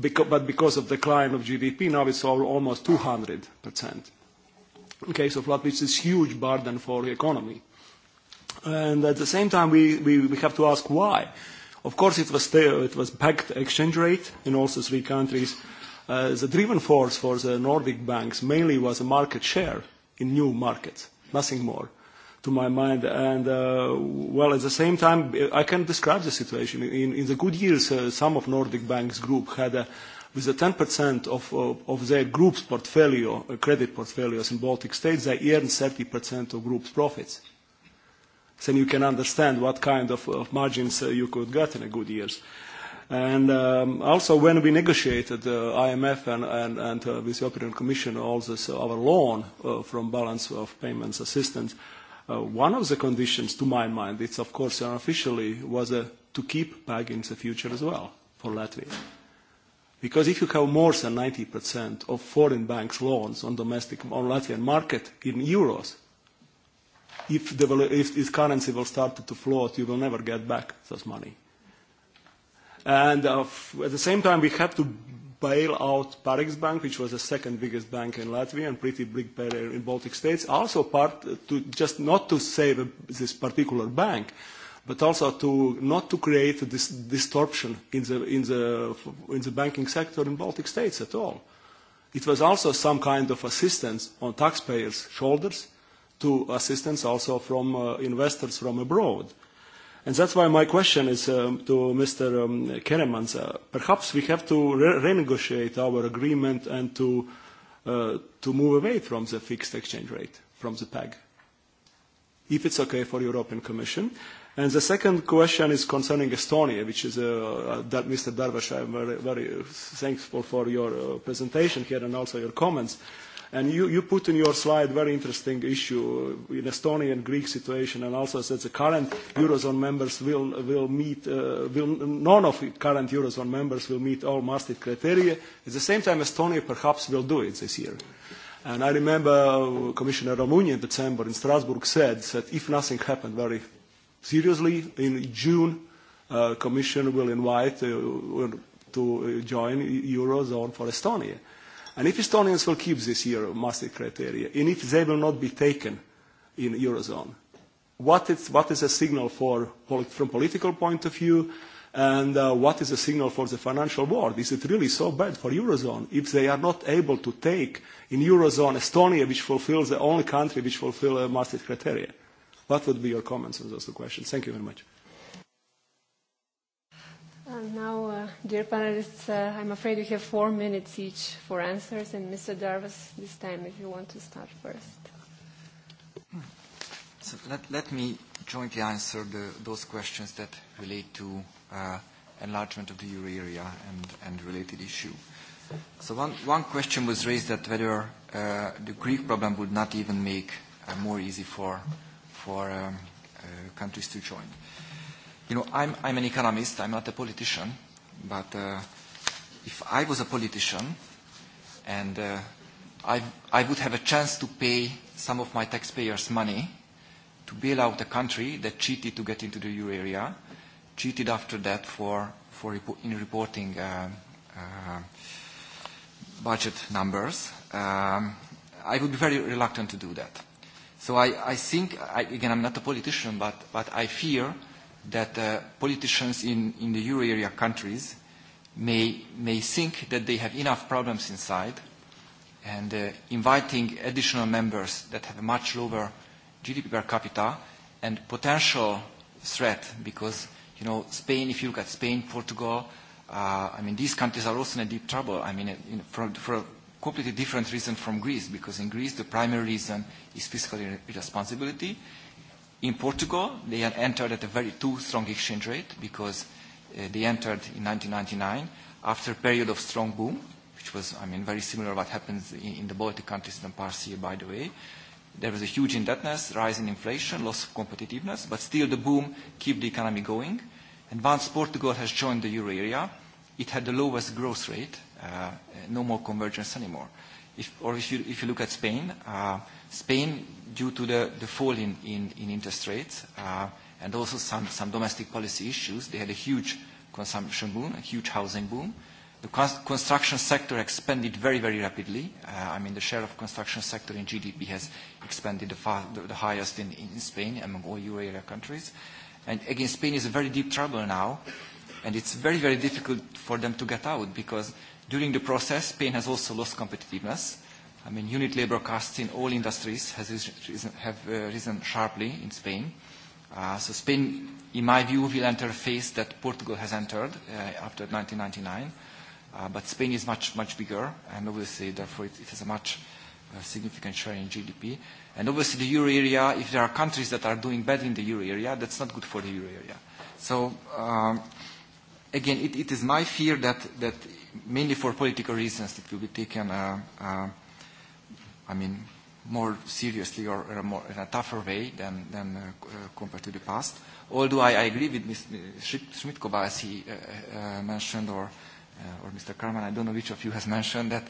because, but because of decline of GDP, now it's all, almost 200% in case of flood, which is huge burden for the economy. And at the same time, we, we, we have to ask why. Of course, it was, it was packed exchange rate in all the three countries. Uh, the driven force for the Nordic banks mainly was a market share in new markets, nothing more, to my mind. And, uh, well, at the same time, I can describe the situation. In, in the good years, uh, some of Nordic banks' group had, a, uh, with a 10% of, of, of their group's portfolio, uh, credit portfolios in Baltic states, they earned 30% of group's profits then you can understand what kind of margins uh, you could get in a good years. Um, also when we negotiated uh, IMF and uh, with the European Commission all this, our loan from balance of payments assistance, one of the conditions to my mind, it's of course unofficially, was to keep PAG in the future as well for Latvia. Because if you have more than 90% of foreign banks loans on domestic, on Latvian market in euros, if, the, if this currency will start to float, you will never get back this money. And uh, f at the same time, we had to bail out Parix Bank, which was the second biggest bank in Latvia and pretty big player in Baltic states, also part uh, to just not to save a, uh, this particular bank, but also to not to create this distortion in the, in, the, in the banking sector in Baltic states at all. It was also some kind of assistance on taxpayers' shoulders, to assistance also from uh, investors from abroad. And that's why my question is um, to Mr. Um, Keremans. Uh, perhaps we have to re renegotiate our agreement and to, uh, to move away from the fixed exchange rate, from the PEG, if it's okay for the European Commission. And the second question is concerning Estonia, which is, uh, uh, Mr. Darvash, I'm very, very thankful for your uh, presentation here and also your comments. Uh, And you, you put in your slide very interesting issue in uh, Estonian and Greek situation, and also said the current eurozone members will, will meet uh, will, none of the current eurozone members will meet all Maastricht criteria. At the same time, Estonia perhaps will do it this year. And I remember uh, Commissioner Romunia in December in Strasbourg said that if nothing happened very seriously in June, uh, Commission will invite uh, to uh, join eurozone for Estonia. Uh, And if Estonians will keep this year of Maastricht criteria, and if they will not be taken in Eurozone, what is, what is a signal for, from political point of view, and uh, what is a signal for the financial world? Is it really so bad for Eurozone if they are not able to take in Eurozone Estonia, which fulfills the only country which fulfills the uh, Maastricht criteria? What would be your comments on those two questions? Thank you very much. Uh, now, uh, dear panelists, uh, I'm afraid you have four minutes each for answers. And Mr. Darvas, this time, if you want to start first. So let, let me jointly answer the, those questions that relate to uh, enlargement of the euro area and, and related issue. So one, one question was raised that whether uh, the Greek problem would not even make uh, more easy for, for um, uh, countries to join. Uh, You know, I'm, I'm an economist, I'm not a politician, but uh, if I was a politician and uh, I, I would have a chance to pay some of my taxpayers' money to bail out a country that cheated to get into the euro area, cheated after that for, for repo- in reporting uh, uh, budget numbers, um, I would be very reluctant to do that. So I, I think, I, again, I'm not a politician, but, but I fear that uh, politicians in, in the euro area countries may, may think that they have enough problems inside and uh, inviting additional members that have a much lower GDP per capita and potential threat because, you know, Spain, if you look at Spain, Portugal, uh, I mean, these countries are also in a deep trouble. I mean, in, for, for a completely different reason from Greece because in Greece the primary reason is fiscal irresponsibility. Re- In Portugal, they had entered at a very too strong exchange rate because uh, they entered in 1999 after a period of strong boom, which was, I mean, very similar to what happens in the Baltic countries and parts here, by the way. There was a huge indebtedness, rise in inflation, loss of competitiveness, but still the boom keep the economy going. And once Portugal has joined the euro area, it had the lowest growth rate, uh, no more convergence anymore. If you look at Spain, uh, Spain, due to the fall in interest rates uh, and also some domestic policy issues, they had a huge consumption boom, a huge housing boom. The construction sector expanded very, very rapidly. Uh, I mean, the share of construction sector in GDP has expanded the highest in Spain among all Euro area countries. Again, Spain is in very deep trouble now, and it's very, very difficult for them to get out because during the process, Spain has also lost competitiveness. I mean, unit labor costs in all industries has risen, have uh, risen sharply in Spain. Uh, so Spain, in my view, will enter a phase that Portugal has entered uh, after 1999. Uh, but Spain is much, much bigger, and obviously, therefore, it, it has a much uh, significant share in GDP. And obviously, the euro area, if there are countries that are doing badly in the euro area, that's not good for the euro area. So, um, again, it, it is my fear that, that mainly for political reasons, it will be taken uh, uh, I mean, more seriously or in a, more, in a tougher way than, than uh, uh compared to the past. Although I, I agree with Ms. Uh, Schmidtkova, as he uh, uh, mentioned, or, uh, or Mr. Carman, I don't know which of you has [LAUGHS] mentioned that,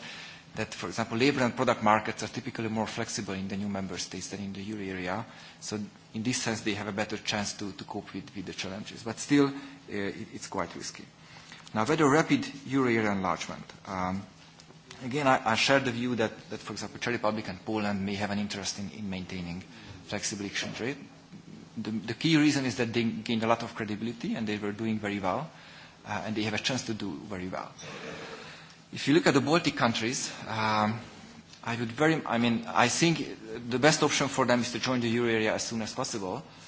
that, for example, labor and product markets are typically more flexible in the new member states than in the euro area. So in this sense, they have a better chance to, to cope with, with the challenges. But still, uh, it, it's quite risky. Now, whether rapid euro area enlargement. Um, Again, I, I share the view that, that, for example, Czech Republic and Poland may have an interest in, in maintaining flexible exchange rate. The, the key reason is that they gained a lot of credibility and they were doing very well, uh, and they have a chance to do very well. If you look at the Baltic countries, um, I would very, I mean, I think the best option for them is to join the euro area as soon as possible. Uh,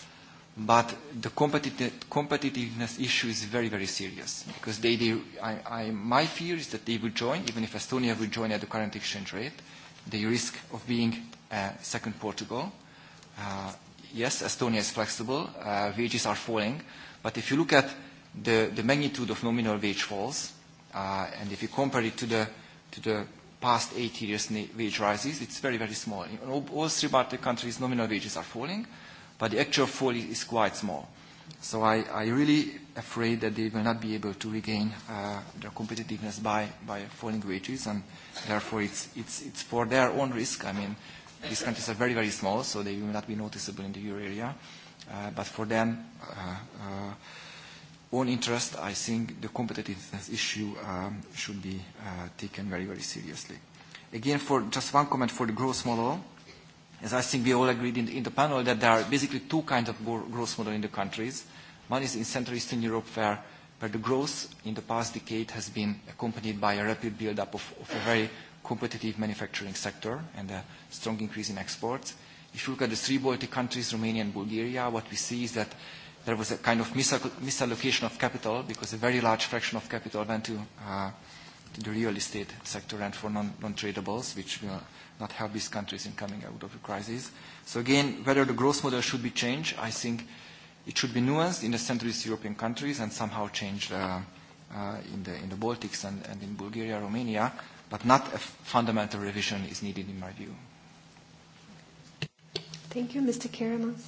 but the competitive, competitiveness issue is very, very serious because they, they, I, I, my fear is that they will join, even if Estonia will join at the current exchange rate, the risk of being uh, second Portugal. Uh, yes, Estonia is flexible, uh, wages are falling, but if you look at the, the magnitude of nominal wage falls, uh, and if you compare it to the, to the past eight years wage rises, it's very, very small. In all, all three Baltic countries, nominal wages are falling, but the actual fall is quite small. So I, I really afraid that they will not be able to regain uh, their competitiveness by, by falling wages, and therefore it's, it's, it's for their own risk. I mean, these countries are very, very small, so they will not be noticeable in the euro area. Uh, but for them, uh, uh, own interest, I think the competitiveness issue um, should be uh, taken very, very seriously. Again, for just one comment for the growth model as I think we all agreed in the, in the panel, that there are basically two kinds of growth model in the countries. One is in Central Eastern Europe, where, where the growth in the past decade has been accompanied by a rapid build-up of, of a very competitive manufacturing sector and a strong increase in exports. If you look at the three Baltic countries, Romania and Bulgaria, what we see is that there was a kind of misallocation of capital because a very large fraction of capital went to, uh, to the real estate sector and for non-tradables, non which will... Uh, not help these countries in coming out of the crisis. So again, whether the growth model should be changed, I think it should be nuanced in the Central East European countries and somehow changed uh, uh, in, the, in the Baltics and, and in Bulgaria, Romania, but not a fundamental revision is needed in my view. Thank you, Mr. Karamas.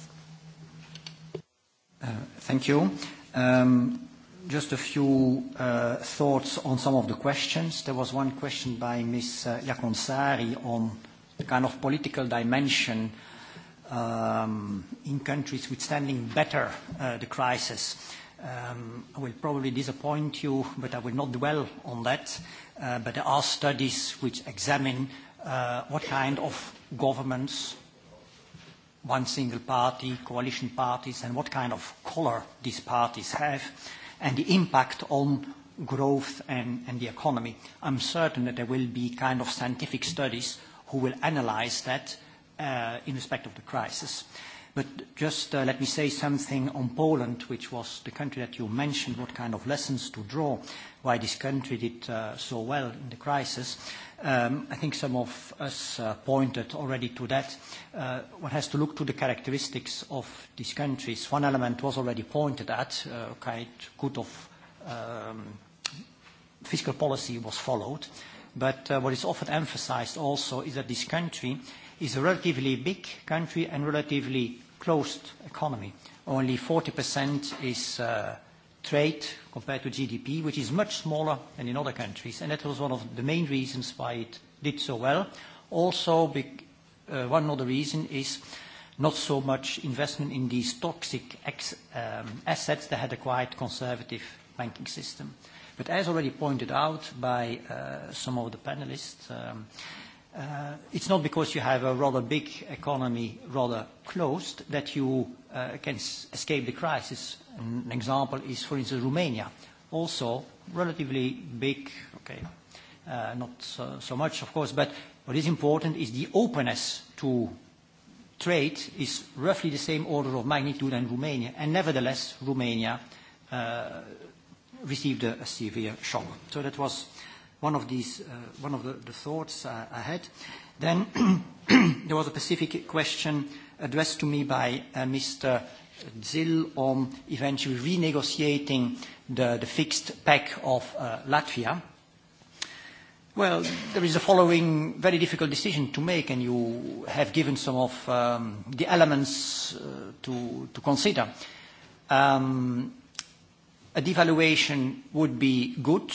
Uh, thank you. Um, Just a few uh, thoughts on some of the questions. There was one question by Ms. Uh, Jaakonsaari on the kind of political dimension um, in countries withstanding better uh, the crisis. Um, I will probably disappoint you, but I will not dwell on that. But there are studies which examine what kind of governments, one single party, coalition parties, and what kind of color these parties have and the impact on growth and, and the economy. I'm certain that there will be kind of scientific studies who will analyze that uh, in respect of the crisis. But just uh, let me say something on Poland, which was the country that you mentioned, what kind of lessons to draw, why this country did uh, so well in the crisis. Um, I think some of us uh, pointed already to that. Uh, one has to look to the characteristics of these countries. One element was already pointed at, uh, quite good of um, fiscal policy was followed. What is often emphasized also is that this country is a relatively big country and relatively closed economy. Only 40% trade compared to GDP, which is much smaller than in other countries. And that was one of the main reasons why it did so well. Also, uh, one other reason is not so much investment in these toxic ex um, assets that had a quite conservative banking system. But as already pointed out by uh, some of the panelists, um, uh, it's not because you have a rather big economy rather closed that you uh, can s escape the crisis. An example is, for instance, Romania, also relatively big, okay, uh, not so, so much, of course, but what is important is the openness to trade is roughly the same order of magnitude than Romania, and nevertheless, Romania uh, received a, a severe shock. So that was one of, these, uh, one of the, the thoughts uh, I had. Then [CLEARS THROAT] there was a specific question uh, addressed to me by uh, Mr. Zill on eventually renegotiating the, the fixed pack of uh, Latvia. Well, there is a following very difficult decision to make, and you have given some of um, the elements uh, to, to consider. Um, a devaluation would be good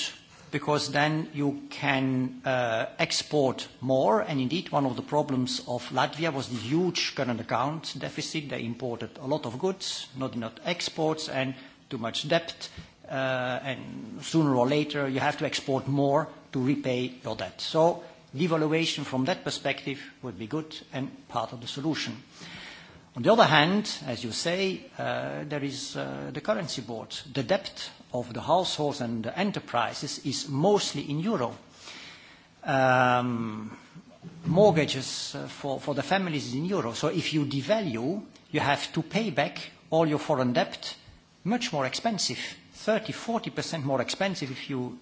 because then you can uh, export more. And indeed, one of the problems of Latvia was the huge current account deficit. They imported a lot of goods, not enough exports, and too much debt. Uh, and sooner or later, you have to export more to repay your debt. So devaluation from that perspective would be good and part of the solution. Uh, On the other hand, as you say, uh, there is uh, the Currency Board. The debt of the households and the enterprises is mostly in euro. Um, mortgages uh, for the families in euro. So if you devalue, you have to pay back all your foreign debt much more expensive, 30%-40% more expensive if you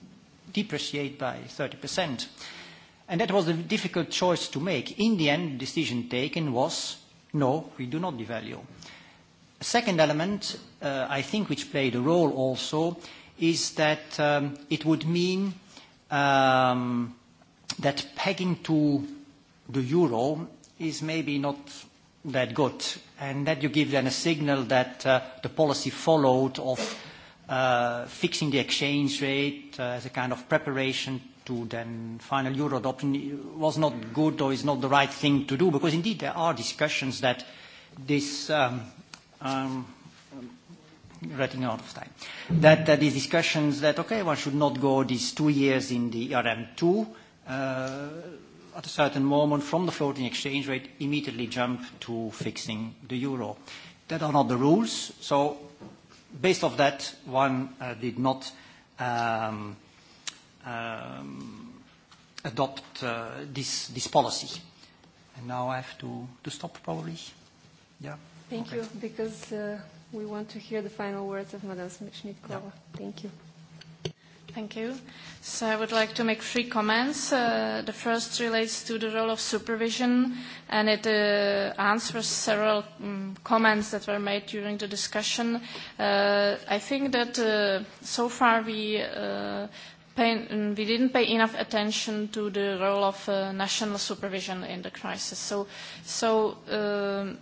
depreciate by 30%. And that was a difficult choice to make. In the end, the decision taken was No, we do not devalue. Second element, uh, I think which played a role also, is that um, it would mean um, that pegging to the euro is maybe not that good, and that you give then a signal that uh, the policy followed of uh, fixing the exchange rate as a kind of preparation to then final euro adoption was not good or is not the right thing to do? Because indeed, there are discussions that this, I'm um, um, um, running out of time, that these discussions that, okay, one should not go these two years in the ERM2, uh, at a certain moment from the floating exchange rate, immediately jump to fixing the euro. That are not the rules. So based off that, one uh, did not um, adopt uh, this, this policy. And now I have to, to stop, probably. Yeah. Thank okay. you, because uh, we want to hear the final words of Madame Smitschnikova. Yeah. Thank you. Thank you. So I would like to make three comments. Uh, the first relates to the role of supervision, and it uh, answers several um, comments that were made during the discussion. Uh, I think that uh, so far we uh, pay, we didn't pay enough attention to the role of uh, national supervision in the crisis. So, so uh,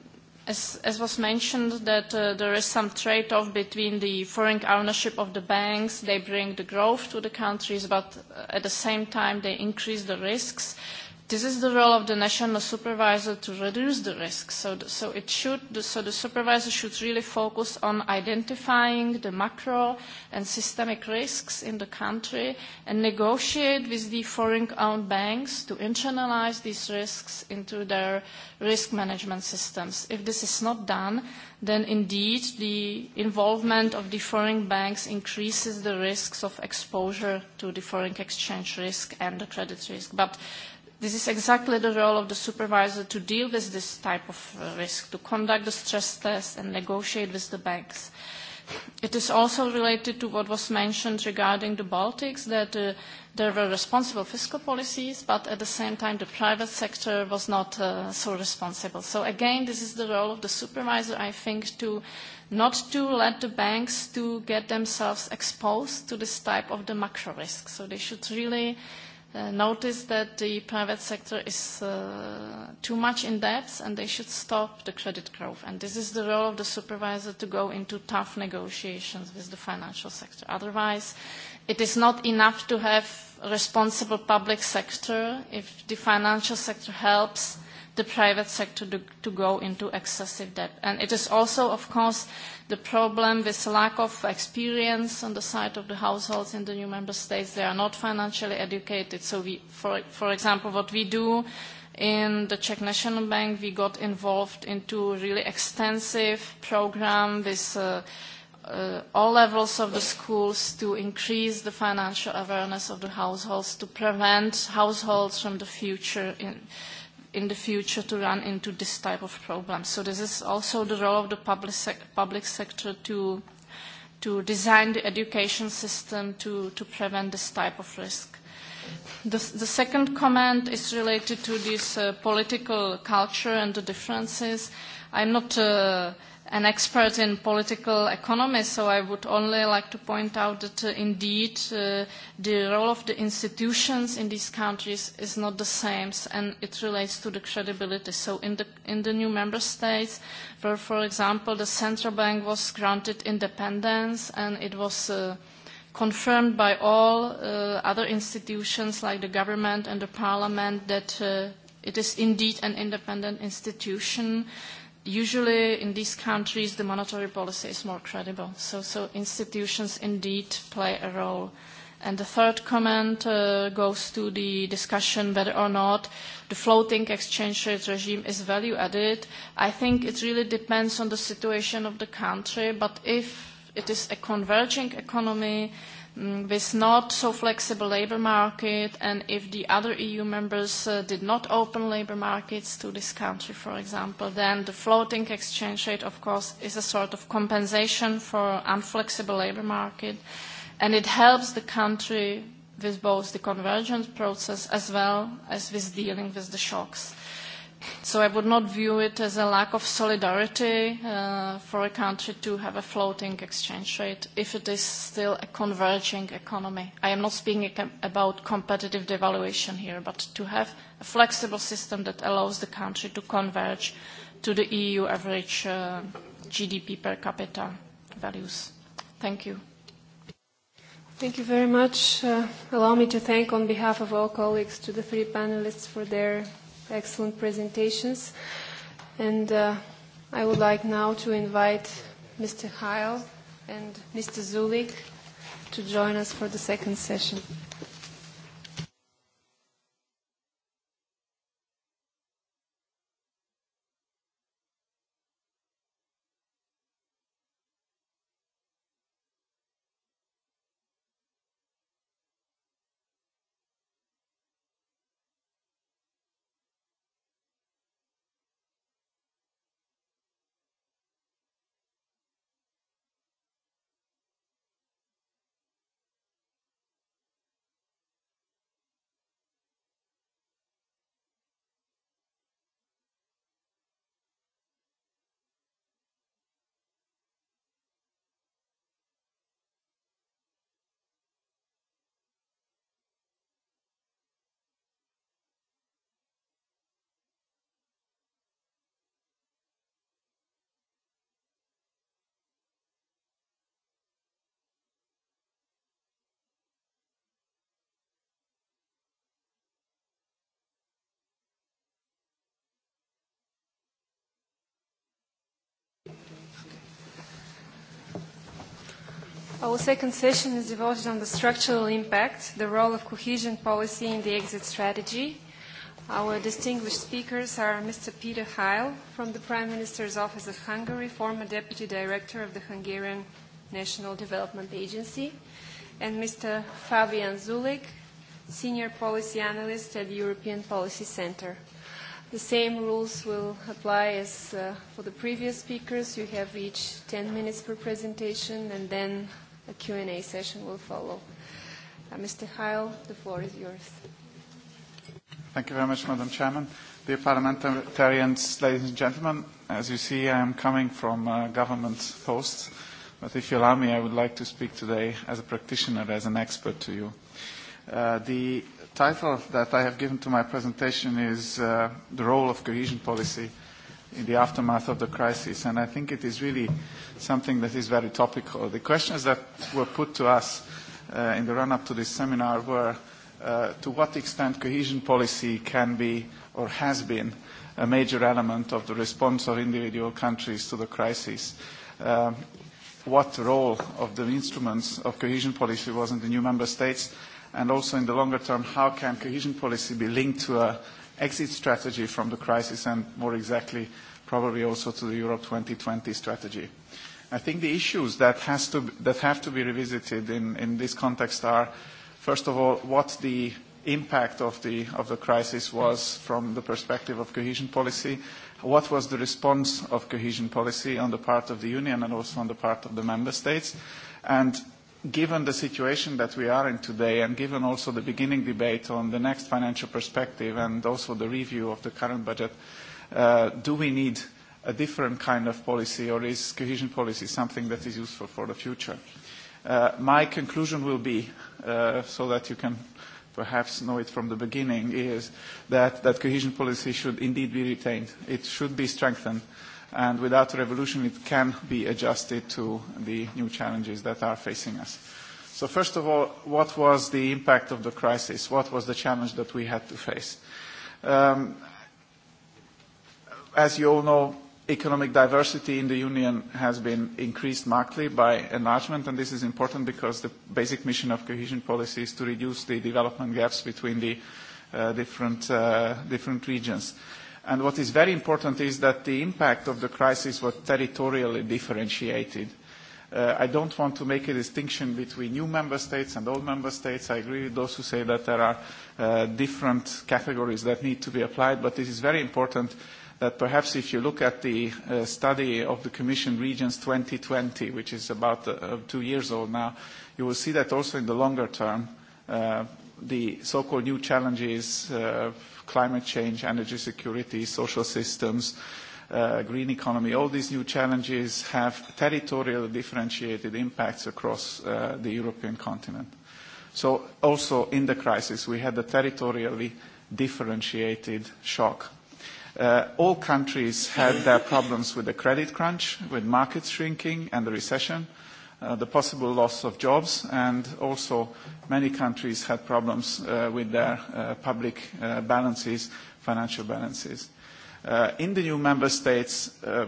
as, as was mentioned, that uh, there is some trade-off between the foreign ownership of the banks. They bring the growth to the countries, but at the same time, they increase the risks. Uh, this is the role of the national supervisor to reduce the risk. So, the, so it should. So the supervisor should really focus on identifying the macro and systemic risks in the country and negotiate with the foreign-owned banks to internalize these risks into their risk management systems. If this is not done, then indeed the involvement of the foreign banks increases the risks of exposure to the foreign exchange risk and the credit risk. But This is exactly the role of the supervisor to deal with this type of uh, risk, to conduct the stress test and negotiate with the banks. It is also related to what was mentioned regarding the Baltics, that uh, there were responsible fiscal policies, but at the same time the private sector was not uh, so responsible. So again, this is the role of the supervisor, I think, to not to let the banks to get themselves exposed to this type of the macro risk. So they should really uh, Uh, notice that the private sector is uh, too much in debt and they should stop the credit growth. And this is the role of the supervisor to go into tough negotiations with the financial sector. Otherwise, it is not enough to have a responsible public sector if the financial sector helps – the private sector to, to go into excessive debt. And it is also, of course, the problem with lack of experience on the side of the households in the new member states. They are not financially educated. So, we, for, for example, what we do in the Czech National Bank, we got involved into a really extensive program with uh, uh, all levels of the schools to increase the financial awareness of the households, to prevent households from the future in, uh, in the future to run into this type of problem. So this is also the role of the public, sec public sector to, to design the education system to, to prevent this type of risk. The, the second comment is related to this uh, political culture and the differences. I'm not... Uh, an expert in political economy, so I would only like to point out that uh, indeed uh, the role of the institutions in these countries is not the same and it relates to the credibility. So in the, in the new member states, where for example the central bank was granted independence and it was uh, confirmed by all uh, other institutions like the government and the parliament that uh, it is indeed an independent institution, uh, usually in these countries the monetary policy is more credible. So, so institutions indeed play a role. And the third comment uh, goes to the discussion whether or not the floating exchange rate regime is value added. I think it really depends on the situation of the country, but if it is a converging economy, Mm, with not so flexible labor market and if the other EU members uh, did not open labor markets to this country, for example, then the floating exchange rate, of course, is a sort of compensation for unflexible labor market and it helps the country with both the convergence process as well as with dealing with the shocks. So I would not view it as a lack of solidarity uh, for a country to have a floating exchange rate if it is still a converging economy. I am not speaking about competitive devaluation here, but to have a flexible system that allows the country to converge to the EU average uh, GDP per capita values. Thank you. Thank you very much. Uh, allow me to thank on behalf of all colleagues to the three panelists for their excellent presentations. And uh, I would like now to invite Mr. Heil and Mr. Zulik to join us for the second session. Thank you. Our second session is devoted on the structural impact, the role of cohesion policy in the exit strategy. Our distinguished speakers are Mr. Peter Heil from the Prime Minister's Office of Hungary, former Deputy Director of the Hungarian National Development Agency, and Mr. Fabian Zulik, Senior Policy Analyst at the European Policy Center. The same rules will apply as uh, for the previous speakers. You have each 10 minutes per presentation, and then A Q&A session will follow. Uh, Mr. Heil, the floor is yours. Thank you very much, Madam Chairman. Dear parliamentarians, ladies and gentlemen, as you see, I am coming from a uh, government post, but if you allow me, I would like to speak today as a practitioner, as an expert to you. Uh, the title that I have given to my presentation is The Role of Cohesion Policy in the aftermath of the crisis. And I think it is really something that is very topical. The questions that were put to us uh, in the run-up to this seminar were uh, to what extent cohesion policy can be or has been a major element of the response of individual countries to the crisis. Um, what role of the instruments of cohesion policy was in the new member states? And also in the longer term, how can cohesion policy be linked to a exit strategy from the crisis and more exactly probably also to the Europe 2020 strategy. I think the issues that, has to, that have to be revisited in, in this context are, first of all, what the impact of the, of the crisis was from the perspective of cohesion policy, what was the response of cohesion policy on the part of the Union and also on the part of the Member States, and given the situation that we are in today and given also the beginning debate on the next financial perspective and also the review of the current budget, uh, do we need a different kind of policy, or is cohesion policy something that is useful for the future? Uh, my conclusion will be, uh, so that you can perhaps know it from the beginning, is that cohesion policy should indeed be retained. It should be strengthened and without a revolution it can be adjusted to the new challenges that are facing us. So first of all, what was the impact of the crisis? What was the challenge that we had to face? Um, as you all know, economic diversity in the Union has been increased markedly by enlargement, and this is important because the basic mission of cohesion policy is to reduce the development gaps between the uh, different, uh, different regions. Uh, And what is very important is that the impact of the crisis was territorially differentiated. Uh, I don't want to make a distinction between new member states and old member states. I agree with those who say that there are uh, different categories that need to be applied, but it is very important that perhaps if you look at the uh, study of the Commission Regions 2020, which is about uh, uh, two years old now, you will see that also in the longer term, uh, the so-called new challenges uh, climate change, energy security, social systems, uh, green economy, all these new challenges have territorial differentiated impacts across uh, the European continent. So also in the crisis, we had a territorially differentiated shock. Uh, all countries had their problems with the credit crunch, with markets shrinking and the recession. Uh, Uh, the possible loss of jobs and also many countries had problems uh, with their uh, public uh, balances, financial balances. Uh, in the new member states, uh,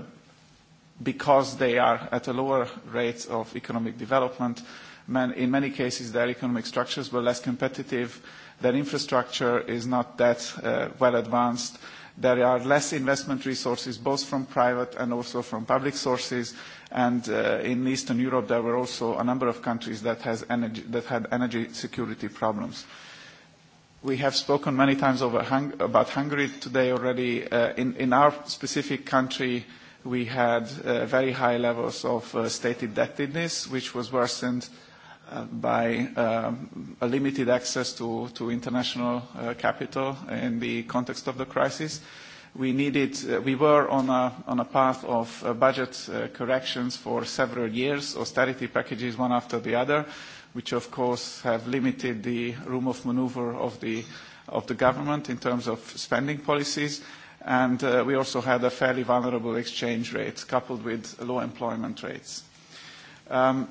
because they are at a lower rate of economic development, man, in many cases their economic structures were less competitive, their infrastructure is not that uh, well advanced, there are less investment resources both from private and also from public sources, uh, and uh, in Eastern Europe there were also a number of countries that, has energy, that had energy security problems. We have spoken many times over hung, about Hungary today already. Uh, in, in our specific country, we had uh, very high levels of uh, state indebtedness, which was worsened uh, by uh, a limited access to, to international uh, capital in the context of the crisis. Uh, we needed uh, we were on a on a path of uh, budget uh, corrections for several years austerity packages one after the other which of course have limited the room of maneuver of the of the government in terms of spending policies and uh, we also had a fairly vulnerable exchange rate coupled with low employment rates um,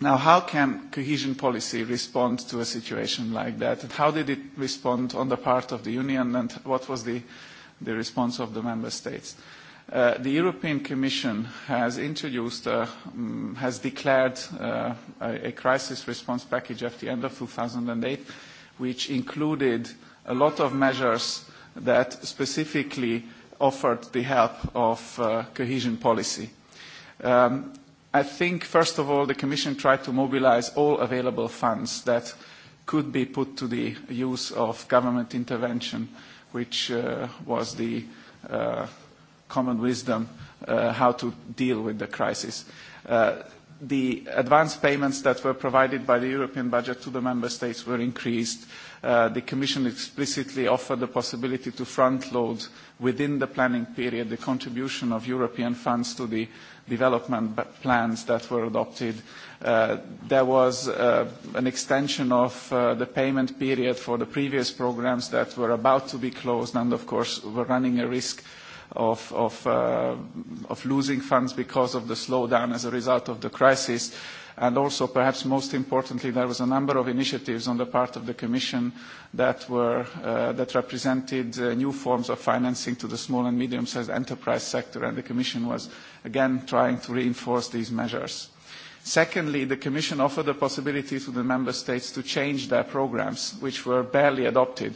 now, how can cohesion policy respond to a situation like that? How did it respond on the part of the Union, and what was the, uh, the response of the member states. Uh, the European Commission has introduced, uh, um, has declared uh, a, a crisis response package at the end of 2008, which included a lot of measures that specifically offered the help of uh, cohesion policy. Um, I think, first of all, the Commission tried to mobilize all available funds that could be put to the use of government intervention uh, which uh, was the uh, common wisdom uh, how to deal with the crisis. Uh, the advance payments that were provided by the European budget to the member states were increased. Uh, the Commission explicitly offered the possibility to front load within the planning period the contribution of European funds to the uh, development plans that were adopted. Uh, there was uh, an extension of uh, the payment period for the previous programs that were about to be closed and, of course, were running a risk of, of, uh, of losing funds because of the slowdown as a result of the crisis. Uh, and also perhaps most importantly there was a number of initiatives on the part of the commission that were uh, that represented uh, new forms of financing to the small and medium sized enterprise sector and the commission was again trying to reinforce these measures secondly the commission offered the possibility to the member states to change their programs which were barely adopted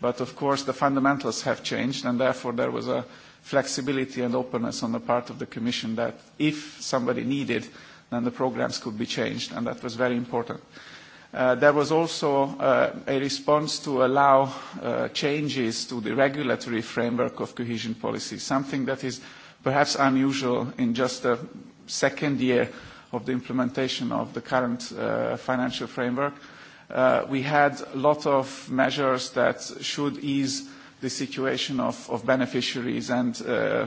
but of course the fundamentals have changed and therefore there was a flexibility and openness on the part of the commission that if somebody needed then the programs could be changed, and that was very important. Uh, there was also uh, a response to allow uh, changes to the regulatory framework of cohesion policy, something that is perhaps unusual in just the second year of the implementation of the current uh, financial framework. Uh, we had a lot of measures that should ease the situation of, of beneficiaries and uh,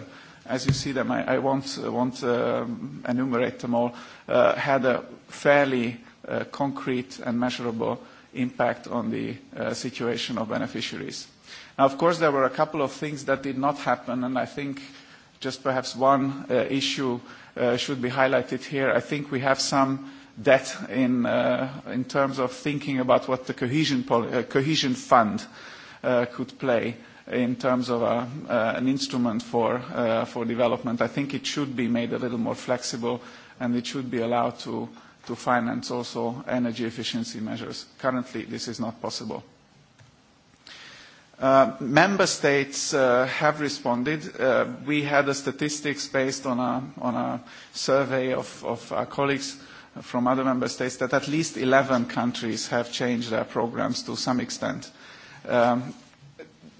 as you see them, I, I won't, uh, won't um, enumerate them all, uh, had a fairly uh, concrete and measurable impact on the uh, situation of beneficiaries. Now, of course, there were a couple of things that did not happen, and I think just perhaps one uh, issue uh, should be highlighted here. I think we have some debt in, uh, in terms of thinking about what the cohesion, poly- uh, cohesion fund uh, could play in terms of a, uh, an instrument for, uh, for development. I think it should be made a little more flexible and it should be allowed to, to finance also energy efficiency measures. Currently, this is not possible. Uh, member states uh, have responded. Uh, we had a statistics based on a, on a survey of, of our colleagues from other member states that at least 11 countries have changed their programs to some extent. Um,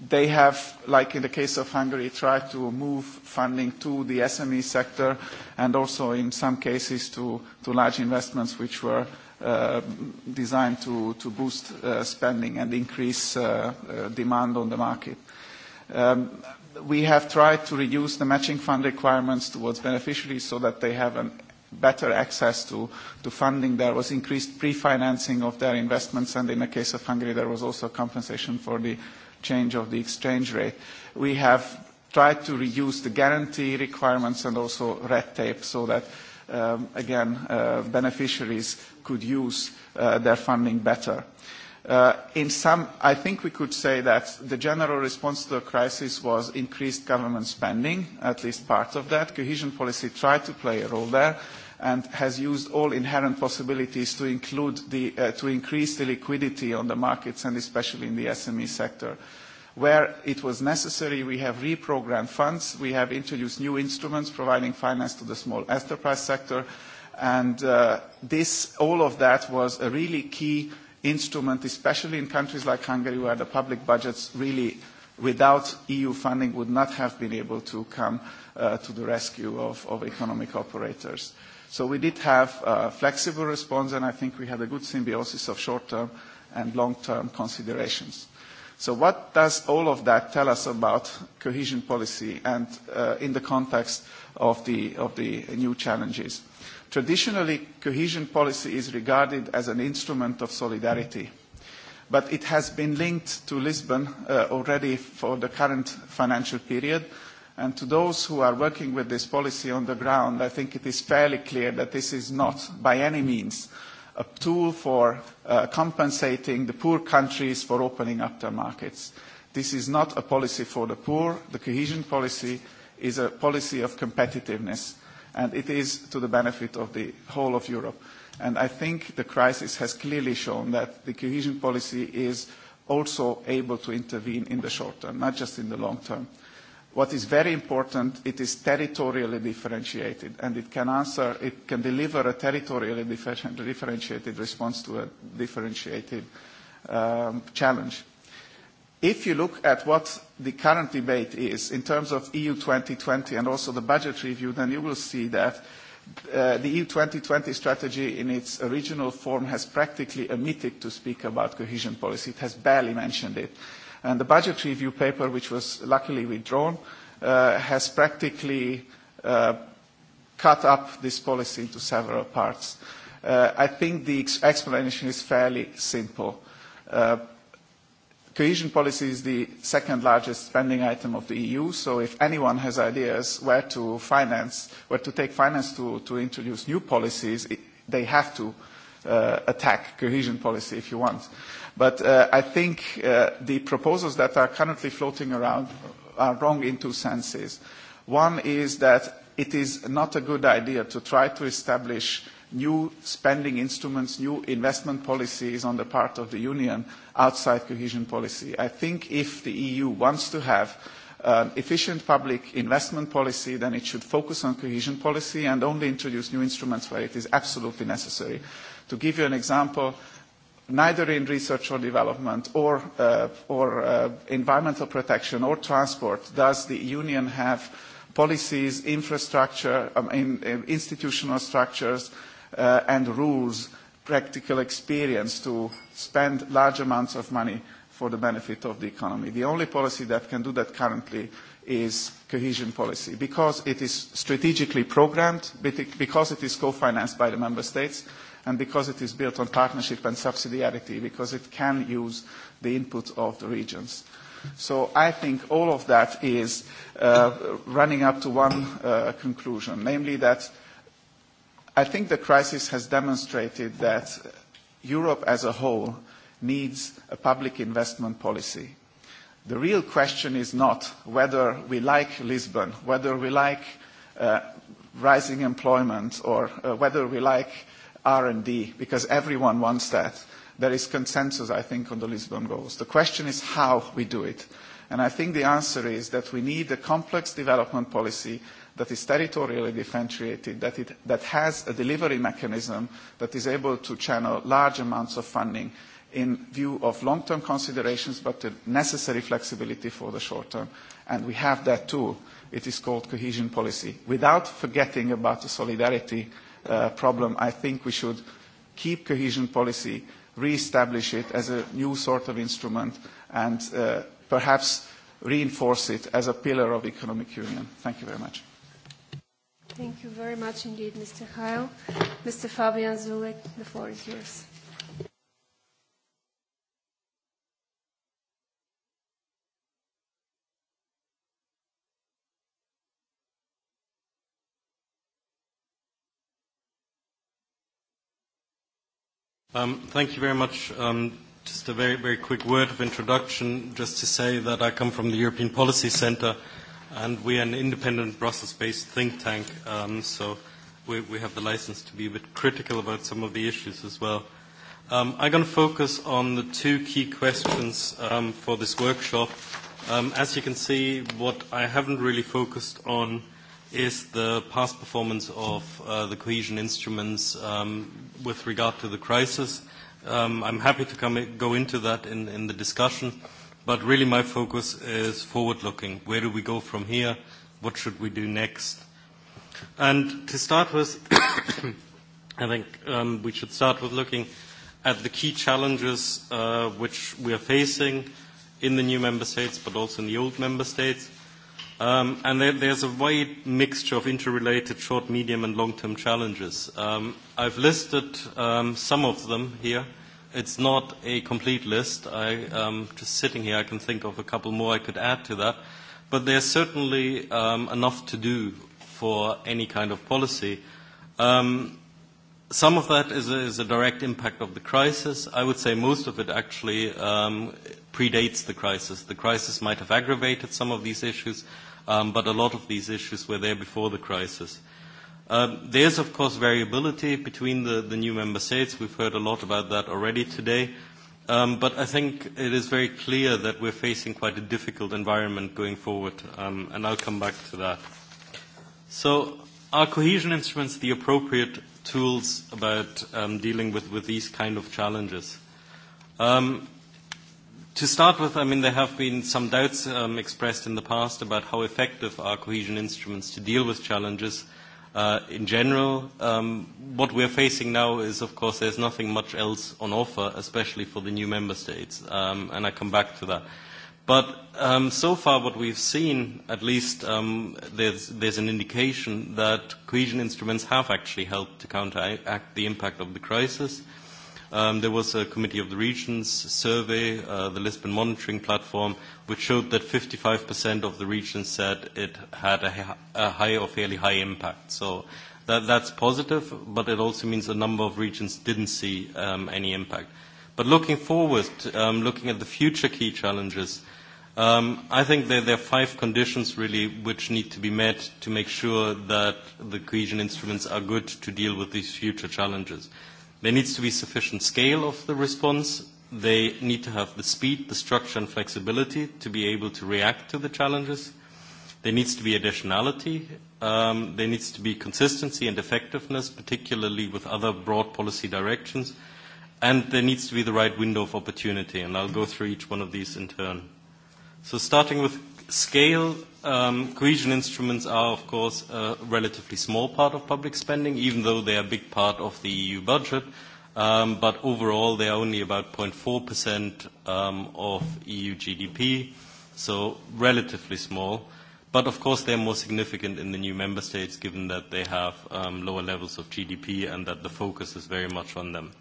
they have, like in the case of Hungary, tried to move funding to the SME sector and also in some cases to, to large investments which were uh, designed to, to boost uh, spending and increase uh, uh, demand on the market. Um, we have tried to reduce the matching fund requirements towards beneficiaries so that they have an better access to, to funding. There was increased pre-financing of their investments and in the case of Hungary there was also compensation for the change of the exchange rate. We have tried to reduce the guarantee requirements and also red tape so that, um, again, uh, beneficiaries could use uh, their funding better. Uh, in some, I think we could say that the general response to the crisis was increased government spending, at least part of that. Cohesion policy tried to play a role there and has used all inherent possibilities to, include the, uh, to increase the liquidity on the markets and especially in the SME sector. Where it was necessary, we have reprogrammed funds, we have introduced new instruments providing finance to the small enterprise sector, and uh, this, all of that was a really key instrument, especially in countries like Hungary where the public budgets really, without EU funding, would not have been able to come uh, to the rescue of, of economic operators. Uh, We did have a flexible response, and I think we had a good symbiosis of short-term and long-term considerations. What does all of that tell us about cohesion policy and uh, in the context of the new challenges? Traditionally, cohesion policy is regarded as an instrument of solidarity, but it has been linked to Lisbon uh, already for the current financial period, And to those who are working with this policy on the ground, I think it is fairly clear that this is not by any means a tool for uh, compensating the poor countries for opening up their markets. This is not a policy for the poor. The cohesion policy is a policy of competitiveness, and it is to the benefit of the whole of Europe. And I think the crisis has clearly shown that the cohesion policy is also able to intervene in the short term, not just in the long term. What is very important, it is territorially differentiated, and it can answer, it can deliver a territorially differentiated response to a differentiated um, challenge. If you look at what the current debate is in terms of EU 2020 and also the budget review, then you will see that uh, the EU 2020 strategy in its original form has practically omitted to speak about cohesion policy. It has barely mentioned it. And the budget review paper, which was luckily withdrawn, uh, has practically uh, cut up this policy into several parts. Uh, I think the ex- explanation is fairly simple. Uh, cohesion policy is the second largest spending item of the EU, so if anyone has ideas where to finance, where to take finance to, to introduce new policies, it, they have to uh, attack cohesion policy if you want. Uh, But uh, I think uh, the proposals that are currently floating around are wrong in two senses. One is that it is not a good idea to try to establish new spending instruments, new investment policies on the part of the Union outside cohesion policy. I think if the EU wants to have an um, uh, efficient public investment policy, then it should focus on cohesion policy and only introduce new instruments where it is absolutely necessary. To give you an example, uh, neither in research or development or, uh, or uh, environmental protection or transport does the union have policies, infrastructure, um, in, in institutional structures uh, and rules, practical experience to spend large amounts of money for the benefit of the economy. The only policy that can do that currently is cohesion policy because it is strategically programmed, because it is co-financed by the member states, uh, and because it is built on partnership and subsidiarity, because it can use the input of the regions. So I think all of that is uh, running up to one uh, conclusion, namely that I think the crisis has demonstrated that Europe as a whole needs a public investment policy. The real question is not whether we like Lisbon, whether we like uh, rising employment, or uh, whether we like uh, R&D, because everyone wants that. There is consensus, I think, on the Lisbon goals. The question is how we do it. And I think the answer is that we need a complex development policy that is territorially differentiated, that, it, that has a delivery mechanism that is able to channel large amounts of funding in view of long-term considerations, but the necessary flexibility for the short term. And we have that tool. It is called cohesion policy. Without forgetting about the solidarity Uh, problem. I think we should keep cohesion policy, re-establish it as a new sort of instrument, and uh, perhaps reinforce it as a pillar of economic union. Thank you very much. Thank you very much indeed, Mr. Heil. Mr. Fabian Zulek, the floor is yours. Um, thank you very much. Um, just a very, very quick word of introduction, just to say that I come from the European Policy Center, and we are an independent Brussels-based think tank, um, so we, we have the license to be a bit critical about some of the issues as well. Um, I'm going to focus on the two key questions um, for this workshop. Um, as you can see, what I haven't really focused on is the past performance of uh, the cohesion instruments um, with regard to the crisis. Um, I'm happy to go into that in the discussion, but really my focus is forward-looking. Where do we go from here? What should we do next? To start with, [COUGHS] I think um, we should start with looking at the key challenges uh, which we are facing in the new member states, but also in the old member states. Um, and there, there's a wide mixture of interrelated short, medium, and long-term challenges. Um, I've listed um, some of them here. It's not a complete list. I, um, just sitting here, I can think of a couple more I could add to that. But there's certainly um, enough to do for any kind of policy. Um, some of that is a, is a direct impact of the crisis. I would say most of it actually um, predates the crisis. The crisis might have aggravated some of these issues um, but a lot of these issues were there before the crisis. Um, there's, of course, variability between the, the new member states. We've heard a lot about that already today. Um, but I think it is very clear that we're facing quite a difficult environment going forward, um, and I'll come back to that. So are cohesion instruments the appropriate tools about um, dealing with, with these kind of challenges? Um, To start with, I mean, there have been some doubts um, expressed in the past about how effective are cohesion instruments to deal with challenges. Uh, in general, um, what we're facing now is, of course, there's nothing much else on offer, especially for the new member states, um, and I come back to that. But um, so far, what we've seen, at least um, there's, there's an indication that cohesion instruments have actually helped to counteract the impact of the crisis. Uh, um, there was a Committee of the Regions survey, uh, the Lisbon Monitoring Platform, which showed that 55% of the regions said it had a, a high or fairly high impact. So that, that's positive, but it also means a number of regions didn't see um, any impact. But looking forward, um, looking at the future key challenges, um, I think that there are five conditions really which need to be met to make sure that the cohesion instruments are good to deal with these future challenges. There needs to be sufficient scale of the response. They need to have the speed, the structure and flexibility to be able to react to the challenges. There needs to be additionality. Um, there needs to be consistency and effectiveness, particularly with other broad policy directions. And there needs to be the right window of opportunity. And I'll go through each one of these in turn. So starting with scale um, cohesion instruments are, of course, a relatively small part of public spending, even though they are a big part of the EU budget. Um, but overall, they are only about 0.4% um, of EU GDP, so relatively small. But of course, they're more significant in the new member states, given that they have um, lower levels of GDP and that the focus is very much on them.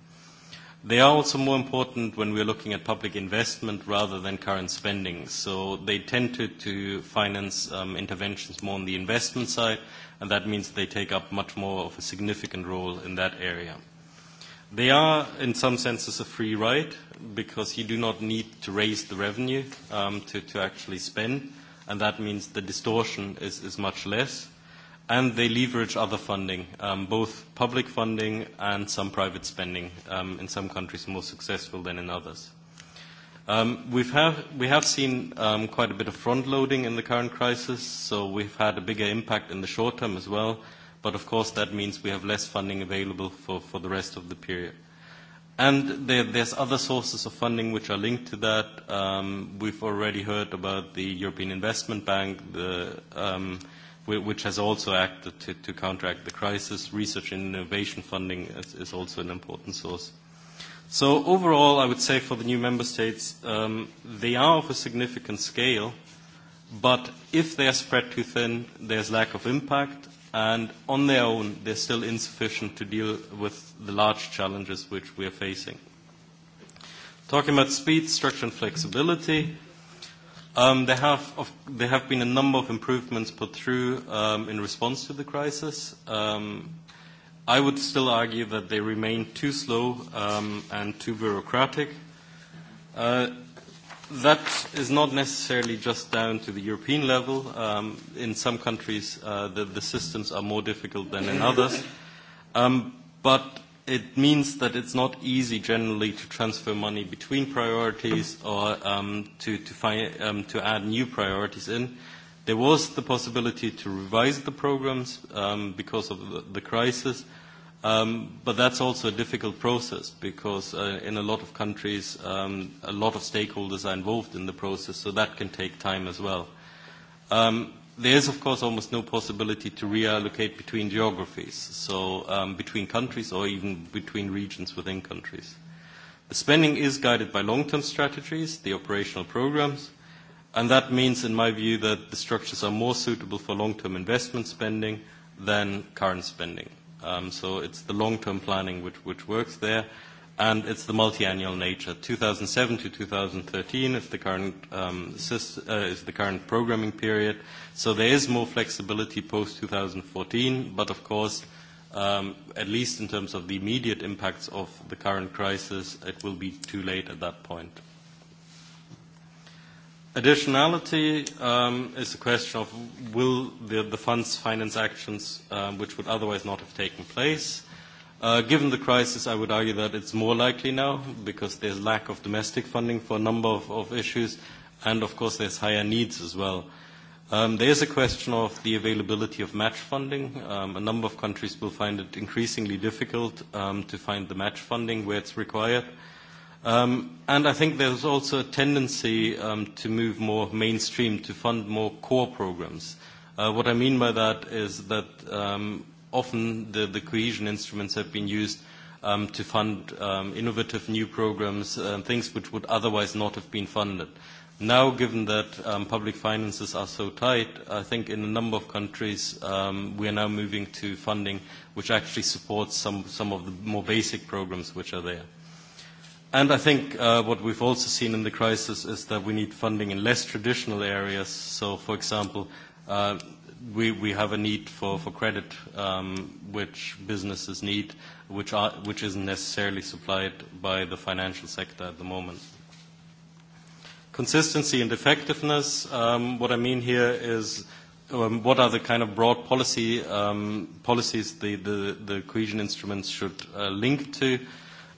They are also more important when we're looking at public investment rather than current spending. So they tend to, to finance um, interventions more on the investment side, and that means they take up much more of a significant role in that area. They are, in some senses, a free ride because you do not need to raise the revenue um, to, to actually spend, and that means the distortion is, is much less and they leverage other funding, um, both public funding and some private spending, um, in some countries more successful than in others. Um, we've have, we have seen um, quite a bit of front loading in the current crisis, so we've had a bigger impact in the short term as well, but of course that means we have less funding available for, for the rest of the period. And there, there's other sources of funding which are linked to that. Um, we've already heard about the European Investment Bank, the um, which has also acted to, to counteract the crisis. Research and innovation funding is, is also an important source. So overall, I would say for the new member states, um, they are of a significant scale, but if they are spread too thin, there's lack of impact, and on their own, they're still insufficient to deal with the large challenges which we are facing. Talking about speed, structure, and flexibility, mm-hmm. Um, there, have of, there have been a number of improvements put through um, in response to the crisis. Um, I would still argue that they remain too slow um, and too bureaucratic. Uh, that is not necessarily just down to the European level. Um, in some countries, uh, the, the systems are more difficult than in others. Um, but it means that it's not easy generally to transfer money between priorities or um, to, to, find, um, to add new priorities in. There was the possibility to revise the programs um, because of the, the crisis, um, but that's also a difficult process because uh, in a lot of countries, um, a lot of stakeholders are involved in the process, so that can take time as well. Um, there is, of course, almost no possibility to reallocate between geographies, so um, between countries or even between regions within countries. The spending is guided by long-term strategies, the operational programs, and that means, in my view, that the structures are more suitable for long-term investment spending than current spending. Um, so it's the long-term planning which, which works there and it's the multi-annual nature. 2007 to 2013 is the current um, uh, is the current programming period. So there is more flexibility post 2014, but of course, um, at least in terms of the immediate impacts of the current crisis, it will be too late at that point. Additionality um, is a question of will the, the funds finance actions um, which would otherwise not have taken place. Uh, given the crisis, I would argue that it's more likely now because there's lack of domestic funding for a number of, of issues, and of course there's higher needs as well. Um, there is a question of the availability of match funding. Um, a number of countries will find it increasingly difficult um, to find the match funding where it's required. Um, and I think there's also a tendency um, to move more mainstream, to fund more core programs. Uh, what I mean by that is that um, often the, the cohesion instruments have been used um, to fund um, innovative new programs, uh, things which would otherwise not have been funded. Now, given that um, public finances are so tight, I think in a number of countries um, we are now moving to funding which actually supports some, some of the more basic programs which are there. And I think uh, what we've also seen in the crisis is that we need funding in less traditional areas. So, for example, uh, we have a need for credit, um, which businesses need, which isn't necessarily supplied by the financial sector at the moment. Consistency and effectiveness, um, what I mean here is, um, what are the kind of broad policies the cohesion instruments should uh, link to?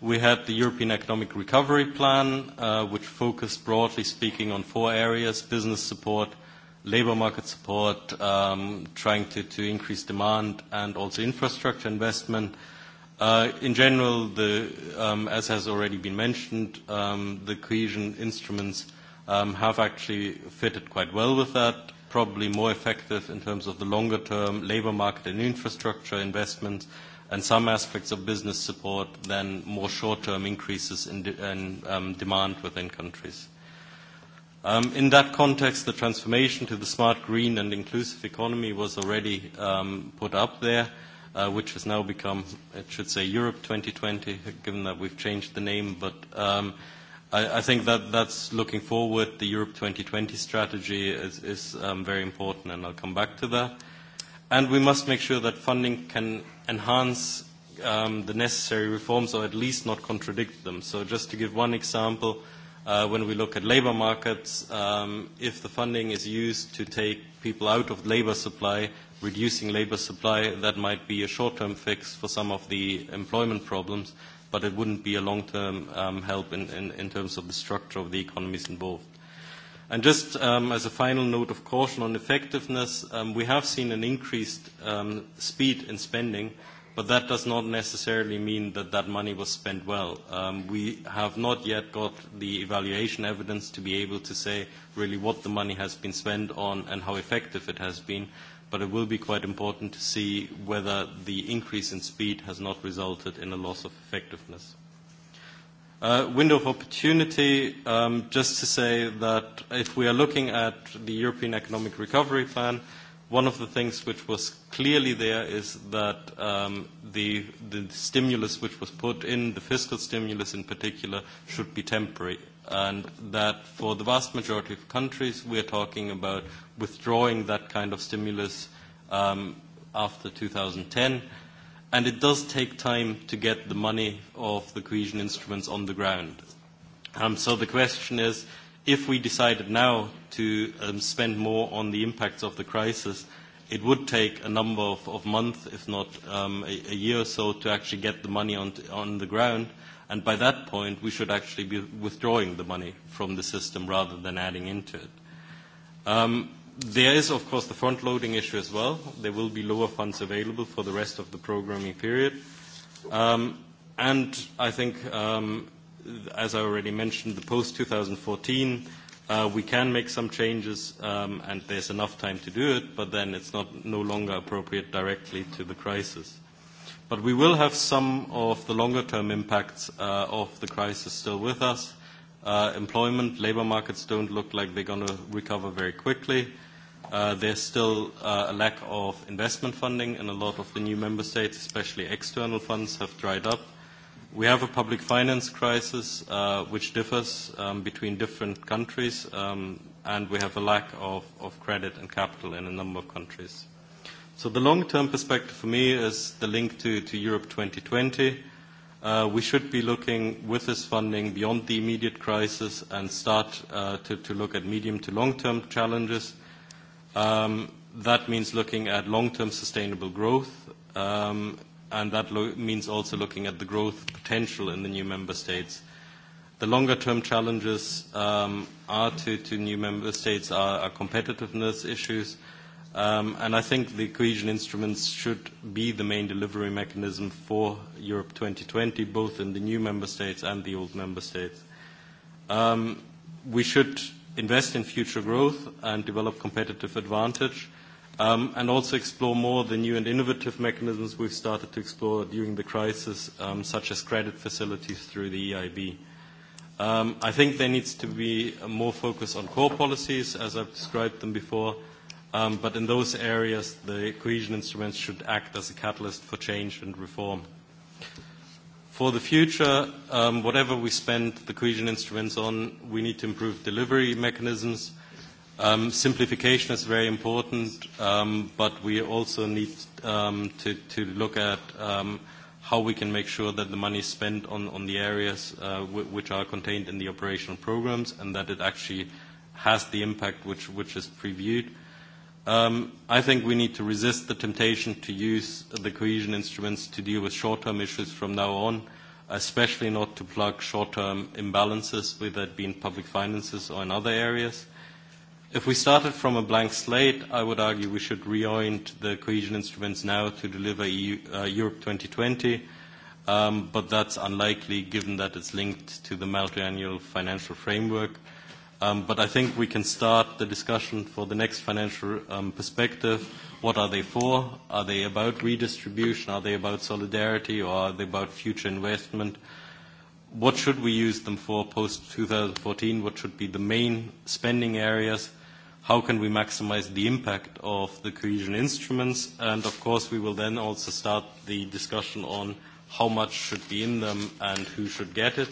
We had the European Economic Recovery Plan, uh, which focused, broadly speaking, on four areas: business support, labor market support, um, trying to increase demand and also infrastructure investment. Uh, in general, um, as has already been mentioned, um, the cohesion instruments have actually fitted quite well with that, probably more effective in terms of the longer term labor market and infrastructure investment and some aspects of business support than more short-term increases in demand within countries. Um, in that context, the transformation to the smart, green, and inclusive economy was already um, put up there, uh, which has now become, it should say, Europe 2020, given that we've changed the name. But um, I, I think that that's looking forward. The Europe 2020 strategy is, is um, very important, and I'll come back to that. And we must make sure that funding can enhance um, the necessary reforms, or at least not contradict them. So just to give one example, uh, when we look at labor markets, um, if the funding is used to take people out of labor supply, reducing labor supply, that might be a short-term fix for some of the employment problems, but it wouldn't be a long-term um, help in, in, in terms of the structure of the economies involved. And just um, as a final note of caution on effectiveness, um, we have seen an increased um, speed in spending, but that does not necessarily mean that that money was spent well. Um, we have not yet got the evaluation evidence to be able to say really what the money has been spent on and how effective it has been, but it will be quite important to see whether the increase in speed has not resulted in a loss of effectiveness. Uh, window of opportunity, um, just to say that if we are looking at the European Economic Recovery Plan, one of the things which was clearly there is that um, the, the stimulus which was put in, the fiscal stimulus in particular, should be temporary. And that for the vast majority of countries, we are talking about withdrawing that kind of stimulus um, after 2010. And it does take time to get the money of the cohesion instruments on the ground. Um, so the question is, if we decided now to um, spend more on the impacts of the crisis, it would take a number of, of months, if not um, a, a year or so, to actually get the money on, to, on the ground. And by that point, we should actually be withdrawing the money from the system rather than adding into it. Um, there is, of course, the front-loading issue as well. There will be lower funds available for the rest of the programming period. Um, and I think um, as I already mentioned, the post-2014, uh, we can make some changes, um, and there's enough time to do it, but then it's no longer appropriate directly to the crisis. But we will have some of the longer-term impacts uh, of the crisis still with us. Uh, employment, labor markets don't look like they're going to recover very quickly. There's still a lack of investment funding in a lot of the new member states, especially external funds have dried up. We have a public finance crisis, uh, which differs um, between different countries, um, and we have a lack of, of credit and capital in a number of countries. So the long-term perspective for me is the link to, to Europe 2020. Uh, we should be looking with this funding beyond the immediate crisis and start uh, to, to look at medium to long-term challenges. Um, that means looking at long-term sustainable growth. Um, and that lo means also looking at the growth potential in the new member states. The longer-term challenges um, are to, to new member states are, are competitiveness issues, um, and I think the cohesion instruments should be the main delivery mechanism for Europe 2020, both in the new member states and the old member states. Um, we should invest in future growth and develop competitive advantage. Uh, Um, and also explore more the new and innovative mechanisms we've started to explore during the crisis, um, such as credit facilities through the EIB. Um, I think there needs to be more focus on core policies, as I've described them before. But in those areas, the cohesion instruments should act as a catalyst for change and reform. For the future, whatever we spend the cohesion instruments on, we need to improve delivery mechanisms, Um, simplification is very important, um, but we also need um, to, to look at um, how we can make sure that the money is spent on, on the areas uh, w- which are contained in the operational programs and that it actually has the impact which, which is previewed. Um, I think we need to resist the temptation to use the cohesion instruments to deal with short term issues from now on, especially not to plug short term imbalances, whether it be in public finances or in other areas. If we started from a blank slate, I would argue we should reorient the cohesion instruments now to deliver EU, uh, Europe 2020, um, but that's unlikely given that it's linked to the multi-annual financial framework. Um, but I think we can start the discussion for the next financial um, perspective. What are they for? Are they about redistribution? Are they about solidarity? Or are they about future investment? What should we use them for post-2014? What should be the main spending areas? how can we maximize the impact of the cohesion instruments? And of course, we will then also start the discussion on how much should be in them and who should get it.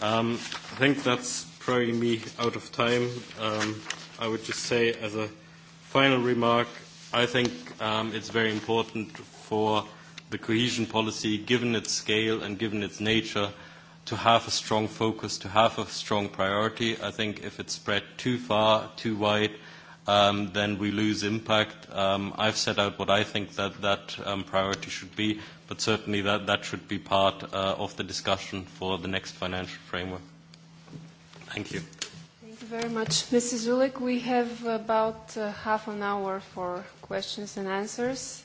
Um, I think that's probably me out of time. Um, I would just say as a final remark, I think um, it's very important for the cohesion policy, given its scale and given its nature, to have a strong focus, to have a strong priority. I think if it's spread too far, too wide, um, then we lose impact. Um, I've set out what I think that, that um, priority should be, but certainly that, that should be part uh, of the discussion for the next financial framework. Thank you. Thank you very much. Mrs. Zulik, we have about uh, half an hour for questions and answers.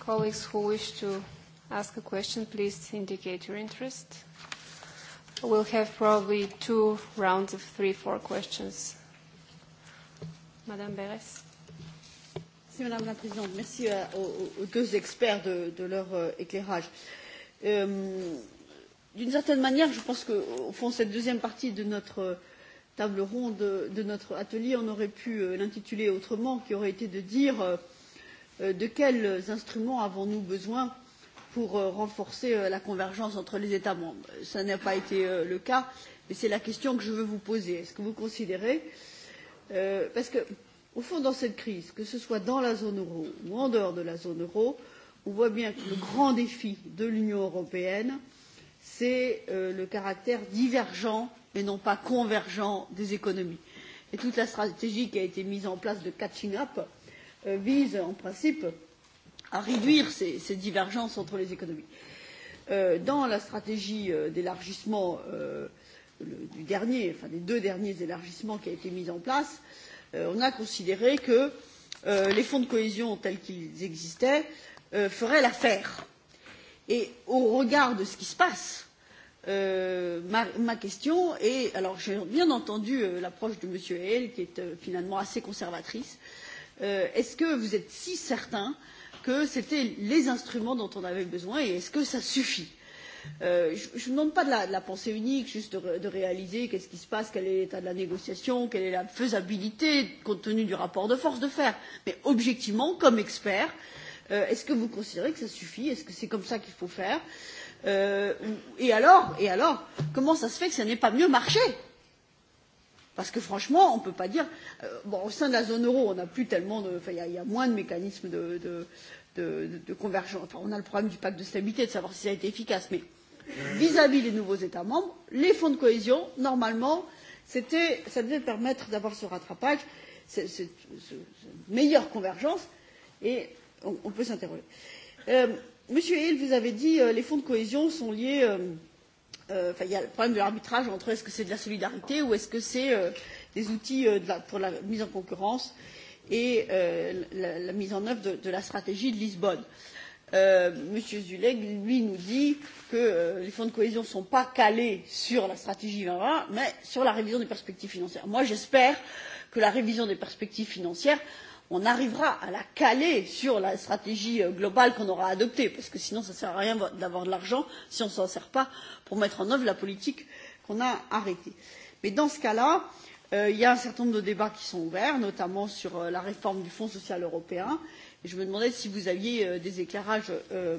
Colleagues who wish to ask a question, please indicate your interest. We'll have probably two rounds of three, four questions. Madame Beres. Merci Madame la Présidente. Merci à, euh, aux, aux deux experts de, de leur euh, éclairage. Euh, D'une certaine manière, je pense qu'au fond, cette deuxième partie de notre euh, table ronde, de, de notre atelier, on aurait pu euh, l'intituler autrement, qui aurait été de dire euh, euh de quels instruments avons-nous besoin euh, pour euh, renforcer euh, la convergence entre les États membres. Ça n'a pas été euh, le cas, mais c'est la question que je veux vous poser. Est-ce que vous considérez, euh, parce que au fond dans cette crise, que ce soit dans la zone euro ou en dehors de la zone euro, on voit bien que le grand défi de l'Union européenne, c'est euh, le caractère divergent et non pas convergent des économies. Et toute la stratégie qui a été mise en place de catching up euh, vise en principe euh, à réduire ces, ces divergences entre les économies. Euh, dans la stratégie euh, d'élargissement euh, du dernier, enfin des deux derniers élargissements qui a été mis en place, euh, on a considéré que euh, les fonds de cohésion tels qu'ils existaient euh, feraient l'affaire. Et au regard de ce qui se passe, euh, ma, ma question est alors j'ai bien entendu euh, l'approche de M. Hale, qui est euh, finalement assez conservatrice. Euh, Est-ce que vous êtes si certain euh, que c'était les instruments dont on avait besoin et est-ce que ça suffit euh, je, je ne demande pas de la, de la pensée unique, juste de, de réaliser qu'est-ce qui se passe, quel est l'état de la négociation, quelle est la faisabilité compte tenu du rapport de force de faire. Mais objectivement, comme expert, euh, est-ce que vous considérez que ça suffit Est-ce que c'est comme ça qu'il faut faire euh, et, alors, et alors, comment ça se fait que ça n'ait pas mieux marché Parce que franchement, on ne peut pas dire. Euh, bon, au sein de la zone euro, on a plus tellement de. Il y, y a moins de mécanismes de. de de, de convergence. Enfin, on a le problème du pacte de stabilité, de savoir si ça a été efficace. Mais vis-à-vis -vis des nouveaux États membres, les fonds de cohésion, normalement, ça devait permettre d'avoir ce rattrapage, cette, cette, cette meilleure convergence, et on, on peut s'interroger. Euh, Monsieur Hill, vous avez dit que euh, les fonds de cohésion sont liés. Euh, euh, il y a le problème de l'arbitrage entre est-ce que c'est de la solidarité ou est-ce que c'est euh, des outils euh, de la, pour la mise en concurrence. Euh, et euh, la, la mise en œuvre de, de la stratégie de Lisbonne. Euh, Monsieur Zuleg, lui, nous dit que euh, les fonds de cohésion ne sont pas calés sur la stratégie 2020, mais sur la révision des perspectives financières. Moi, j'espère que la révision des perspectives financières, on arrivera à la caler sur la stratégie euh, globale qu'on aura adoptée, parce que sinon, ça ne sert à rien d'avoir de l'argent si on ne s'en sert pas pour mettre en œuvre la politique qu'on a arrêtée. Mais dans ce cas-là, euh, Euh, il y a un certain nombre de débats qui sont ouverts, notamment sur euh, la réforme du Fonds social européen. Et je me demandais si vous aviez euh, des éclairages euh,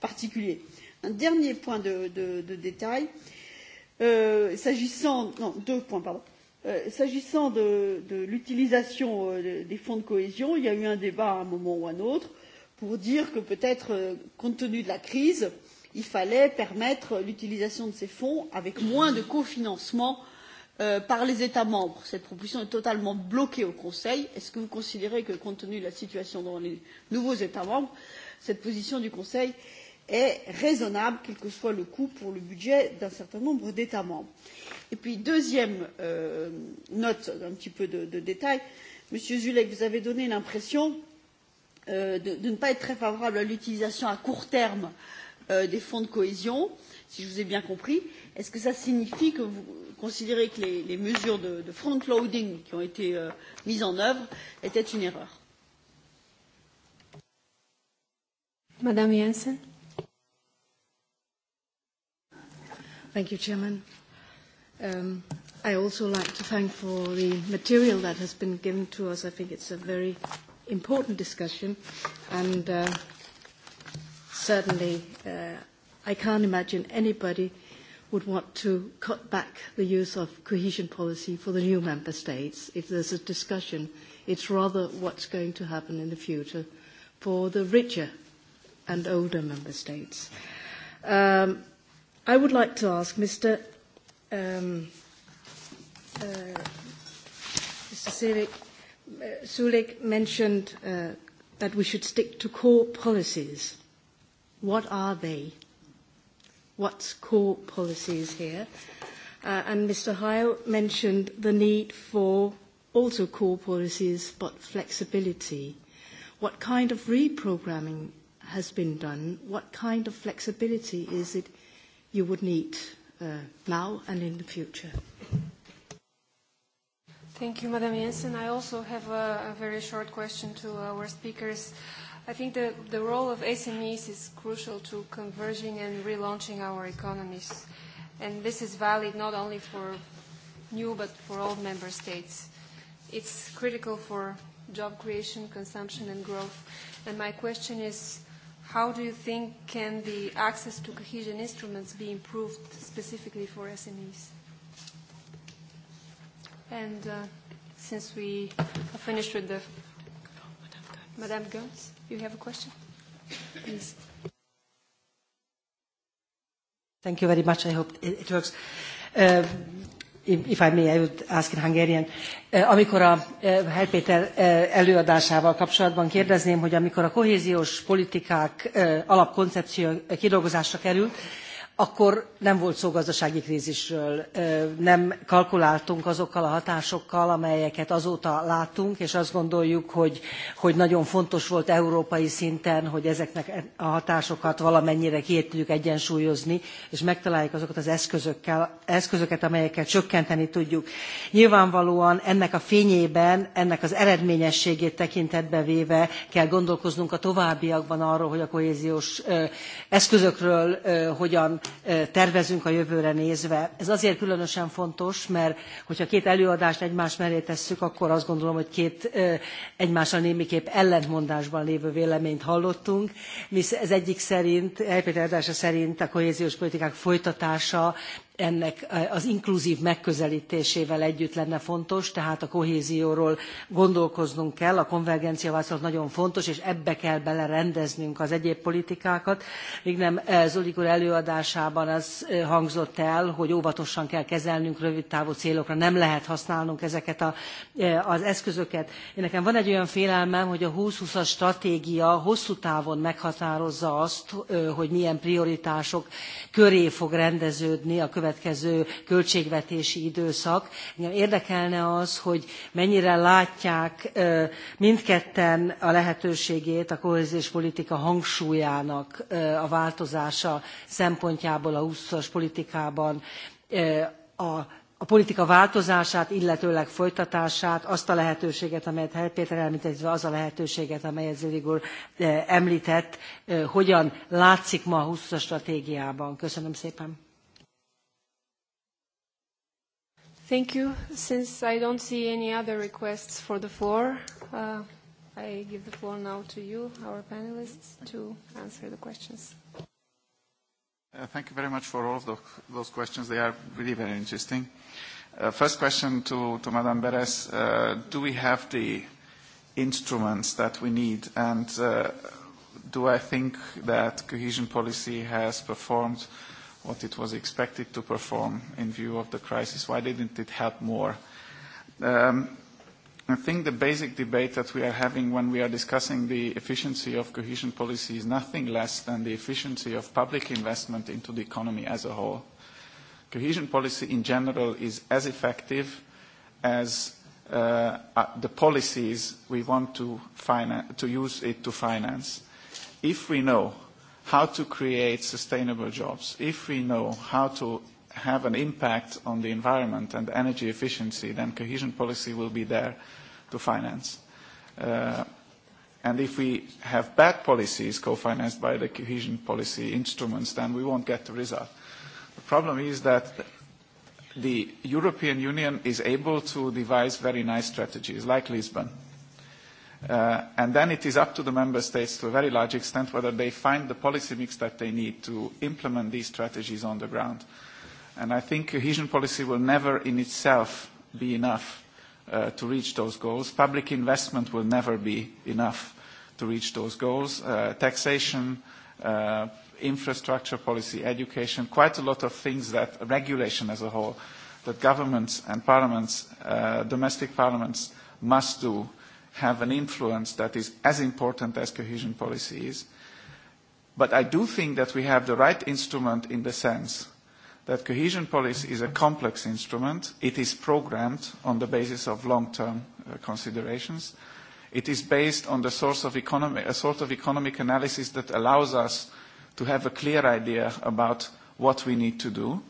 particuliers. Un dernier point de, de, de détail. Euh, s'agissant non, deux points, pardon. Euh, s'agissant de, de l'utilisation euh, de, des fonds de cohésion, il y a eu un débat à un moment ou à un autre pour dire que peut-être, euh, compte tenu de la crise, il fallait permettre l'utilisation de ces fonds avec moins de cofinancement euh, Euh, par les états membres. cette proposition est totalement bloquée au conseil. est ce que vous considérez que compte tenu de la situation dans les nouveaux états membres cette position du conseil est raisonnable quel que soit le coût pour le budget d'un certain nombre d'états membres? et puis deuxième euh, note un petit peu de, de détail monsieur zulek vous avez donné l'impression euh, de, de ne pas être très favorable à l'utilisation à court terme euh, des fonds de cohésion si je vous ai bien compris. Est ce que ça signifie que vous considérez que les, les mesures de, de front loading qui ont été euh, mises en œuvre étaient une erreur? Madame Jensen. Thank you, Chairman. Um, I also like to thank for the material that has been given to us. I think it's a very important discussion, and uh, certainly uh, I can't imagine anybody uh, would want to cut back the use of cohesion policy for the new member states. If there's a discussion, it's rather what's going to happen in the future for the richer and older member states. Um, I would like to ask Mr. Um, uh, Mr. Sulik, uh, Sulik mentioned uh, that we should stick to core policies. What are they? what's core policies here. Uh, and Mr. Hyle mentioned the need for also core policies but flexibility. What kind of reprogramming has been done? What kind of flexibility is it you would need uh, now and in the future? Thank you, Madam Jensen. I also have a, a very short question to our speakers. Uh, I think the, the role of SMEs is crucial to converging and relaunching our economies. And this is valid not only for new but for all member states. It's critical for job creation, consumption and growth. And my question is, how do you think can the access to cohesion instruments be improved specifically for SMEs? And uh, since we are finished with the... Madame Gertz. Madame Gertz. You have a question? Please. Thank you very much. I hope it, it works. Uh, if, if I may, I would ask in Hungarian. Uh, amikor a uh, Helpéter uh, előadásával kapcsolatban kérdezném, hogy amikor a kohéziós politikák uh, alapkoncepció kidolgozásra került, uh, akkor nem volt szó gazdasági krízisről, nem kalkuláltunk azokkal a hatásokkal, amelyeket azóta látunk, és azt gondoljuk, hogy, hogy nagyon fontos volt európai szinten, hogy ezeknek a hatásokat valamennyire kiértjük egyensúlyozni, és megtaláljuk azokat az eszközökkel, eszközöket, amelyeket csökkenteni tudjuk. Nyilvánvalóan ennek a fényében, ennek az eredményességét tekintetbe véve kell gondolkoznunk a továbbiakban arról, hogy a kohéziós eszközökről hogyan tervezünk a jövőre nézve. Ez azért különösen fontos, mert hogyha két előadást egymás mellé tesszük, akkor azt gondolom, hogy két egymással némiképp ellentmondásban lévő véleményt hallottunk. Ez egyik szerint, Elpéter szerint a kohéziós politikák folytatása ennek az inkluzív megközelítésével együtt lenne fontos, tehát a kohézióról gondolkoznunk kell, a konvergencia válaszolat nagyon fontos, és ebbe kell belerendeznünk az egyéb politikákat. Még nem Zolik úr előadásában az hangzott el, hogy óvatosan kell kezelnünk rövid távú célokra, nem lehet használnunk ezeket a, az eszközöket. Én nekem van egy olyan félelmem, hogy a 2020-as stratégia hosszú távon meghatározza azt, hogy milyen prioritások köré fog rendeződni a következő következő költségvetési időszak. Engem érdekelne az, hogy mennyire látják mindketten a lehetőségét a kohéziós politika hangsúlyának a változása szempontjából a 20-as politikában a a politika változását, illetőleg folytatását, azt a lehetőséget, amelyet Hely Péter említett, az a lehetőséget, amelyet Zirigur említett, hogyan látszik ma a 20 stratégiában. Köszönöm szépen. Thank you. Since I don't see any other requests for the floor, uh, I give the floor now to you, our panelists, to answer the questions. Uh, thank you very much for all of the, those questions. They are really very interesting. Uh, first question to, to Madame Beres. Uh, do we have the instruments that we need? And uh, do I think that cohesion policy has performed uh, what it was expected to perform in view of the crisis? Why didn't it help more? Um, I think the basic debate that we are having when we are discussing the efficiency of cohesion policy is nothing less than the efficiency of public investment into the economy as a whole. Cohesion policy in general is as effective as uh, uh, the policies we want to, to use it to finance. If we know how to create sustainable jobs, if we know how to have an impact on the environment and energy efficiency, then cohesion policy will be there to finance. Uh, and if we have bad policies co-financed by the cohesion policy instruments, then we won't get the result. The problem is that the European Union is able to devise very nice strategies, like Lisbon. Uh, and then it is up to the member states to a very large extent whether they find the policy mix that they need to implement these strategies on the ground. And I think cohesion policy will never in itself be enough uh, to reach those goals. Public investment will never be enough to reach those goals. Uh, taxation, uh, infrastructure policy, education, quite a lot of things that regulation as a whole, that governments and parliaments, uh, domestic parliaments must do uh, have an influence that is as important as cohesion policy is. But I do think that we have the right instrument in the sense that cohesion policy is a complex instrument. It is programmed on the basis of long-term uh, considerations. It is based on the source of economy, a sort of economic analysis that allows us to have a clear idea about what we need to do.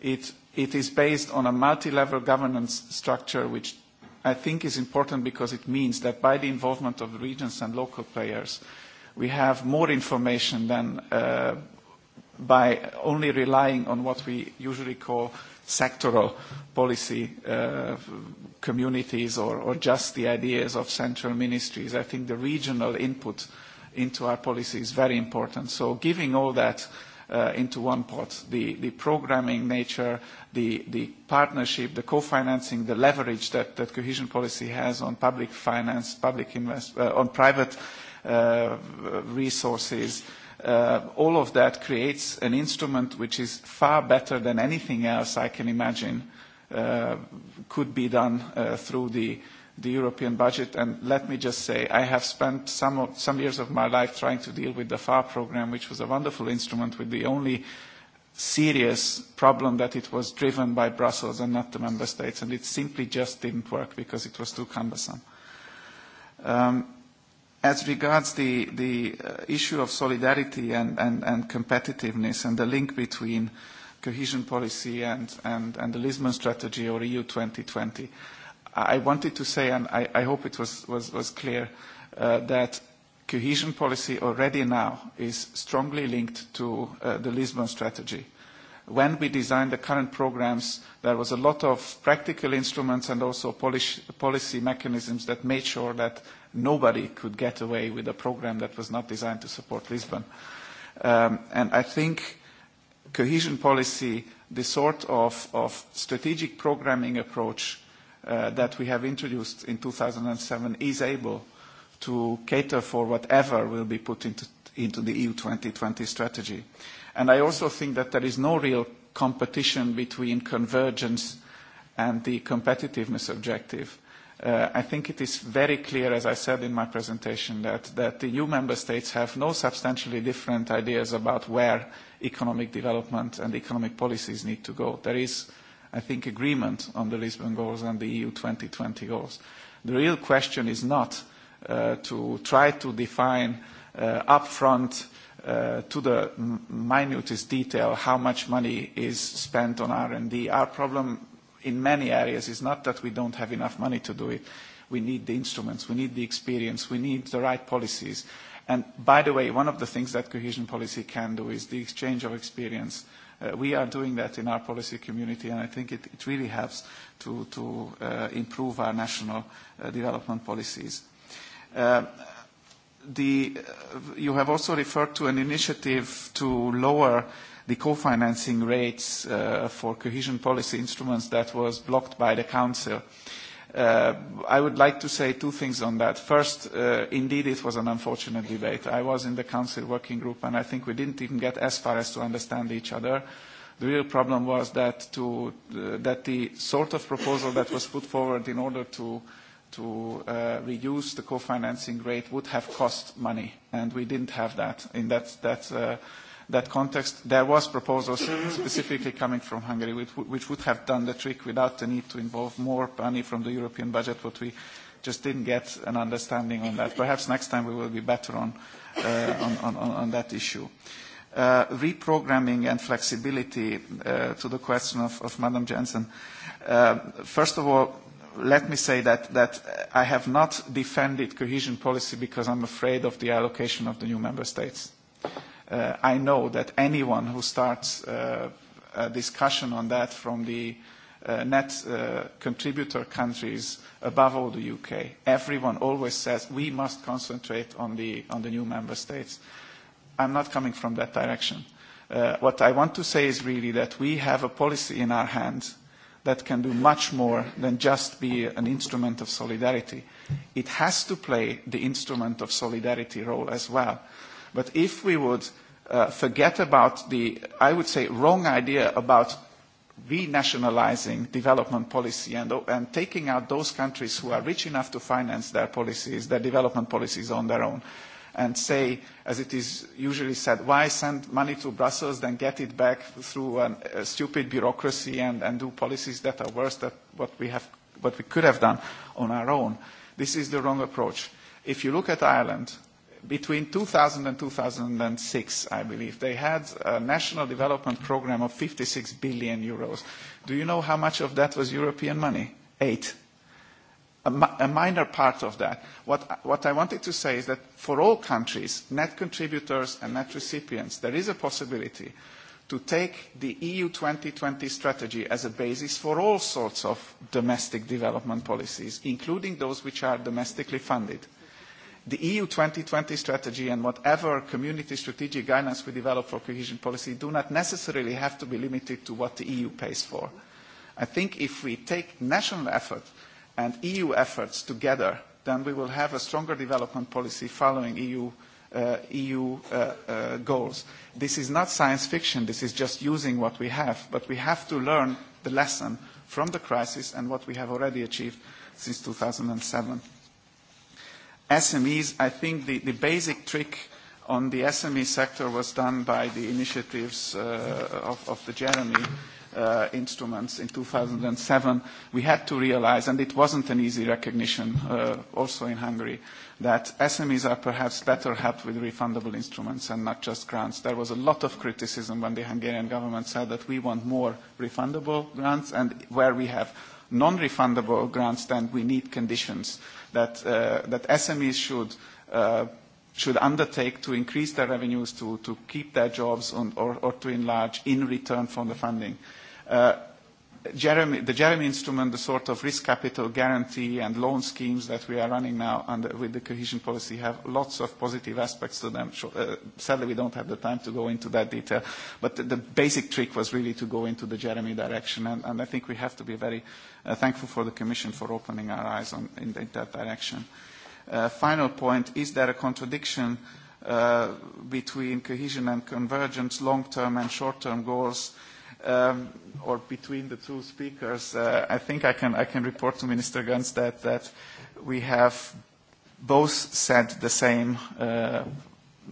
It, it is based on a multi-level governance structure which I think is important because it means that by the involvement of regions and local players, we have more information than uh, by only relying on what we usually call sectoral policy uh, communities or, or just the ideas of central ministries. I think the regional input into our policy is very important. So giving all that uh, Uh, into one pot. The, the programming nature, the, the partnership, the co-financing, the leverage that, that cohesion policy has on public finance, public invest, uh, on private uh, resources, uh, all of that creates an instrument which is far better than anything else I can imagine uh, could be done uh, through the uh, the European budget. And let me just say, I have spent some, of, some years of my life trying to deal with the FAR program, which was a wonderful instrument with the only serious problem that it was driven by Brussels and not the member states. And it simply just didn't work because it was too cumbersome. Um, as regards the, the uh, issue of solidarity and, and, and competitiveness and the link between cohesion policy and, and, and the Lisbon strategy or EU 2020, I wanted to say, and I, I hope it was, was, was clear, uh, that cohesion policy already now is strongly linked to uh, the Lisbon strategy. When we designed the current programs, there was a lot of practical instruments and also polish, policy mechanisms that made sure that nobody could get away with a program that was not designed to support Lisbon. Um, and I think cohesion policy, the sort of, of strategic programming approach Uh, that we have introduced in 2007 is able to cater for whatever will be put into, into the EU 2020 strategy. And I also think that there is no real competition between convergence and the competitiveness objective. Uh, I think it is very clear, as I said in my presentation, that, that the EU member states have no substantially different ideas about where economic development and economic policies need to go. There is uh, I think, agreement on the Lisbon goals and the EU 2020 goals. The real question is not uh, to try to define uh, upfront uh, to the minutest detail how much money is spent on R&D. Our problem in many areas is not that we don't have enough money to do it. We need the instruments, we need the experience, we need the right policies. And by the way, one of the things that cohesion policy can do is the exchange of experience uh, uh, we are doing that in our policy community, and I think it, it really helps to, to uh, improve our national uh, development policies. Uh, the, uh, you have also referred to an initiative to lower the co-financing rates uh, for cohesion policy instruments that was blocked by the Council. Uh, Uh, I would like to say two things on that. First, uh, indeed it was an unfortunate debate. I was in the council working group and I think we didn't even get as far as to understand each other. The real problem was that, to, uh, that the sort of proposal that was put forward in order to, to uh, reduce the co-financing rate would have cost money and we didn't have that in that, that uh, that context, there was proposals specifically coming from Hungary, which, which would have done the trick without the need to involve more money from the European budget, but we just didn't get an understanding on that. Perhaps next time we will be better on, uh, on, on, on that issue. Uh, reprogramming and flexibility uh, to the question of, of Madam Jensen. Uh, first of all, let me say that, that I have not defended cohesion policy because I'm afraid of the allocation of the new member states. Uh, uh, I know that anyone who starts uh, a discussion on that from the uh, net uh, contributor countries above all the UK, everyone always says we must concentrate on the, on the new member states. I'm not coming from that direction. Uh, what I want to say is really that we have a policy in our hands that can do much more than just be an instrument of solidarity. It has to play the instrument of solidarity role as well. But if we would uh, forget about the, I would say, wrong idea about renationalizing development policy and, and taking out those countries who are rich enough to finance their policies, their development policies on their own, and say, as it is usually said, why send money to Brussels, then get it back through an, a stupid bureaucracy and, and do policies that are worse than what we, have, what we could have done on our own. This is the wrong approach. If you look at Ireland, between 2000 and 2006, I believe, they had a national development program of 56 billion euros. Do you know how much of that was European money? Eight. A, a minor part of that. What, what I wanted to say is that for all countries, net contributors and net recipients, there is a possibility to take the EU 2020 strategy as a basis for all sorts of domestic development policies, including those which are domestically funded the EU 2020 strategy and whatever community strategic guidance we develop for cohesion policy do not necessarily have to be limited to what the EU pays for. I think if we take national effort and EU efforts together, then we will have a stronger development policy following EU, uh, EU uh, uh, goals. This is not science fiction. This is just using what we have. But we have to learn the lesson from the crisis and what we have already achieved since 2007. SMEs, I think the, the basic trick on the SME sector was done by the initiatives uh, of, of the Jeremy uh, instruments in 2007. We had to realize, and it wasn't an easy recognition uh, also in Hungary, that SMEs are perhaps better helped with refundable instruments and not just grants. There was a lot of criticism when the Hungarian government said that we want more refundable grants and where we have non-refundable grants then we need conditions uh, that, uh, that SMEs should, uh, should undertake to increase their revenues to, to keep their jobs on, or, or to enlarge in return from the funding. Uh, Jeremy, the Jeremy instrument, the sort of risk capital guarantee and loan schemes that we are running now under, with the cohesion policy have lots of positive aspects to them. Uh, sadly, we don't have the time to go into that detail, but the, the basic trick was really to go into the Jeremy direction, and, and I think we have to be very uh, thankful for the Commission for opening our eyes on, in, in that direction. Uh, final point, is there a contradiction uh, between cohesion and convergence, long-term and short-term goals? Uh, um, or between the two speakers, uh, I think I can, I can report to Minister Gunz that, that we have both said the same uh,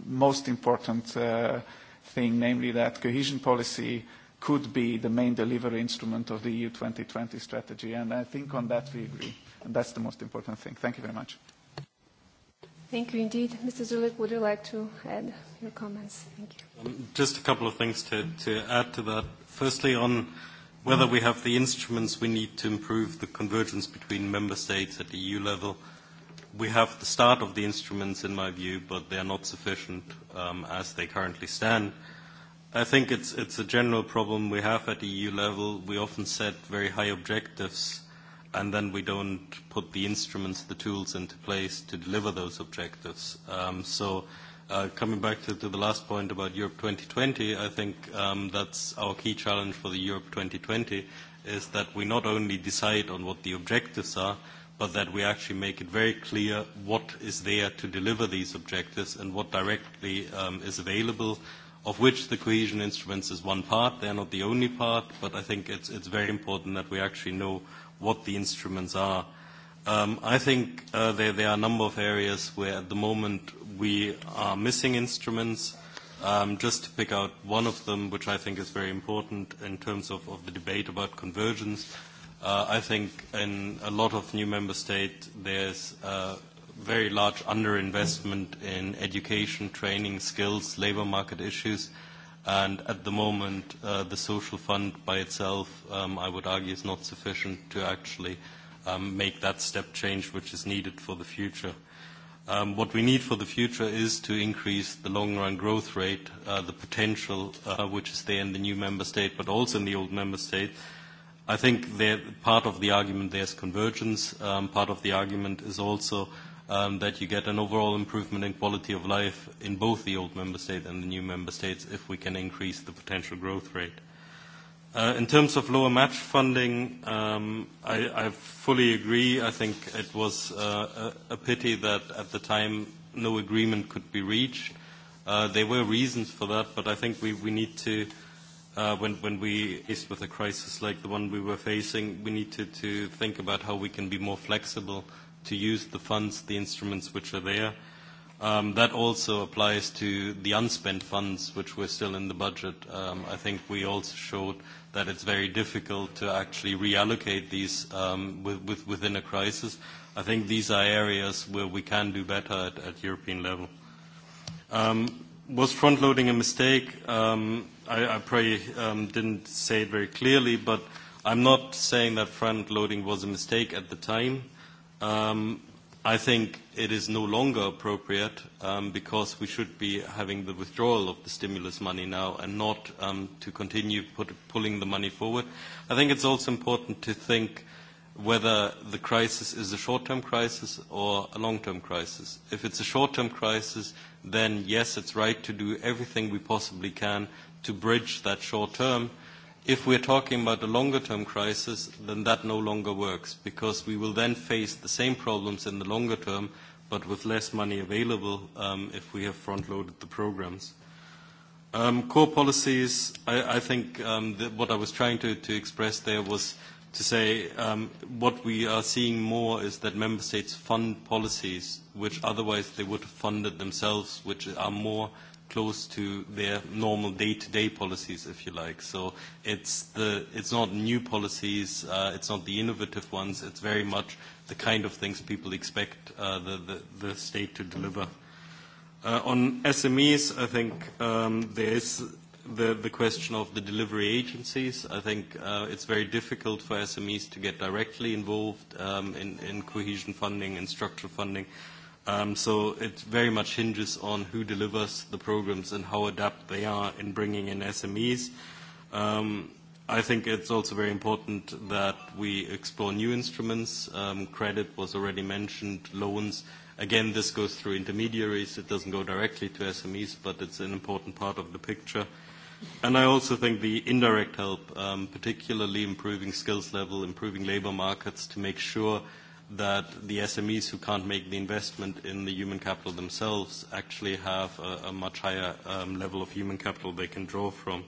most important uh, thing, namely that cohesion policy could be the main delivery instrument of the EU 2020 strategy, and I think on that we agree. And that's the most important thing. Thank you very much. Thank you indeed. Mr. Zulik, would you like to add your comments? Thank you. Um, just a couple of things to, to add to that. Firstly, on whether we have the instruments we need to improve the convergence between member states at EU level. We have the start of the instruments, in my view, but they are not sufficient um, as they currently stand. I think it's, it's a general problem we have at EU level. We often set very high objectives, and then we don't put the instruments, the tools into place to deliver those objectives. Um, so Uh, coming back to the last point about Europe 2020, I think um, that's our key challenge for the Europe 2020, is that we not only decide on what the objectives are, but that we actually make it very clear what is there to deliver these objectives and what directly um, is available, of which the cohesion instruments is one part. They're not the only part, but I think it's very important that we actually know what the instruments are. Um, I think uh, there are a number of areas where at the moment we are missing instruments. Um, just to pick out one of them, which I think is very important in terms of, of the debate about convergence, uh, I think in a lot of new member states there's a very large underinvestment in education, training, skills, labor market issues, and at the moment uh, the social fund by itself, um, I would argue, is not sufficient to actually um, make that step change which is needed for the future. Uh, Um, what we need for the future is to increase the long-run growth rate, uh, the potential uh, which is there in the new member state, but also in the old member state. I think that part of the argument there is convergence. Um, part of the argument is also um, that you get an overall improvement in quality of life in both the old member state and the new member states if we can increase the potential growth rate. Uh, in terms of lower match funding, um, I, I fully agree. I think it was uh, a, a pity that at the time no agreement could be reached. Uh, there were reasons for that, but I think we, we need to, uh, when, when we face with a crisis like the one we were facing, we need to, to think about how we can be more flexible to use the funds, the instruments which are there. Um, that also applies to the unspent funds which were still in the budget. Um, I think we also showed uh, that it's very difficult to actually reallocate these um, with, with, within a crisis. I think these are areas where we can do better at, at European level. Um, was front-loading a mistake? Um, I, I pray um, didn't say it very clearly, but I'm not saying that front-loading was a mistake at the time. Um, I think it is no longer appropriate um, because we should be having the withdrawal of the stimulus money now and not um, to continue put, pulling the money forward. I think it's also important to think whether the crisis is a short-term crisis or a long-term crisis. If it's a short-term crisis, then yes, it's right to do everything we possibly can to bridge that short-term if we're talking about a longer term crisis, then that no longer works because we will then face the same problems in the longer term but with less money available um, if we have front loaded the programs. Um, core policies, I, I think um, the, what I was trying to, to express there was to say um, what we are seeing more is that member states fund policies which otherwise they would have funded themselves, which are more close to their normal day-to-day -day policies, if you like. So it's, the, it's not new policies, uh, it's not the innovative ones, it's very much the kind of things people expect uh, the, the, the state to deliver. Uh, on SMEs, I think um, there is the, the question of the delivery agencies. I think uh, it's very difficult for SMEs to get directly involved um, in, in cohesion funding and structural funding. Uh, Um, so it very much hinges on who delivers the programs and how adept they are in bringing in SMEs. Um, I think it's also very important that we explore new instruments. Um, credit was already mentioned, loans. Again, this goes through intermediaries. It doesn't go directly to SMEs, but it's an important part of the picture. And I also think the indirect help, um, particularly improving skills level, improving labor markets to make sure that the SMEs who can't make the investment in the human capital themselves actually have a, a much higher um, level of human capital they can draw from.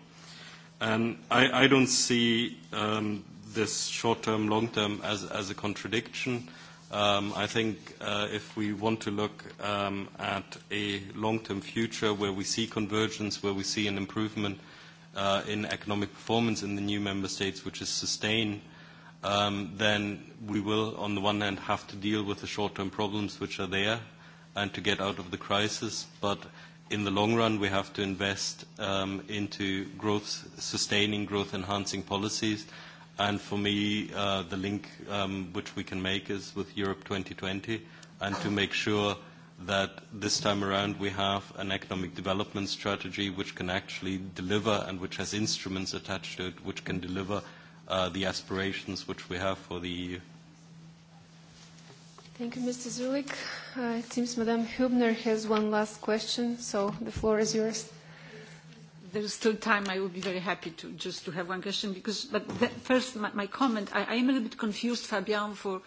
And I, I don't see um, this short-term, long-term as, as a contradiction. Um, I think uh, if we want to look um, at a long-term future where we see convergence, where we see an improvement uh, in economic performance in the new member states, which is sustained, uh, Um, then we will, on the one hand, have to deal with the short-term problems which are there and to get out of the crisis. In the long run, we have to invest um, into growth, sustaining growth, enhancing policies. For me, uh, the link um, which we can make is with Europe 2020 and to make sure that this time around we have an economic development strategy which can actually deliver and which has instruments attached to it, which can deliver Uh, the aspirations which we have for the EU. Thank you, Mr. Zulik. Uh, it seems Madame Hubner has one last question, so the floor is yours. There's still time. I would be very happy to just to have one question because, but that, first, my, my comment, I, I am a little bit confused, Fabian, for uh,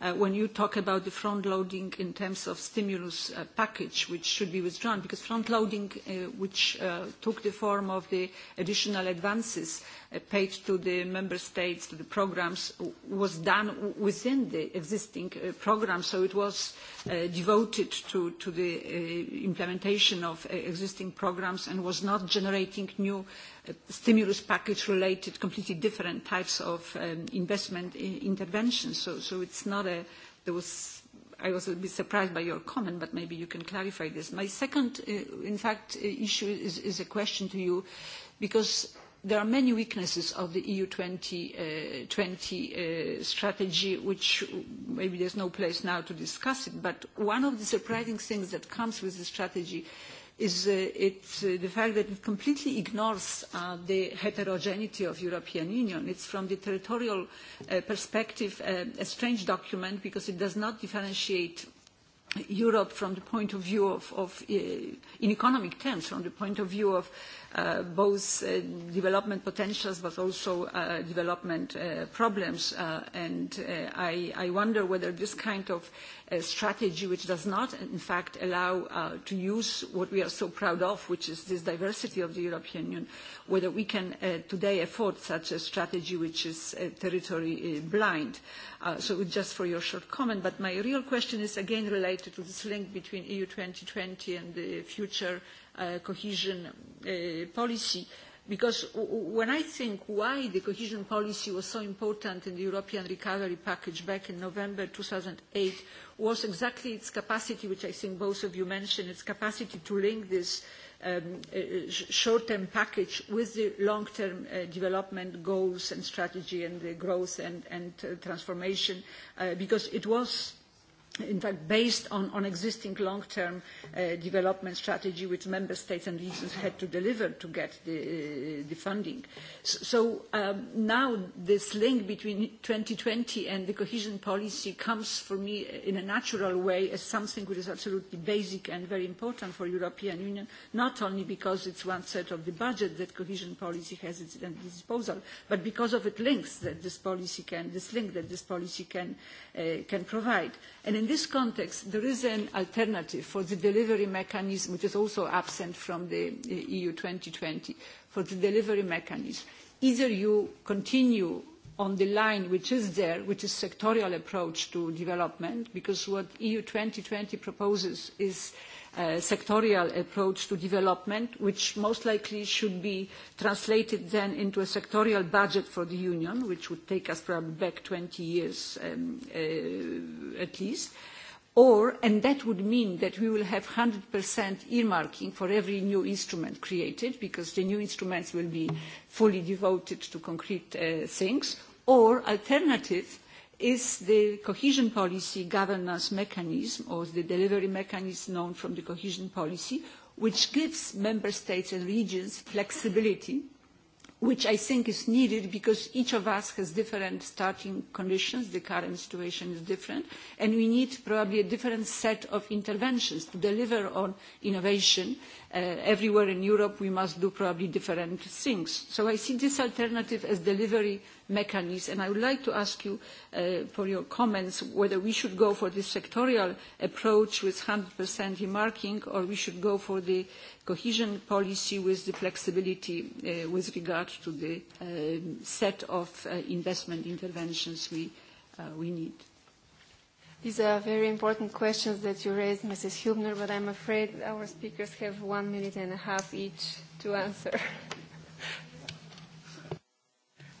Uh, when you talk about the front loading in terms of stimulus uh, package which should be withdrawn because front loading uh, which uh, took the form of the additional advances uh, paid to the member states to the programs was done within the existing uh, program so it was uh, devoted to, to the uh, implementation of uh, existing programs and was not generating new uh, Uh, stimulus package related completely different types of um, investment I intervention. So, so it's not a, there was, I was a bit surprised by your comment, but maybe you can clarify this. My second, uh, in fact, uh, issue is, is a question to you, because there are many weaknesses of the EU 2020 uh, 20, uh, strategy, which maybe there's no place now to discuss it, but one of the surprising things that comes with the strategy is uh, it, uh, the fact that it completely ignores uh, the heterogeneity of European Union. It's from the territorial uh, perspective uh, a strange document because it does not differentiate Europe from the point of view of, of uh, in economic terms, from the point of view of uh, both uh, development potentials but also uh, development uh, problems. Uh, and uh, I, I wonder whether this kind of uh, strategy, which does not in fact allow uh, to use what we are so proud of, which is this diversity of the European Union, whether we can uh, today afford such a strategy which is uh, territory uh, blind. Uh, so just for your short comment, but my real question is again related to this link between EU 2020 and the future uh, Uh, cohesion uh, policy. Because when I think why the cohesion policy was so important in the European recovery package back in November 2008 was exactly its capacity, which I think both of you mentioned, its capacity to link this um, uh, uh short-term package with the long-term uh, development goals and strategy and the growth and, and uh, transformation, uh, because it was in fact, based on, on existing long-term uh, development strategy which member states and regions had to deliver to get the, uh, the funding. So, so um, now this link between 2020 and the cohesion policy comes for me in a natural way as something which is absolutely basic and very important for European Union, not only because it's one set of the budget that cohesion policy has at its disposal, but because of its links that this policy can, this link that this policy can, uh, can provide. And in this context, there is an alternative for the delivery mechanism, which is also absent from the EU e 2020, for the delivery mechanism. Either you continue on the line which is there, which is sectorial approach to development, because what EU 2020 proposes is uh, Uh, sectorial approach to development which most likely should be translated then into a sectorial budget for the union which would take us probably back 20 years um, uh, at least or and that would mean that we will have 100% earmarking for every new instrument created because the new instruments will be fully devoted to concrete uh, things or alternative Is the cohesion policy governance mechanism or the delivery mechanism known from the cohesion policy, which gives member states and regions flexibility, which I think is needed because each of us has different starting conditions, the current situation is different, and we need probably a different set of interventions to deliver on innovation. Uh, everywhere in Europe we must do probably different things. So I see this alternative as delivery mechanism. And I would like to ask you uh, for your comments whether we should go for this sectorial approach with 100% remarking or we should go for the cohesion policy with the flexibility uh, with regard to the uh, set of uh, investment interventions we, uh, we need. These are very important questions that you raised, Mrs. Hubner, but I'm afraid our speakers have one minute and a half each to answer. [LAUGHS]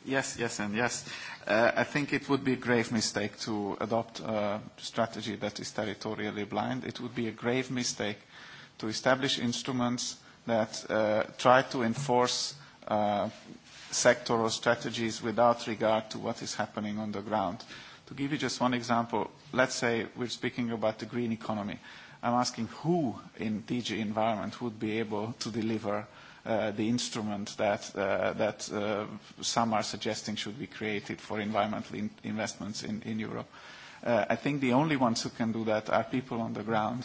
Yes, yes, and yes. Uh, I think it would be a grave mistake to adopt a strategy that is territorially blind. It would be a grave mistake to establish instruments that uh, try to enforce uh, sectoral strategies without regard to what is happening on the ground. To give you just one example, let's say we're speaking about the green economy. I'm asking who in DG environment would be able to deliver uh, Uh, the instrument that, uh, that uh, some are suggesting should be created for environmental in investments in, in Europe. Uh, I think the only ones who can do that are people on the ground.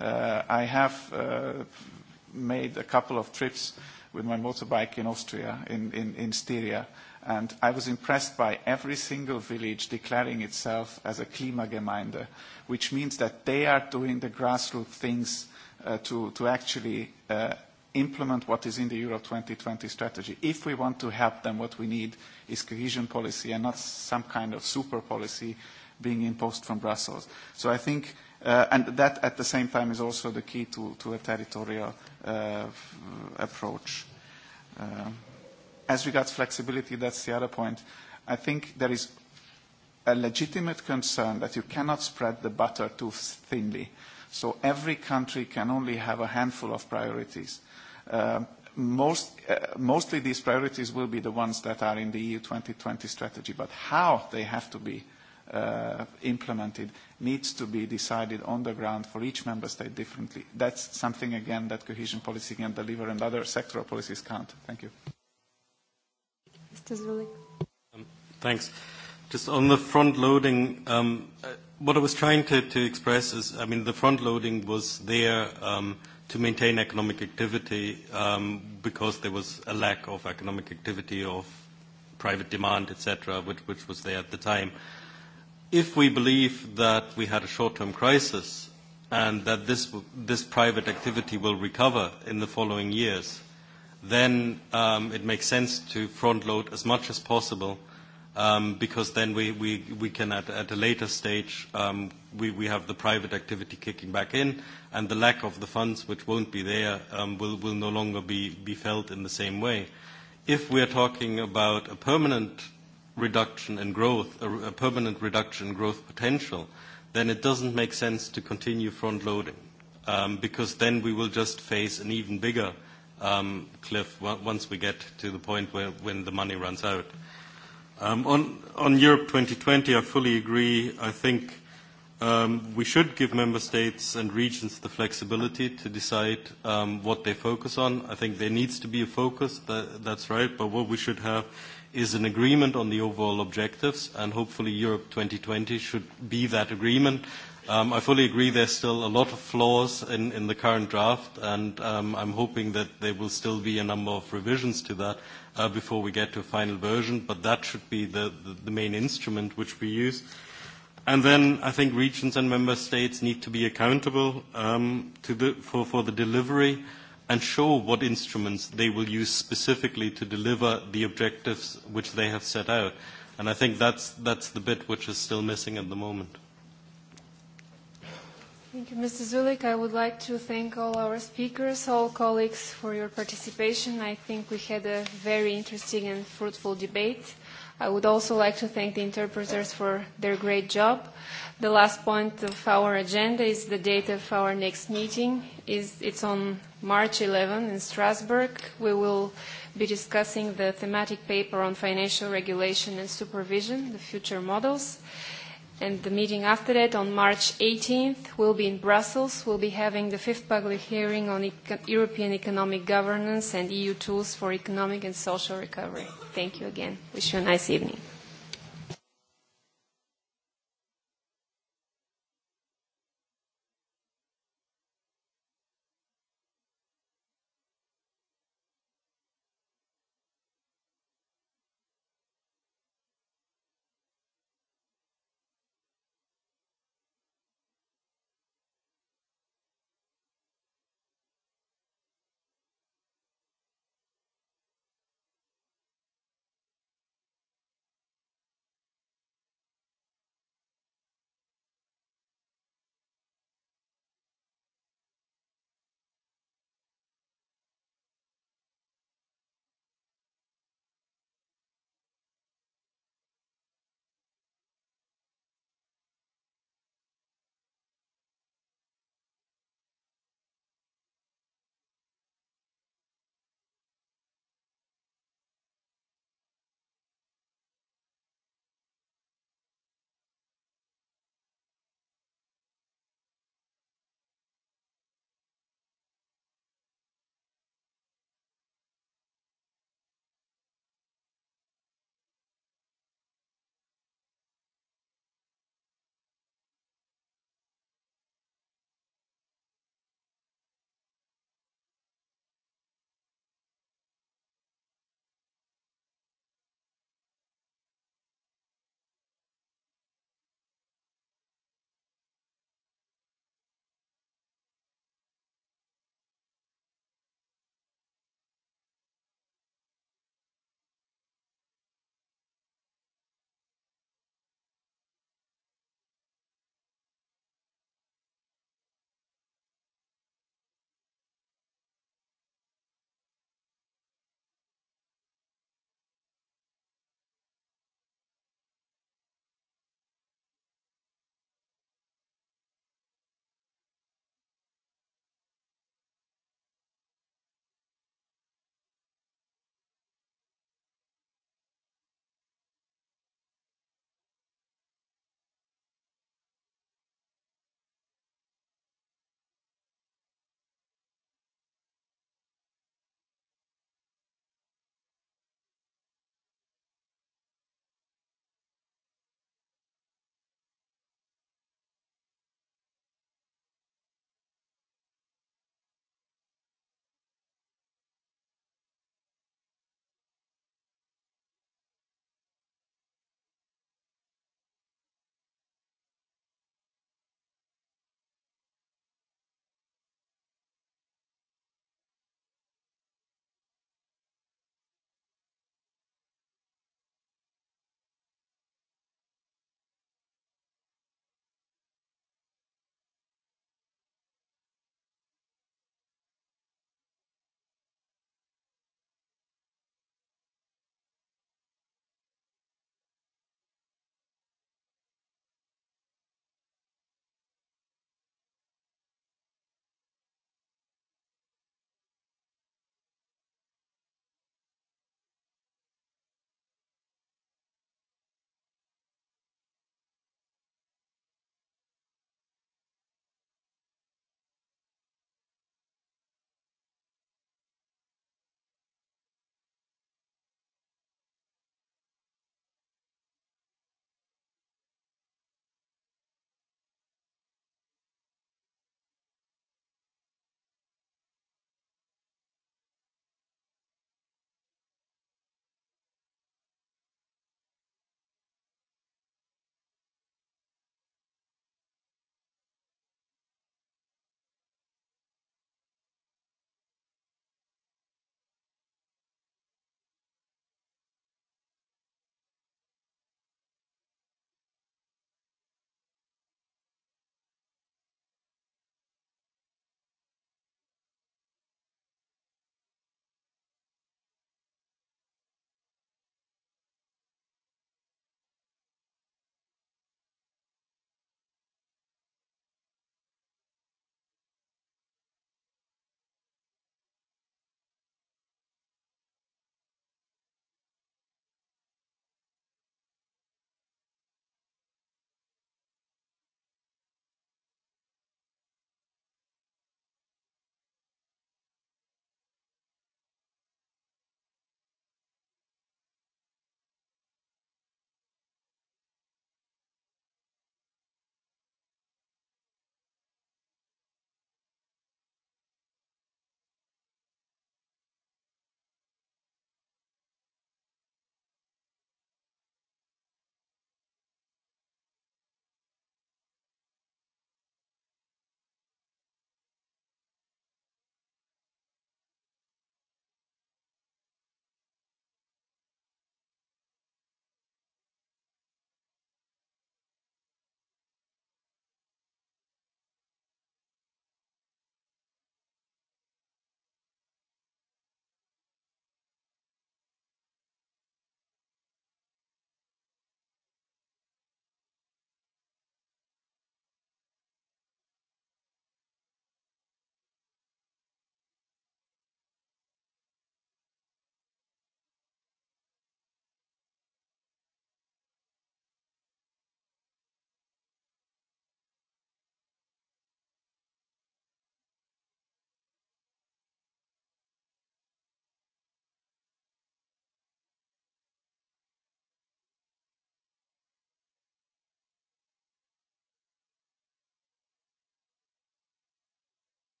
Uh, I have uh, made a couple of trips with my motorbike in Austria, in, in, in Styria, and I was impressed by every single village declaring itself as a Klimagemeinde, which means that they are doing the grassroots things uh, to, to actually uh, implement what is in the Euro 2020 strategy. If we want to help them, what we need is cohesion policy and not some kind of super policy being imposed from Brussels. So I think, uh, and that at the same time is also the key to, to a territorial uh, approach. Uh, as regards flexibility, that's the other point. I think there is a legitimate concern that you cannot spread the butter too thinly. So every country can only have a handful of priorities. Um, most, uh, mostly these priorities will be the ones that are in the EU 2020 strategy, but how they have to be uh, implemented needs to be decided on the ground for each member state differently. That's something, again, that cohesion policy can deliver and other sectoral policies can't. Thank you. Mr. Zulik. Um, thanks. Just on the front loading, um, uh, what I was trying to, to express is, I mean, the front loading was there um, uh, to maintain economic activity um, because there was a lack of economic activity, of private demand, et cetera, which was there at the time. If we believe that we had a short-term crisis and that this private activity will recover in the following years, then um, it makes sense to front-load as much as possible um, because then we, we, we can at, at a later stage, um, we, we have the private activity kicking back in and the lack of the funds which won't be there um, will, will no longer be, be felt in the same way. If we are talking about a permanent reduction in growth, a, a permanent reduction in growth potential, then it doesn't make sense to continue front loading um, because then we will just face an even bigger um, cliff once we get to the point where, when the money runs out. Mm -hmm. Um, on Europe 2020, I fully agree. I think um, we should give member states and regions the flexibility to decide um, what they focus on. I think there needs to be a focus, that's right. What we should have is an agreement on the overall objectives, and hopefully Europe 2020 should be that agreement. I fully agree there's still a lot of flaws in the current draft, and I'm hoping that there will still be a number of revisions to that. Uh, before we get to a final version, but that should be the, the, the main instrument which we use. And then I think regions and member states need to be accountable um, to the, for, for the delivery and show what instruments they will use specifically to deliver the objectives which they have set out. And I think that's, that's the bit which is still missing at the moment. Thank you, Mr. Zulik. I would like to thank all our speakers, all colleagues for your participation. I think we had a very interesting and fruitful debate. I would also like to thank the interpreters for their great job. The last point of our agenda is the date of our next meeting. It's on March 11 in Strasbourg. We will be discussing the thematic paper on financial regulation and supervision, the future models. And the meeting after that, on March 18th, will be in Brussels. We'll be having the fifth public hearing on eco European economic governance and EU tools for economic and social recovery. Thank you again. Wish you a nice evening.